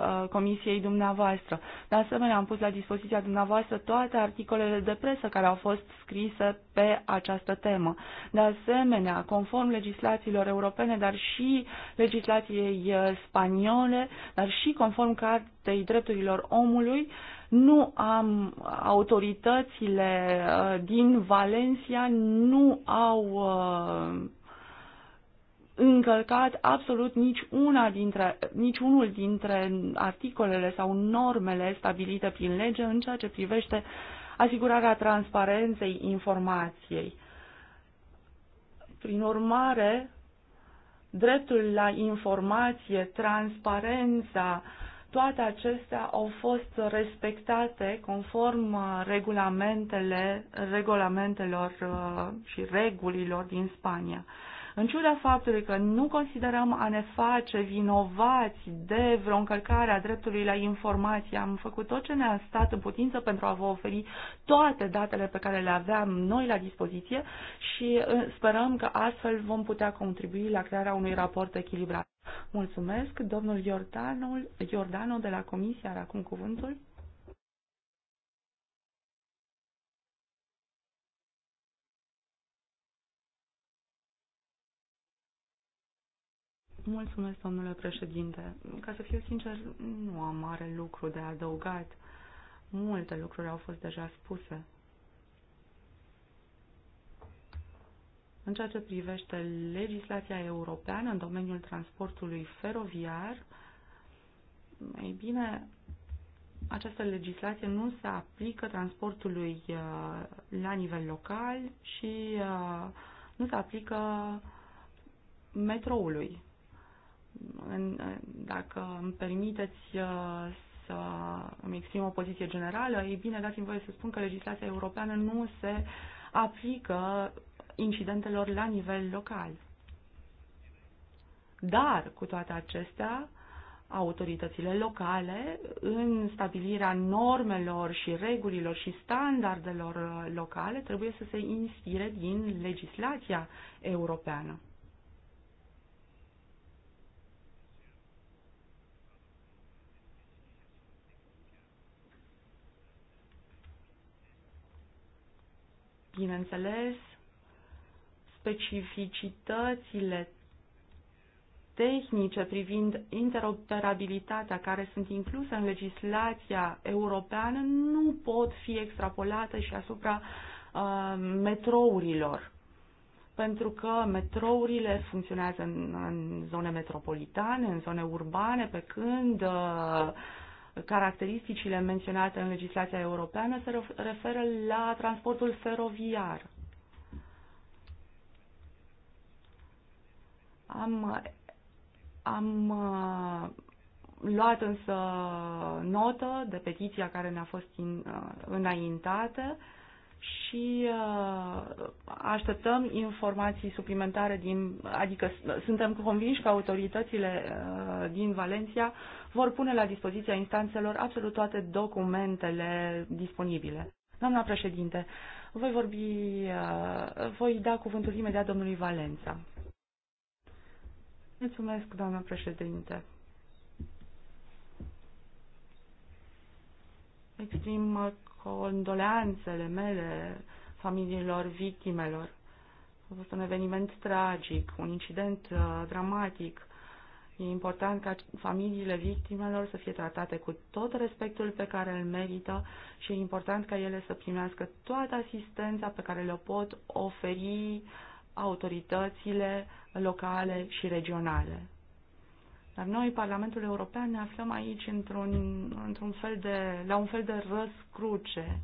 uh, comisiei dumneavoastră. De asemenea, am pus la dispoziția dumneavoastră toate articolele de presă care au fost scrise pe această temă. De asemenea, conform legislațiilor europene, dar și legislației uh, spaniole, dar și conform Cartei Drepturilor Omului, nu am autoritățile uh, din Valencia nu au încălcat absolut nici, una dintre, nici unul dintre articolele sau normele stabilite prin lege în ceea ce privește asigurarea transparenței informației. Prin urmare, dreptul la informație, transparența, toate acestea au fost respectate conform uh, regulamentele, regulamentelor uh, și regulilor din Spania. În ciuda faptului că nu considerăm a ne face vinovați de vreo încălcare a dreptului la informație, am făcut tot ce ne-a stat în putință pentru a vă oferi toate datele pe care le aveam noi la dispoziție și uh, sperăm că astfel vom putea contribui la crearea unui raport echilibrat. Mulțumesc, domnul Iordanul, Iordano de la Comisia, are acum cuvântul. Mulțumesc, domnule președinte. Ca să fiu sincer, nu am mare lucru de adăugat. Multe lucruri au fost deja spuse. În ceea ce privește legislația europeană în domeniul transportului feroviar, ei bine, această legislație nu se aplică transportului uh, la nivel local și uh, nu se aplică metroului în, dacă îmi permiteți uh, să îmi exprim o poziție generală, e bine, dați-mi voie să spun că legislația europeană nu se aplică incidentelor la nivel local. Dar, cu toate acestea, autoritățile locale, în stabilirea normelor și regulilor și standardelor locale, trebuie să se inspire din legislația europeană. bineînțeles, specificitățile tehnice privind interoperabilitatea care sunt incluse în legislația europeană nu pot fi extrapolate și asupra uh, metrourilor. Pentru că metrourile funcționează în, în zone metropolitane, în zone urbane, pe când uh, caracteristicile menționate în legislația europeană se referă la transportul feroviar. Am, am uh, luat însă notă de petiția care ne-a fost uh, înaintată și uh, așteptăm informații suplimentare din, adică suntem convinși că autoritățile uh, din Valencia vor pune la dispoziția instanțelor absolut toate documentele disponibile. Doamna președinte, voi vorbi, uh, voi da cuvântul imediat domnului Valența. Mulțumesc, doamna președinte. Exprim condoleanțele mele familiilor victimelor. A fost un eveniment tragic, un incident uh, dramatic. E important ca familiile victimelor să fie tratate cu tot respectul pe care îl merită și e important ca ele să primească toată asistența pe care le pot oferi autoritățile locale și regionale. Dar noi, Parlamentul European, ne aflăm aici într-un, într-un fel de, la un fel de răscruce.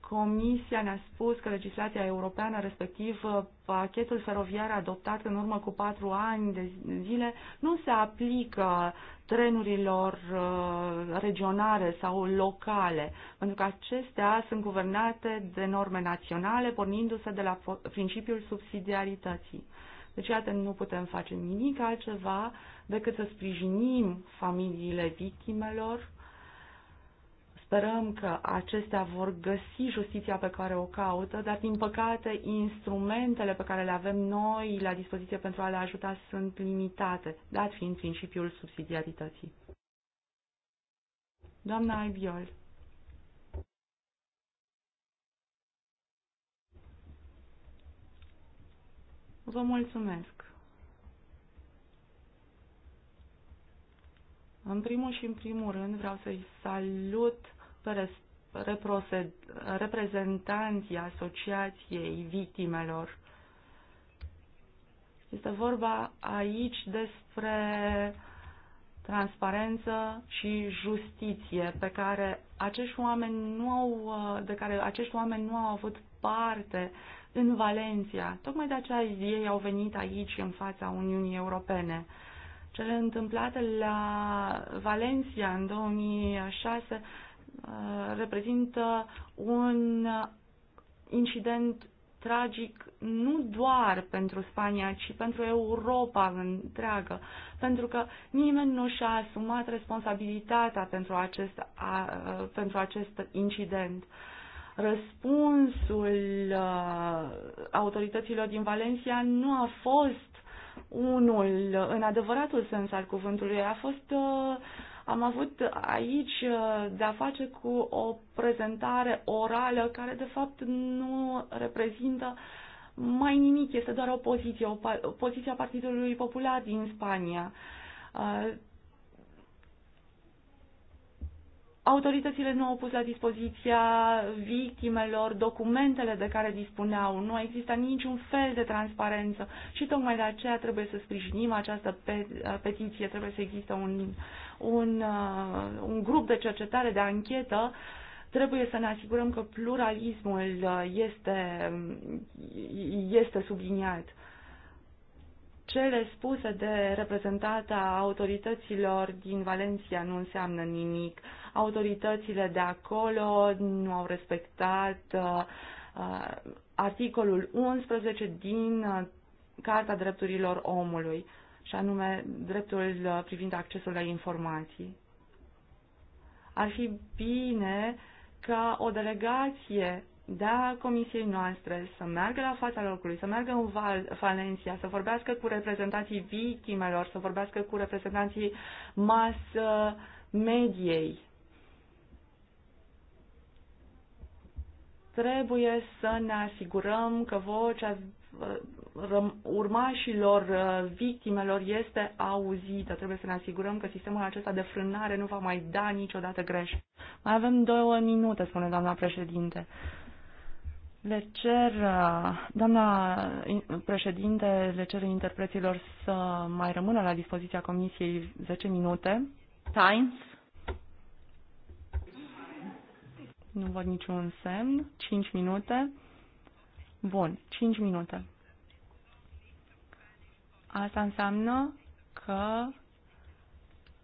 Comisia ne-a spus că legislația europeană, respectiv uh, pachetul feroviar adoptat în urmă cu patru ani de zile, nu se aplică trenurilor uh, regionale sau locale, pentru că acestea sunt guvernate de norme naționale, pornindu-se de la principiul subsidiarității. Deci, iată, nu putem face nimic altceva decât să sprijinim familiile victimelor. Sperăm că acestea vor găsi justiția pe care o caută, dar, din păcate, instrumentele pe care le avem noi la dispoziție pentru a le ajuta sunt limitate, dat fiind principiul subsidiarității. Doamna Ibiol. Vă mulțumesc. În primul și în primul rând vreau să-i salut pe reprezentanții Asociației Victimelor. Este vorba aici despre transparență și justiție pe care acești oameni nu au, de care acești oameni nu au avut parte în Valencia. Tocmai de aceea ei au venit aici, în fața Uniunii Europene. Cele întâmplate la Valencia în 2006 uh, reprezintă un incident tragic nu doar pentru Spania, ci pentru Europa întreagă, pentru că nimeni nu și-a asumat responsabilitatea pentru acest, a, pentru acest incident. Uh, Răspunsul uh, autorităților din Valencia nu a fost unul în adevăratul sens al cuvântului. A fost, uh, am avut aici uh, de-a face cu o prezentare orală care de fapt nu reprezintă mai nimic, este doar o poziție, o, o poziție a Partidului Popular din Spania. Autoritățile nu au pus la dispoziția victimelor documentele de care dispuneau. Nu a existat niciun fel de transparență și tocmai de aceea trebuie să sprijinim această petiție. Trebuie să există un, un, uh, un grup de cercetare, de anchetă. Trebuie să ne asigurăm că pluralismul uh, este, um, este subliniat cele spuse de reprezentata autorităților din Valencia nu înseamnă nimic autoritățile de acolo nu au respectat uh, uh, articolul 11 din uh, Carta Drepturilor Omului, și anume dreptul privind accesul la informații. Ar fi bine ca o delegație de comisiei noastre să meargă la fața locului, să meargă în Val- Valencia, să vorbească cu reprezentanții victimelor, să vorbească cu reprezentanții mass mediei. Trebuie să ne asigurăm că vocea uh, urmașilor uh, victimelor este auzită. Trebuie să ne asigurăm că sistemul acesta de frânare nu va mai da niciodată greș. Mai avem două minute, spune doamna președinte. Le cer, uh, doamna președinte, le cer interpreților să mai rămână la dispoziția comisiei 10 minute. Times. Nu văd niciun semn. 5 minute. Bun, 5 minute. Asta înseamnă că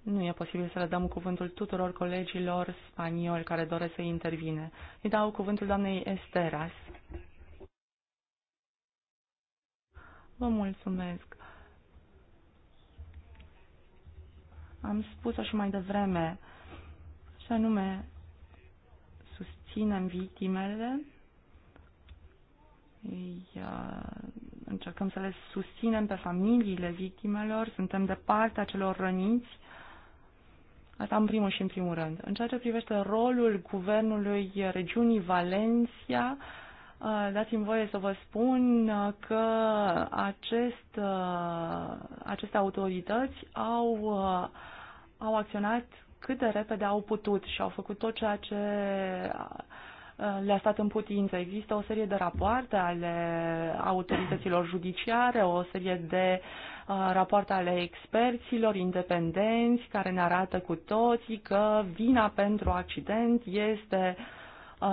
nu e posibil să le dăm cuvântul tuturor colegilor spanioli care doresc să intervine. Îi dau cuvântul doamnei Esteras. Vă mulțumesc. Am spus-o și mai devreme, și anume, susținem victimele, uh, încercăm să le susținem pe familiile victimelor, suntem de partea celor răniți. Asta în primul și în primul rând. În ceea ce privește rolul guvernului regiunii Valencia, uh, dați-mi voie să vă spun uh, că acest, aceste autorități au, au acționat cât de repede au putut și au făcut tot ceea ce le-a stat în putință. Există o serie de rapoarte ale autorităților judiciare, o serie de rapoarte ale experților independenți care ne arată cu toții că vina pentru accident este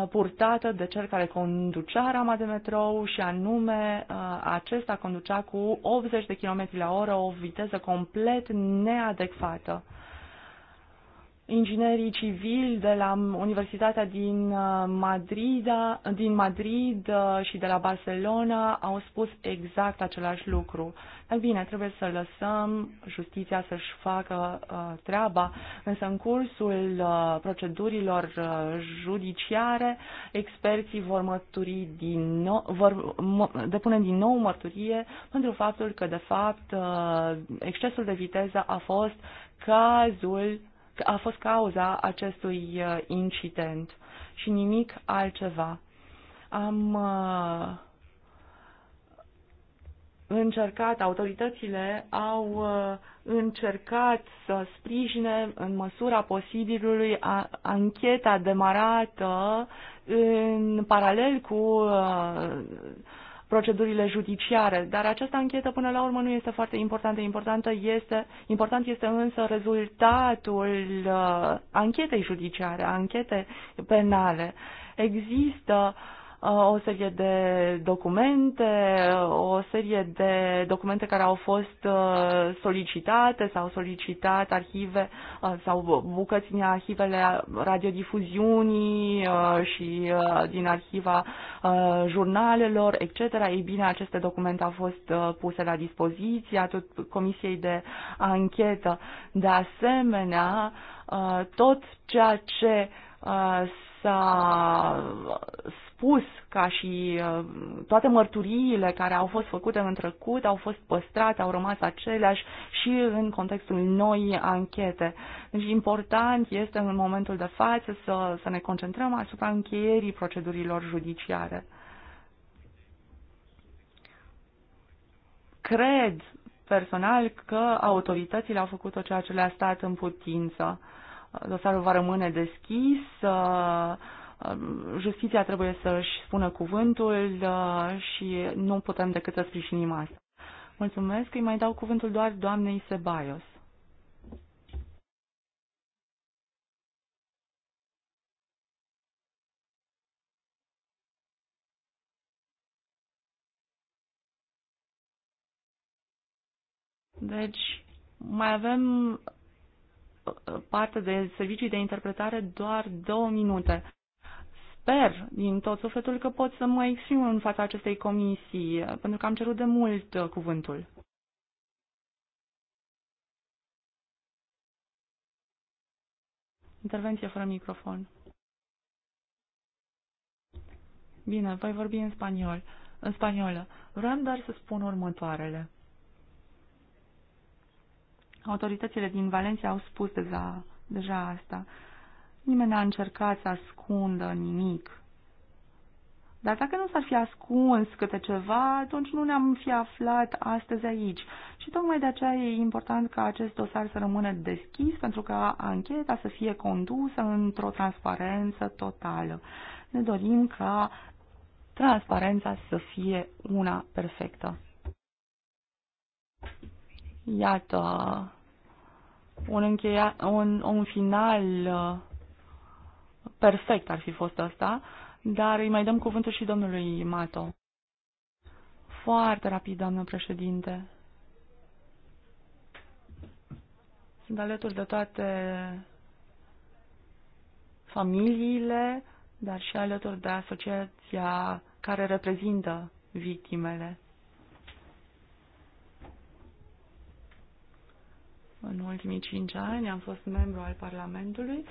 purtată de cel care conducea rama de metrou și anume acesta conducea cu 80 de km la oră o viteză complet neadecvată inginerii civili de la Universitatea din uh, Madrid, din Madrid uh, și de la Barcelona au spus exact același lucru. Dar bine, trebuie să lăsăm justiția să-și facă uh, treaba, însă în cursul uh, procedurilor uh, judiciare, experții vor mărturi din nou, vor depune din nou mărturie pentru faptul că, de fapt, uh, excesul de viteză a fost cazul a fost cauza acestui uh, incident și nimic altceva. Am uh, încercat, autoritățile au uh, încercat să sprijine în măsura posibilului ancheta demarată în paralel cu procedurile judiciare, dar această anchetă până la urmă nu este foarte importantă. Importantă este, important este însă rezultatul uh, anchetei judiciare, anchete penale. Există uh, Uh, o serie de documente, uh, o serie de documente care au fost uh, solicitate, sau solicitat arhive sau bucăți din arhivele radiodifuziunii și din arhiva jurnalelor, etc. Ei bine, aceste documente au fost puse la dispoziție tot Comisiei de Anchetă. De asemenea, tot ceea ce s-a spus ca și uh, toate mărturiile care au fost făcute în trecut au fost păstrate, au rămas aceleași și în contextul noi anchete. Deci important este în momentul de față să, să ne concentrăm asupra încheierii procedurilor judiciare. Cred personal că autoritățile au făcut tot ceea ce le-a stat în putință. Dosarul va rămâne deschis, uh, Um, justiția trebuie să-și spună cuvântul uh, și nu putem decât să sprijinim asta. Mulțumesc, îi mai dau cuvântul doar doamnei Sebaios. Deci, mai avem uh, uh, parte de servicii de interpretare doar două minute sper din tot sufletul că pot să mă exprim în fața acestei comisii, pentru că am cerut de mult uh, cuvântul. Intervenție fără microfon. Bine, voi vorbi în spaniol. În spaniolă. Vreau doar să spun următoarele. Autoritățile din Valencia au spus deja, deja asta. Uh, Nimeni n-a încercat să ascundă nimic. Dar dacă nu s-ar fi ascuns câte ceva, atunci nu ne-am fi aflat astăzi aici. Și tocmai de aceea e important ca acest dosar să rămână deschis, pentru ca ancheta să fie condusă într-o transparență totală. Ne dorim ca transparența să fie una perfectă. Iată, un, încheia, un, un final uh, perfect ar fi fost asta, dar îi mai dăm cuvântul și domnului Mato. Foarte rapid, doamnă președinte. Sunt alături de toate familiile, dar și alături de asociația care reprezintă victimele. În ultimii cinci ani am fost membru al Parlamentului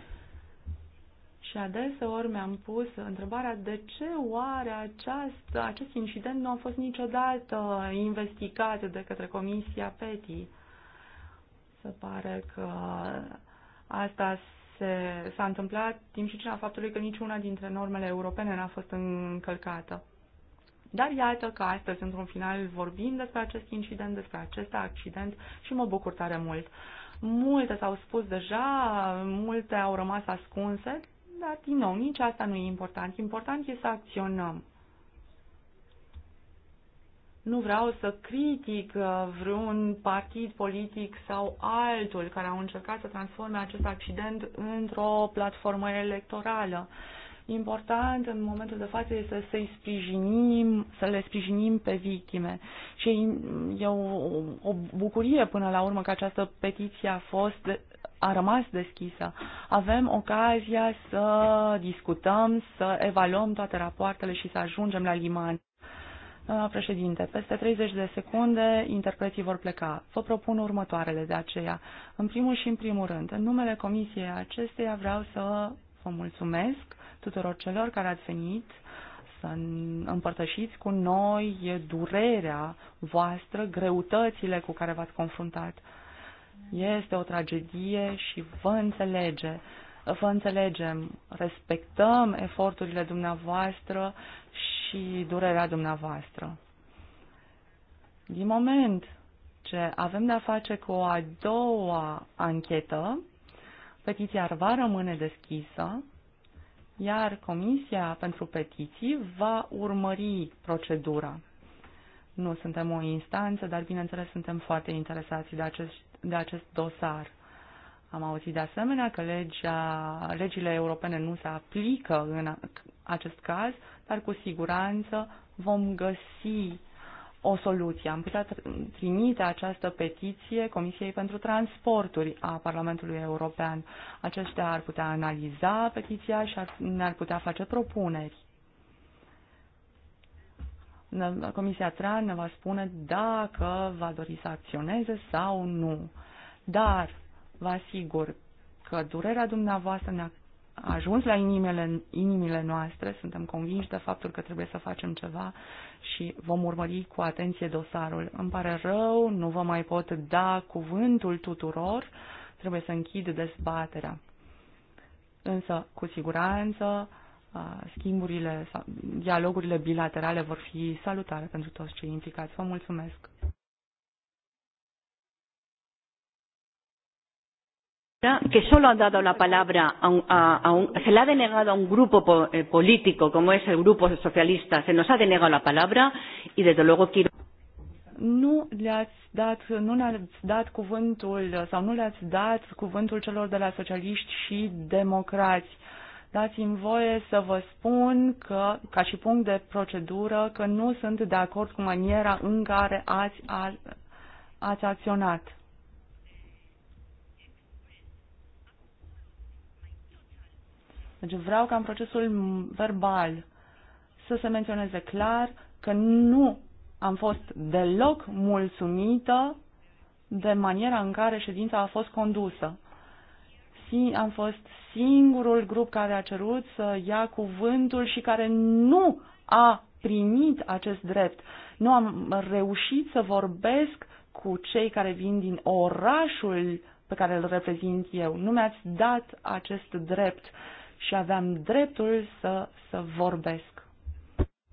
și adeseori mi-am pus întrebarea de ce oare aceast, acest incident nu a fost niciodată investigat de către Comisia PETI. Se pare că asta s-a întâmplat și pricina faptului că niciuna dintre normele europene n-a fost încălcată. Dar iată că astăzi, într-un final, vorbim despre acest incident, despre acest accident și mă bucur tare mult. Multe s-au spus deja, multe au rămas ascunse, dar din nou, nici asta nu e important. Important e să acționăm. Nu vreau să critic uh, vreun partid politic sau altul care au încercat să transforme acest accident într-o platformă electorală. Important în momentul de față este să-i sprijinim, să le sprijinim pe victime. Și e o, o bucurie până la urmă că această petiție a fost a rămas deschisă. Avem ocazia să discutăm, să evaluăm toate rapoartele și să ajungem la liman. Doamna președinte, peste 30 de secunde interpreții vor pleca. Vă propun următoarele de aceea. În primul și în primul rând, în numele comisiei acesteia vreau să vă mulțumesc tuturor celor care ați venit să împărtășiți cu noi durerea voastră, greutățile cu care v-ați confruntat. Este o tragedie și vă înțelege, vă înțelegem, respectăm eforturile dumneavoastră și durerea dumneavoastră. Din moment ce avem de-a face cu o a doua anchetă, petiția va rămâne deschisă, iar Comisia pentru Petiții va urmări procedura. Nu suntem o instanță, dar bineînțeles suntem foarte interesați de acest de acest dosar. Am auzit de asemenea că legea, legile europene nu se aplică în acest caz, dar cu siguranță vom găsi o soluție. Am putea trimite această petiție Comisiei pentru Transporturi a Parlamentului European. Aceștia ar putea analiza petiția și ar, ne-ar putea face propuneri. Comisia TRAN ne va spune dacă va dori să acționeze sau nu. Dar vă asigur că durerea dumneavoastră ne-a ajuns la inimile, inimile noastre, suntem convinși de faptul că trebuie să facem ceva și vom urmări cu atenție dosarul. Îmi pare rău, nu vă mai pot da cuvântul tuturor, trebuie să închid dezbaterea. Însă, cu siguranță, schimburile dialogurile bilaterale vor fi salutare pentru toți cei implicați. Vă mulțumesc! Da, que solo ha dado la palabra a un, a, a un, se le ha denegado a un grupo po, eh, político como es el grupo socialista se nos ha denegado la palabra y desde luego quiero nu le-ați dat, nu le-ați dat cuvântul sau nu le-ați dat cuvântul celor de la socialiști și democrați. Uh, Dați-mi voie să vă spun că, ca și punct de procedură, că nu sunt de acord cu maniera în care ați, a, ați acționat. Deci vreau ca în procesul verbal să se menționeze clar că nu am fost deloc mulțumită de maniera în care ședința a fost condusă am fost singurul grup care a cerut să ia cuvântul și care nu a primit acest drept. Nu am reușit să vorbesc cu cei care vin din orașul pe care îl reprezint eu. Nu mi-ați dat acest drept și aveam dreptul să, să vorbesc.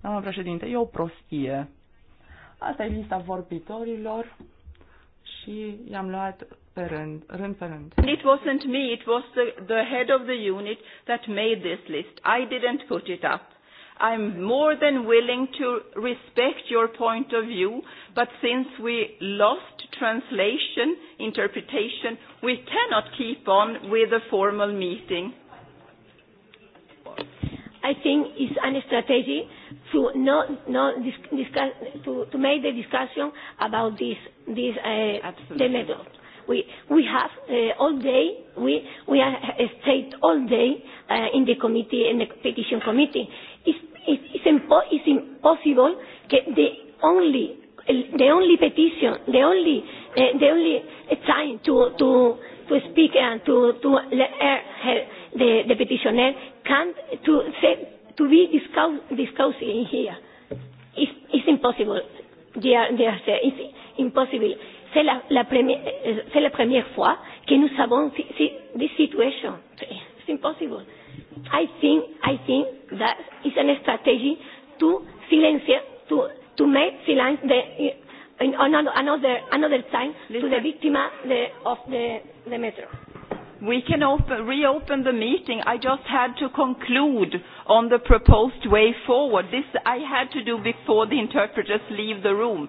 Doamna președinte, e o prostie. Asta e lista vorbitorilor și i-am luat pe rând, rând pe rând. And it wasn't me, it was the, the head of the unit that made this list. I didn't put it up. I'm more than willing to respect your point of view, but since we lost translation, interpretation, we cannot keep on with a formal meeting. I think it's a strategy to not, not discuss, to, to make the discussion about this, this uh, the method we, we have uh, all day, we, we are uh, stayed all day uh, in the committee, in the petition committee. It's, it's, it's, impo- it's impossible that the only, the only petition, the only, uh, the only time to, to, to speak and to, to let her, her, the, the petitioner can to, say, to be discuss, discussing here. It's, it's impossible. They are, they are, it's impossible c'est la, la, première, euh, la première fois que nous si, this situation. It's impossible. I think, I think that is a strategy to silence, to, to make silence the, in another, another time Listen. to the victim the, of the, the metro. We can open, reopen the meeting. I just had to conclude on the proposed way forward. This I had to do before the interpreters leave the room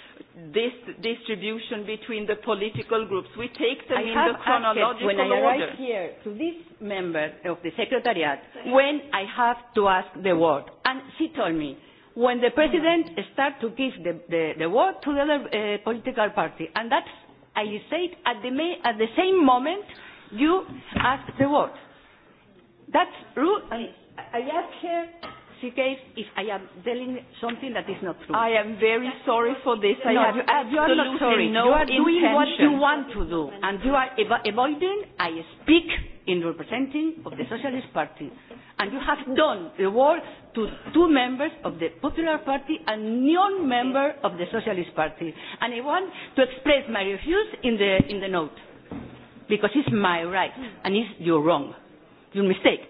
this distribution between the political groups. We take them I in the chronological when order. When I arrive here to this member of the Secretariat, when I have to ask the word, and she told me, when the president starts to give the, the, the word to the other uh, political party, and that's, I said, at the, may, at the same moment you ask the word. That's rule. I ask her she gave if I am telling something that is not true. I am very sorry for this. No, I have you, absolutely you are not sorry. no You are intention. doing what you want to do, and you are ev- avoiding. I speak in representing of the Socialist Party, and you have done the work to two members of the Popular Party and non-member of the Socialist Party. And I want to express my refuse in the in the note, because it's my right and it's your wrong, your mistake.